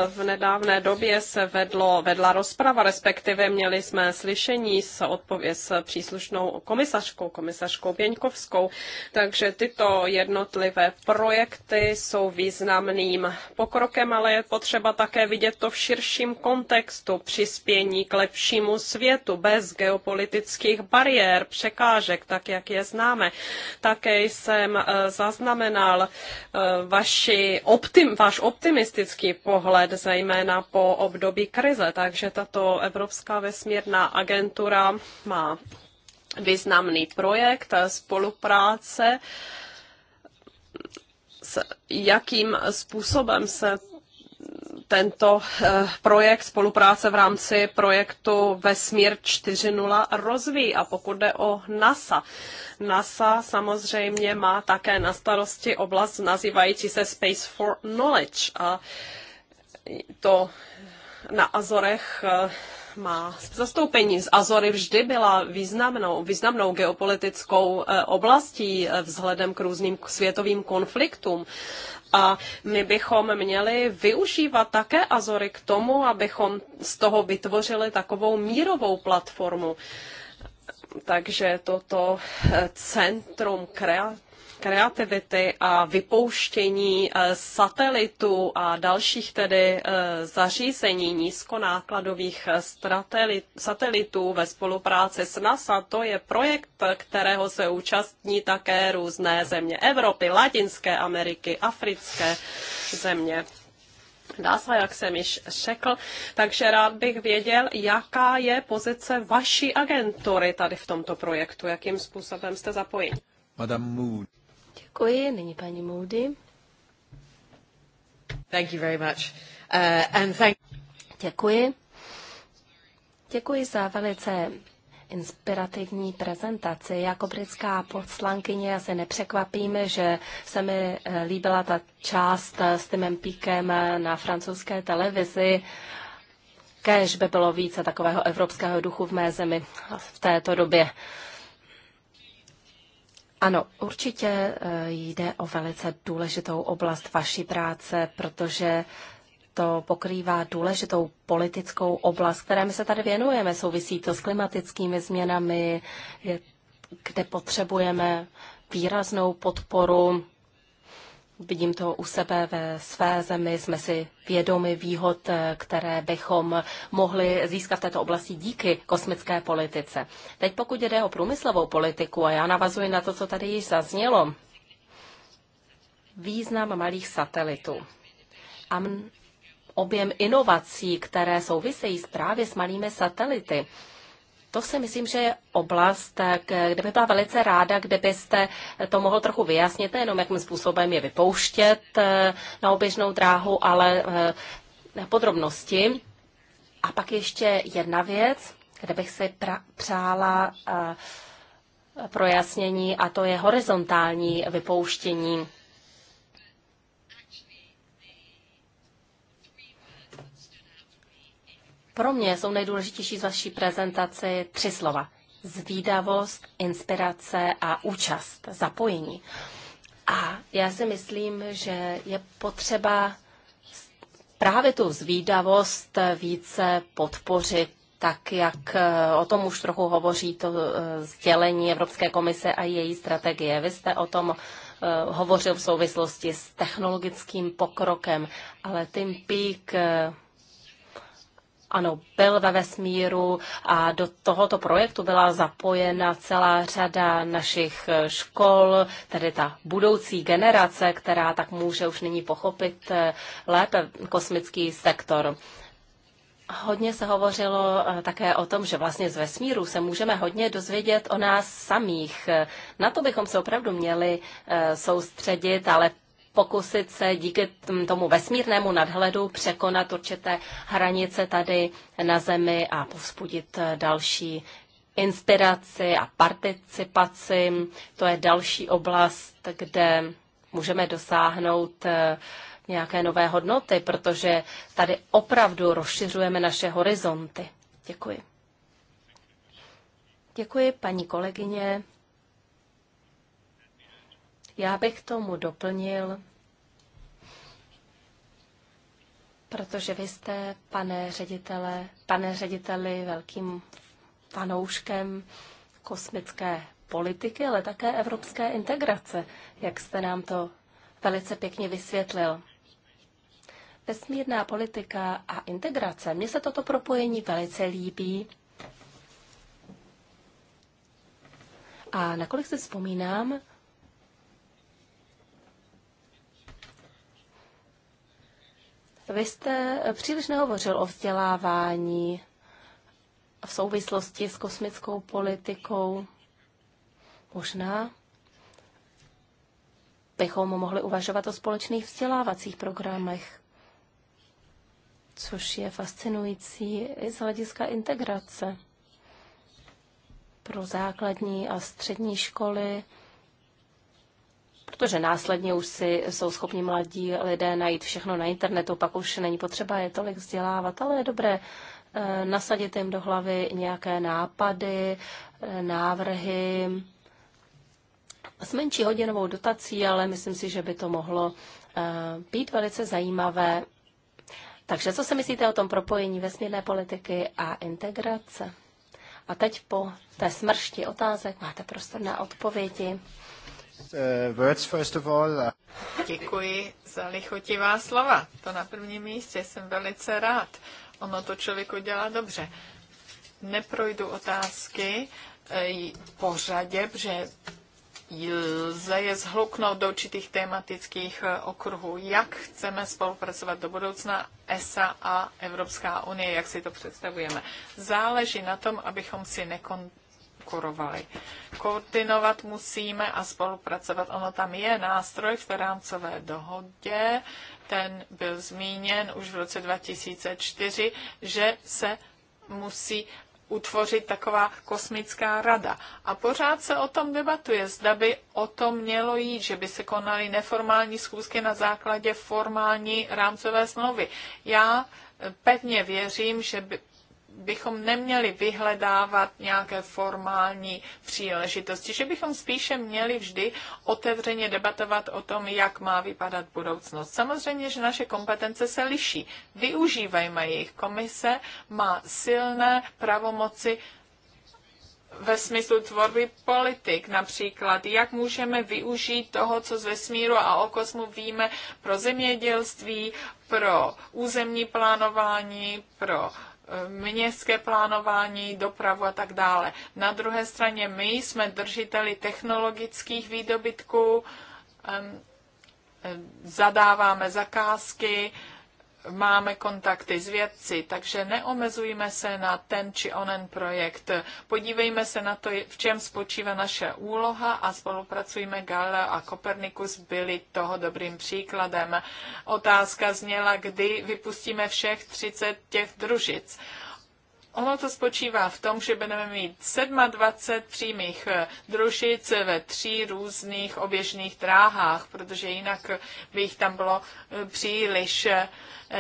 v nedávné době se vedlo, vedla rozprava, respektive měli jsme slyšení s, odpověď, s příslušnou komisařkou, komisařkou Pěňkovskou, takže tyto jednotlivé projekty jsou významným pokrokem, ale je potřeba také vidět to v širším kontextu přispění k lepšímu světu bez geopolitických bariér, překážek, tak jak je známe. Také jsem eh, zaznamenal eh, vaši optim, váš optimistický pohled pohled zejména po období krize, takže tato Evropská vesmírná agentura má významný projekt spolupráce. S jakým způsobem se tento eh, projekt spolupráce v rámci projektu Vesmír 4.0 rozvíjí. A pokud jde o NASA, NASA samozřejmě má také na starosti oblast nazývající se Space for Knowledge. A to na Azorech eh, má zastoupení. Z Azory vždy byla významnou, významnou geopolitickou eh, oblastí eh, vzhledem k různým světovým konfliktům. A my bychom měli využívat také Azory k tomu, abychom z toho vytvořili takovou mírovou platformu. Takže toto centrum kreativity kreativity a vypouštění eh, satelitu a dalších tedy eh, zařízení nízkonákladových eh, satelitů ve spolupráci s NASA. To je projekt, kterého se účastní také různé země Evropy, Latinské Ameriky, africké země. Dá se, jak jsem již řekl. Takže rád bych věděl, jaká je pozice vaší agentury tady v tomto projektu, jakým způsobem jste zapojeni. Madame Moon. Děkuji. Nyní paní Moody. Thank you very much. Uh, and thank... Děkuji. Děkuji za velice inspirativní prezentaci. Jako britská poslankyně se nepřekvapíme, že se mi eh, líbila ta část eh, s Timem Píkem eh, na francouzské televizi. Kéž by bylo více takového evropského duchu v mé zemi v této době. Ano, určitě eh, jde o velice důležitou oblast vaší práce, protože to pokrývá důležitou politickou oblast, které my se tady věnujeme. Souvisí to s klimatickými změnami, kde potřebujeme výraznou podporu Vidím to u sebe ve své zemi, jsme si vědomi výhod, eh, které bychom mohli získat v této oblasti díky kosmické politice. Teď pokud jde o průmyslovou politiku, a já navazuji na to, co tady již zaznělo, význam malých satelitů a objem inovací, které souvisejí právě s malými satelity. To si myslím, že je oblast, eh, kde by byla velice ráda, kde byste to mohl trochu vyjasnit, jenom jakým způsobem je vypouštět eh, na oběžnou dráhu, ale eh, na podrobnosti. A pak ještě jedna věc, kde bych si přála projasnění, a to je horizontální vypouštění Pro mě jsou nejdůležitější z vaší prezentaci tři slova. Zvídavost, inspirace a účast, zapojení. A já si myslím, že je potřeba právě tu zvídavost více podpořit tak jak eh, o tom už trochu hovoří to eh, sdělení Evropské komise a její strategie. Vy jste o tom eh, hovořil v souvislosti s technologickým pokrokem, ale tím pík ano, byl ve vesmíru a do tohoto projektu byla zapojena celá řada našich eh, škol, tedy ta budoucí generace, která tak může už nyní pochopit eh, lépe kosmický sektor. Hodně se hovořilo eh, také o tom, že vlastně z vesmíru se můžeme hodně dozvědět o nás samých. Na to bychom se opravdu měli soustředit, ale pokusit se díky tomu vesmírnému nadhledu překonat určité hranice tady na Zemi a povzbudit eh, další inspiraci a participaci. To je další oblast, kde můžeme dosáhnout eh, nějaké nové hodnoty, protože tady opravdu rozšiřujeme naše horizonty. Děkuji. Děkuji, paní kolegyně. Já bych tomu doplnil, protože vy jste, pane ředitele, pane řediteli, velkým fanouškem kosmické politiky, ale také evropské integrace, jak jste nám to velice pěkně vysvětlil. Vesmírná politika a integrace. Mně se toto propojení velice líbí. A nakolik si vzpomínám, Vy jste eh, příliš nehovořil o vzdělávání v souvislosti s kosmickou politikou. Možná bychom mohli uvažovat o společných vzdělávacích programech, což je fascinující i z hlediska integrace pro základní a střední školy protože následně už si jsou schopni mladí lidé najít všechno na internetu, pak už není potřeba je tolik vzdělávat, ale je dobré eh, nasadit jim do hlavy nějaké nápady, eh, návrhy. S menší hodinovou dotací, ale myslím si, že by to mohlo eh, být velice zajímavé. Takže co si myslíte o tom propojení vesmírné politiky a integrace? A teď po té smršti otázek máte prostor na odpovědi. Eh, words first of all. Eh. Děkuji za lichotivá slova. To na prvním místě jsem velice rád. Ono to člověku dělá dobře. Neprojdu otázky eh, po řadě, protože lze je zhluknout do určitých tematických okruhů. Jak chceme spolupracovat do budoucna ESA a Evropská unie, jak si to představujeme. Záleží na tom, abychom si nekon, konkurovali. Koordinovat musíme a spolupracovat. Ono tam je nástroj v té rámcové dohodě, ten byl zmíněn už v roce 2004, že se musí utvořit taková kosmická rada. A pořád se o tom debatuje, zda by o tom mělo jít, že by se konaly neformální schůzky na základě formální rámcové smlouvy. Já pevně věřím, že by bychom neměli vyhledávat nějaké formální příležitosti, že bychom spíše měli vždy otevřeně debatovat o tom, jak má vypadat budoucnost. Samozřejmě, že naše kompetence se liší. Využívejme jejich. Komise má silné pravomoci ve smyslu tvorby politik například, jak můžeme využít toho, co z vesmíru a o kosmu víme pro zemědělství, pro územní plánování, pro městské plánování, dopravu a tak dále. Na druhé straně my jsme držiteli technologických výdobytků, zadáváme zakázky, máme kontakty s vědci, takže neomezujme se na ten či onen projekt. Podívejme se na to, v čem spočívá naše úloha a spolupracujme. Galileo a Kopernikus byli toho dobrým příkladem. Otázka zněla, kdy vypustíme všech 30 těch družic. Ono to spočívá v tom, že budeme mít 27 přímých eh, družic ve tří různých oběžných dráhách, protože jinak by jich tam bylo eh, příliš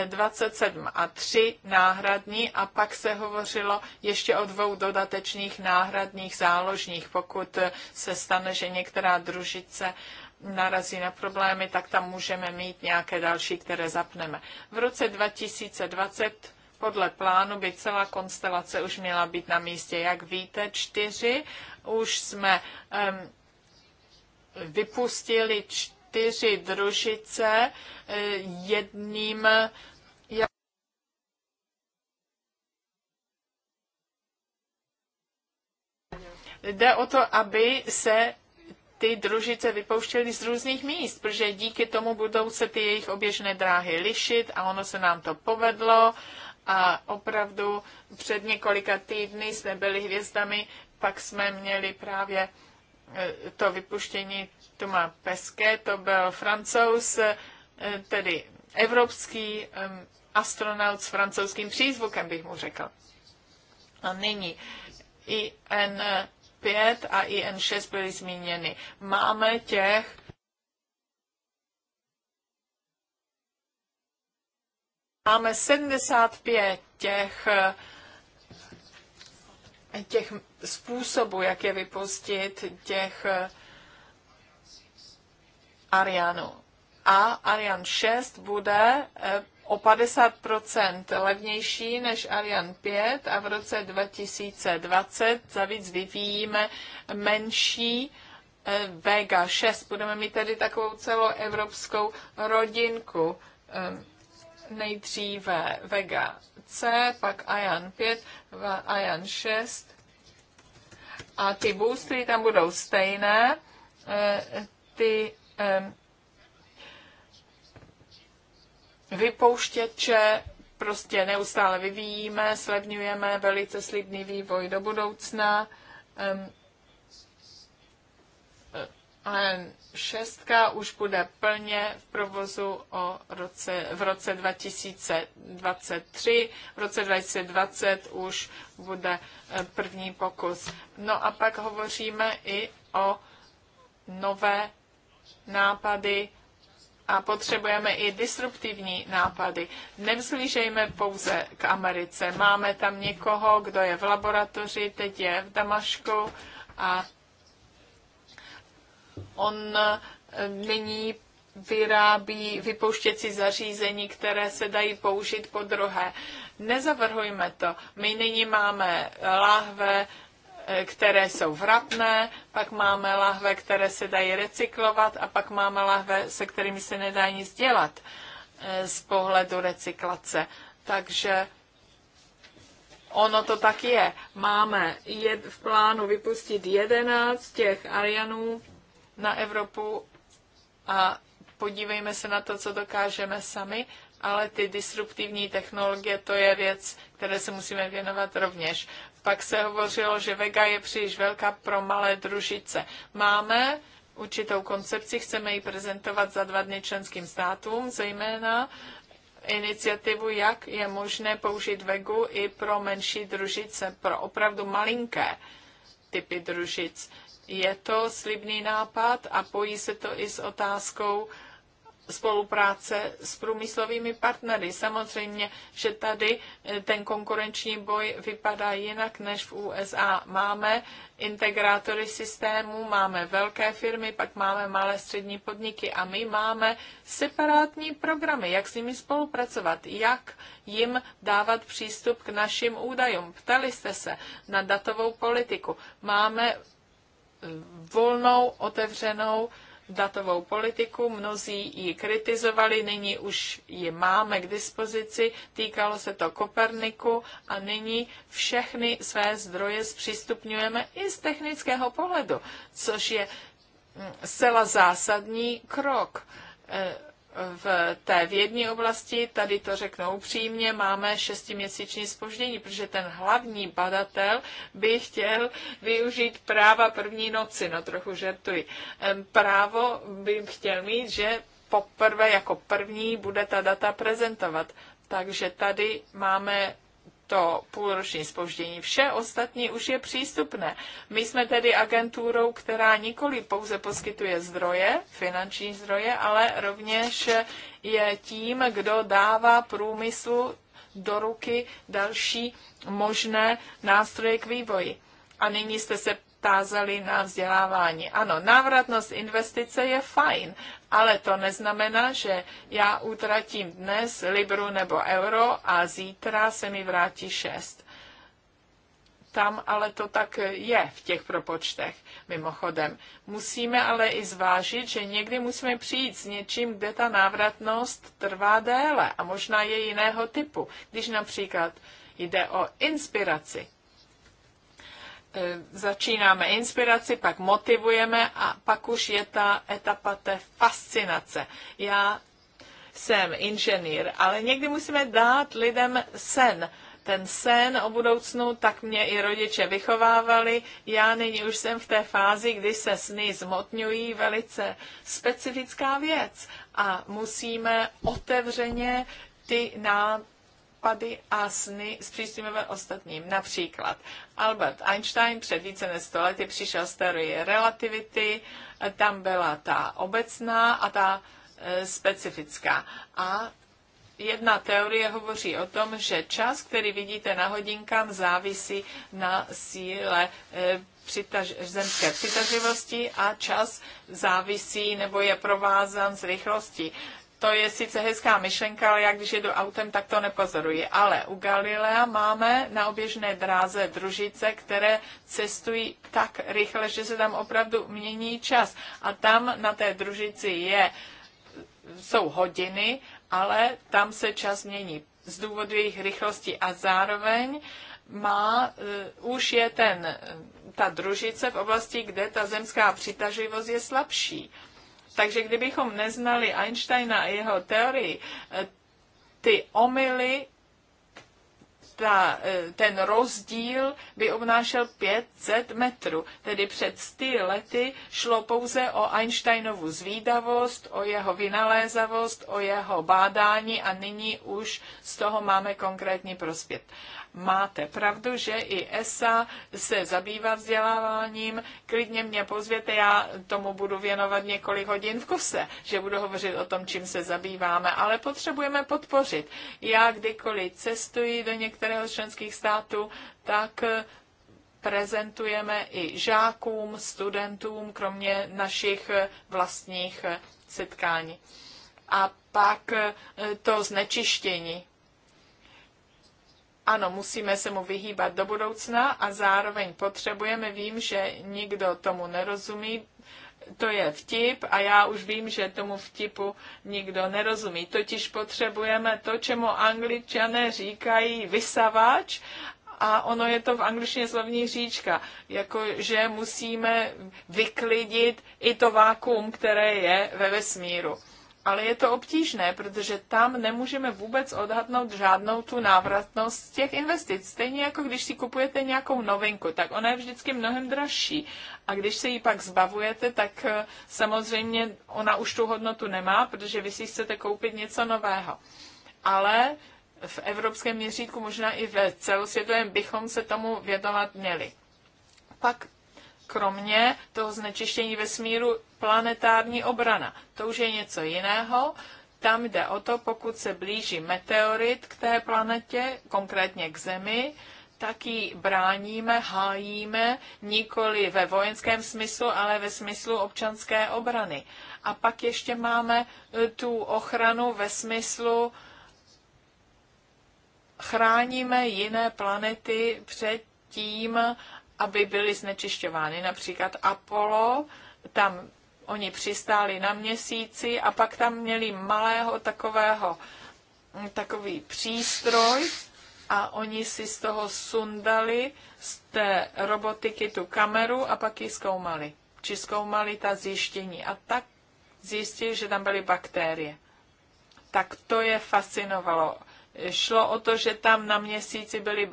27 eh, a 3 náhradní a pak se hovořilo ještě o dvou dodatečných náhradních záložních. Pokud se stane, že některá družice narazí na problémy, tak tam můžeme mít nějaké další, které zapneme. V roce 2020 podle plánu by celá konstelace už měla být na místě. Jak víte, čtyři už jsme um, vypustili čtyři družice eh, jedním Jde o to, aby se ty družice vypouštěly z různých míst, protože díky tomu budou se ty jejich oběžné dráhy lišit a ono se nám to povedlo a opravdu před několika týdny jsme byli hvězdami, pak jsme měli právě e, to vypuštění Tuma Peské, to byl francouz, e, tedy evropský e, astronaut s francouzským přízvukem, bych mu řekl. A nyní IN5 a IN6 byly zmíněny. Máme těch máme 75 těch, těch způsobů, jak je vypustit, těch Arianů. A Arian 6 bude eh, o 50% levnější než Ariane 5 a v roce 2020 zavíc vyvíjíme menší eh, Vega 6. Budeme mít tedy takovou celou evropskou rodinku eh, nejdříve Vega C, pak Ajan 5, Ajan 6 a ty boostry tam budou stejné. Eh, ty vypouštěče prostě neustále vyvíjíme, slevňujeme velice slibný vývoj do budoucna. Šestka už bude plně v provozu o roce, v roce 2023. V roce 2020 už bude eh, první pokus. No a pak hovoříme i o nové nápady a potřebujeme i disruptivní nápady. Nevzlížejme pouze k Americe. Máme tam někoho, kdo je v laboratoři, teď je v Damašku a On e, nyní vyrábí vypouštěcí zařízení, které se dají použít po druhé. Nezavrhujme to. My nyní máme láhve, e, které jsou vratné, pak máme láhve, které se dají recyklovat a pak máme láhve, se kterými se nedá nic dělat e, z pohledu recyklace. Takže ono to tak je. Máme v plánu vypustit 11 těch arianů na Evropu a podívejme se na to, co dokážeme sami, ale ty disruptivní technologie, to je věc, které se musíme věnovat rovněž. Pak se hovořilo, že Vega je příliš velká pro malé družice. Máme určitou koncepci, chceme ji prezentovat za dva dny členským státům, zejména iniciativu, jak je možné použít Vegu i pro menší družice, pro opravdu malinké typy družic. Je to slibný nápad a pojí se to i s otázkou spolupráce s průmyslovými partnery. Samozřejmě, že tady eh, ten konkurenční boj vypadá jinak než v USA. Máme integrátory systému, máme velké firmy, pak máme malé střední podniky a my máme separátní programy, jak s nimi spolupracovat, jak jim dávat přístup k našim údajům. Ptali jste se na datovou politiku. Máme volnou, otevřenou datovou politiku. Mnozí ji kritizovali, nyní už ji máme k dispozici. Týkalo se to Koperniku a nyní všechny své zdroje zpřístupňujeme i z technického pohledu, což je mm, zcela zásadní krok eh, v té vědní oblasti, tady to řeknou upřímně, máme šestiměsíční spoždění, protože ten hlavní badatel by chtěl využít práva první noci, no trochu žertuji. Právo by chtěl mít, že poprvé jako první bude ta data prezentovat. Takže tady máme to půlroční spoždění. Vše ostatní už je přístupné. My jsme tedy agenturou, která nikoli pouze poskytuje zdroje, finanční zdroje, ale rovněž je tím, kdo dává průmyslu do ruky další možné nástroje k vývoji. A nyní jste se tázali na vzdělávání. Ano, návratnost investice je fajn, ale to neznamená, že já utratím dnes libru nebo euro a zítra se mi vrátí šest. Tam ale to tak je v těch propočtech, mimochodem. Musíme ale i zvážit, že někdy musíme přijít s něčím, kde ta návratnost trvá déle a možná je jiného typu. Když například jde o inspiraci, E, začínáme inspiraci, pak motivujeme a pak už je ta etapa té fascinace. Já jsem inženýr, ale někdy musíme dát lidem sen. Ten sen o budoucnu, tak mě i rodiče vychovávali. Já nyní už jsem v té fázi, kdy se sny zmotňují velice specifická věc a musíme otevřeně ty nápady nápady a sny zpřístupňoval ostatním. Například Albert Einstein před více než 100 lety přišel z teorie relativity, tam byla ta obecná a ta e, specifická. A jedna teorie hovoří o tom, že čas, který vidíte na hodinkám, závisí na síle e, přitaž, zemské přitaživosti a čas závisí nebo je provázan s rychlostí. To je sice hezká myšlenka, ale jak když jedu autem, tak to nepozoruji. Ale u Galilea máme na oběžné dráze družice, které cestují tak rychle, že se tam opravdu mění čas. A tam na té družici je, jsou hodiny, ale tam se čas mění z důvodu jejich rychlosti a zároveň má, uh, už je ten, eh, ta družice v oblasti, kde ta zemská přitažlivost je slabší. Takže kdybychom neznali Einsteina a jeho teorii, eh, ty omily, ta, eh, ten rozdíl by obnášel 500 metrů. Tedy před 100 lety šlo pouze o Einsteinovu zvídavost, o jeho vynalézavost, o jeho bádání a nyní už z toho máme konkrétní prospět máte pravdu, že i ESA se zabývá vzděláváním. Klidně mě pozvěte, já tomu budu věnovat několik hodin v kuse, že budu hovořit o tom, čím se zabýváme, ale potřebujeme podpořit. Já kdykoliv cestuji do některého z členských států, tak eh, prezentujeme i žákům, studentům, kromě našich eh, vlastních eh, setkání. A pak to znečištění ano, musíme se mu vyhýbat do budoucna a zároveň potřebujeme, vím, že nikdo tomu nerozumí, to je vtip a já už vím, že tomu vtipu nikdo nerozumí. Totiž potřebujeme to, čemu angličané říkají vysavač a ono je to v angličtině slovní říčka, jako že musíme vyklidit i to vákuum, které je ve vesmíru. Ale je to obtížné, protože tam nemůžeme vůbec odhadnout žádnou tu návratnost těch investic. Stejně jako když si kupujete nějakou novinku, tak ona je vždycky mnohem dražší. A když se ji pak zbavujete, tak eh, samozřejmě ona už tu hodnotu nemá, protože vy si chcete koupit něco nového. Ale v evropském měřítku, možná i ve celosvětovém, bychom se tomu věnovat měli. Pak kromě toho znečištění vesmíru planetární obrana. To už je něco jiného. Tam jde o to, pokud se blíží meteorit k té planetě, konkrétně k Zemi, tak ji bráníme, hájíme, nikoli ve vojenském smyslu, ale ve smyslu občanské obrany. A pak ještě máme e, tu ochranu ve smyslu chráníme jiné planety před tím, aby byly znečišťovány. Například Apollo, tam Oni přistáli na měsíci a pak tam měli malého takového, mm, takový přístroj a oni si z toho sundali z té robotiky tu kameru a pak ji zkoumali. Či zkoumali ta zjištění a tak zjistili, že tam byly bakterie. Tak to je fascinovalo. Šlo o to, že tam na měsíci byly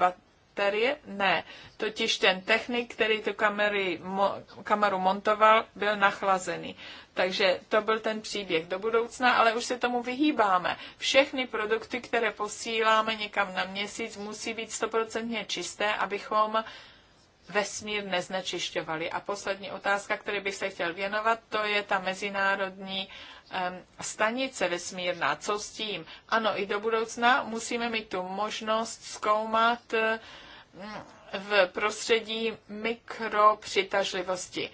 baterie? Ne. Totiž ten technik, který tu kamery, mo, kameru montoval, byl nachlazený. Takže to byl ten příběh do budoucna, ale už se tomu vyhýbáme. Všechny produkty, které posíláme někam na měsíc, musí být stoprocentně čisté, abychom vesmír neznečišťovali. A poslední otázka, které bych se chtěl věnovat, to je ta mezinárodní stanice vesmírná. Co s tím? Ano, i do budoucna musíme mít tu možnost zkoumat v prostředí mikropřitažlivosti,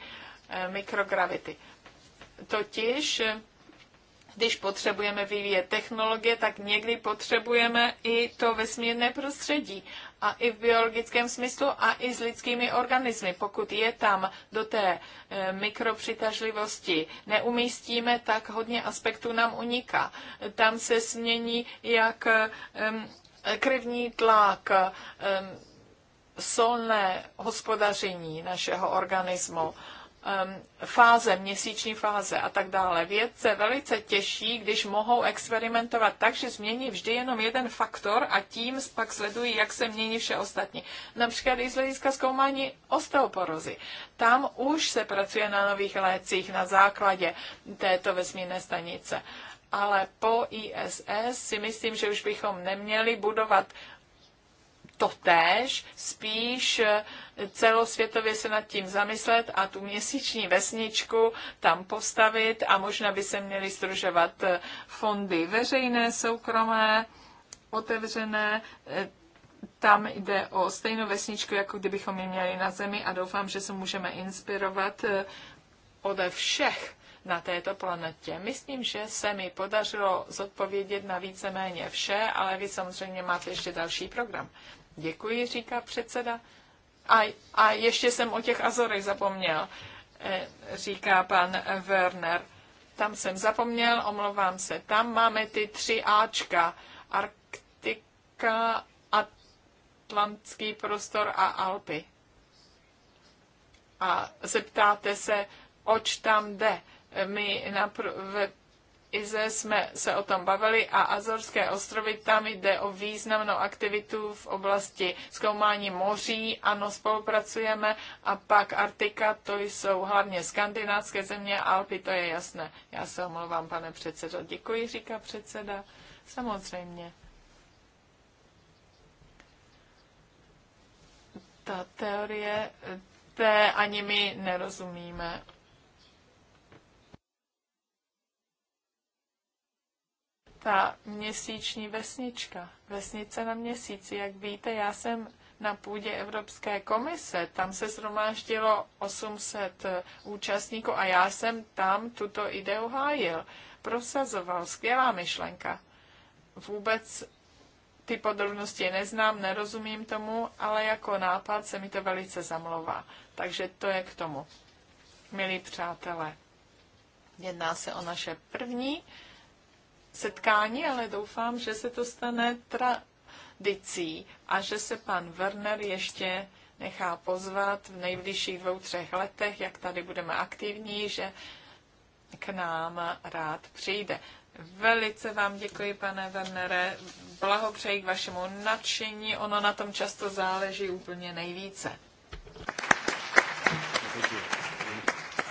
eh, mikrogravity. Totiž, eh, když potřebujeme vyvíjet technologie, tak někdy potřebujeme i to vesmírné prostředí. A i v biologickém smyslu, a i s lidskými organismy. Pokud je tam do té eh, mikropřitažlivosti neumístíme, tak hodně aspektů nám uniká. Tam se změní jak krevní tlak, solné hospodaření našeho organismu, fáze, měsíční fáze a tak dále. Vědce velice těší, když mohou experimentovat tak, že změní vždy jenom jeden faktor a tím pak sledují, jak se mění vše ostatní. Například i z hlediska zkoumání osteoporozy. Tam už se pracuje na nových lécích na základě této vesmírné stanice. Ale po ISS si myslím, že už bychom neměli budovat totéž, spíš eh, celosvětově se nad tím zamyslet a tu měsíční vesničku tam postavit a možná by se měly združovat eh, fondy veřejné, soukromé, otevřené. Eh, tam jde o stejnou vesničku, jako kdybychom ji měli na zemi a doufám, že se můžeme inspirovat ode všech na této planetě. Myslím, že se mi podařilo zodpovědět na víceméně vše, ale vy samozřejmě máte ještě další program. Děkuji, říká předseda. A, a ještě jsem o těch Azorech zapomněl, eh, říká pan Werner. Tam jsem zapomněl, omlouvám se. Tam máme ty tři Ačka. Arktika, Atlantský prostor a Alpy. A zeptáte se, oč tam jde. My napr- ve Ize jsme se o tom bavili a Azorské ostrovy, tam jde o významnou aktivitu v oblasti zkoumání moří. Ano, spolupracujeme a pak Artika, to jsou hlavně skandinávské země, Alpy, to je jasné. Já se omlouvám, pane předsedo. Děkuji, říká předseda. Samozřejmě. Ta teorie, té ani my nerozumíme ta měsíční vesnička, vesnice na měsíci, jak víte, já jsem na půdě Evropské komise. Tam se zhromáždilo 800 eh, účastníků a já jsem tam tuto ideu hájil. Prosazoval, skvělá myšlenka. Vůbec ty podrobnosti neznám, nerozumím tomu, ale jako nápad se mi to velice zamlouvá. Takže to je k tomu. Milí přátelé, jedná se o naše první setkání, ale doufám, že se to stane tradicí a že se pan Werner ještě nechá pozvat v nejbližších dvou, třech letech, jak tady budeme aktivní, že k nám rád přijde. Velice vám děkuji, pane Wernere. Blahopřeji k vašemu nadšení. Ono na tom často záleží úplně nejvíce.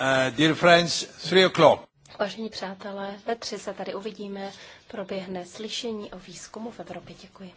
Uh, dear friends, three o'clock. Vážení přátelé, ve tři se tady uvidíme, proběhne slyšení o výzkumu v Evropě. Děkuji.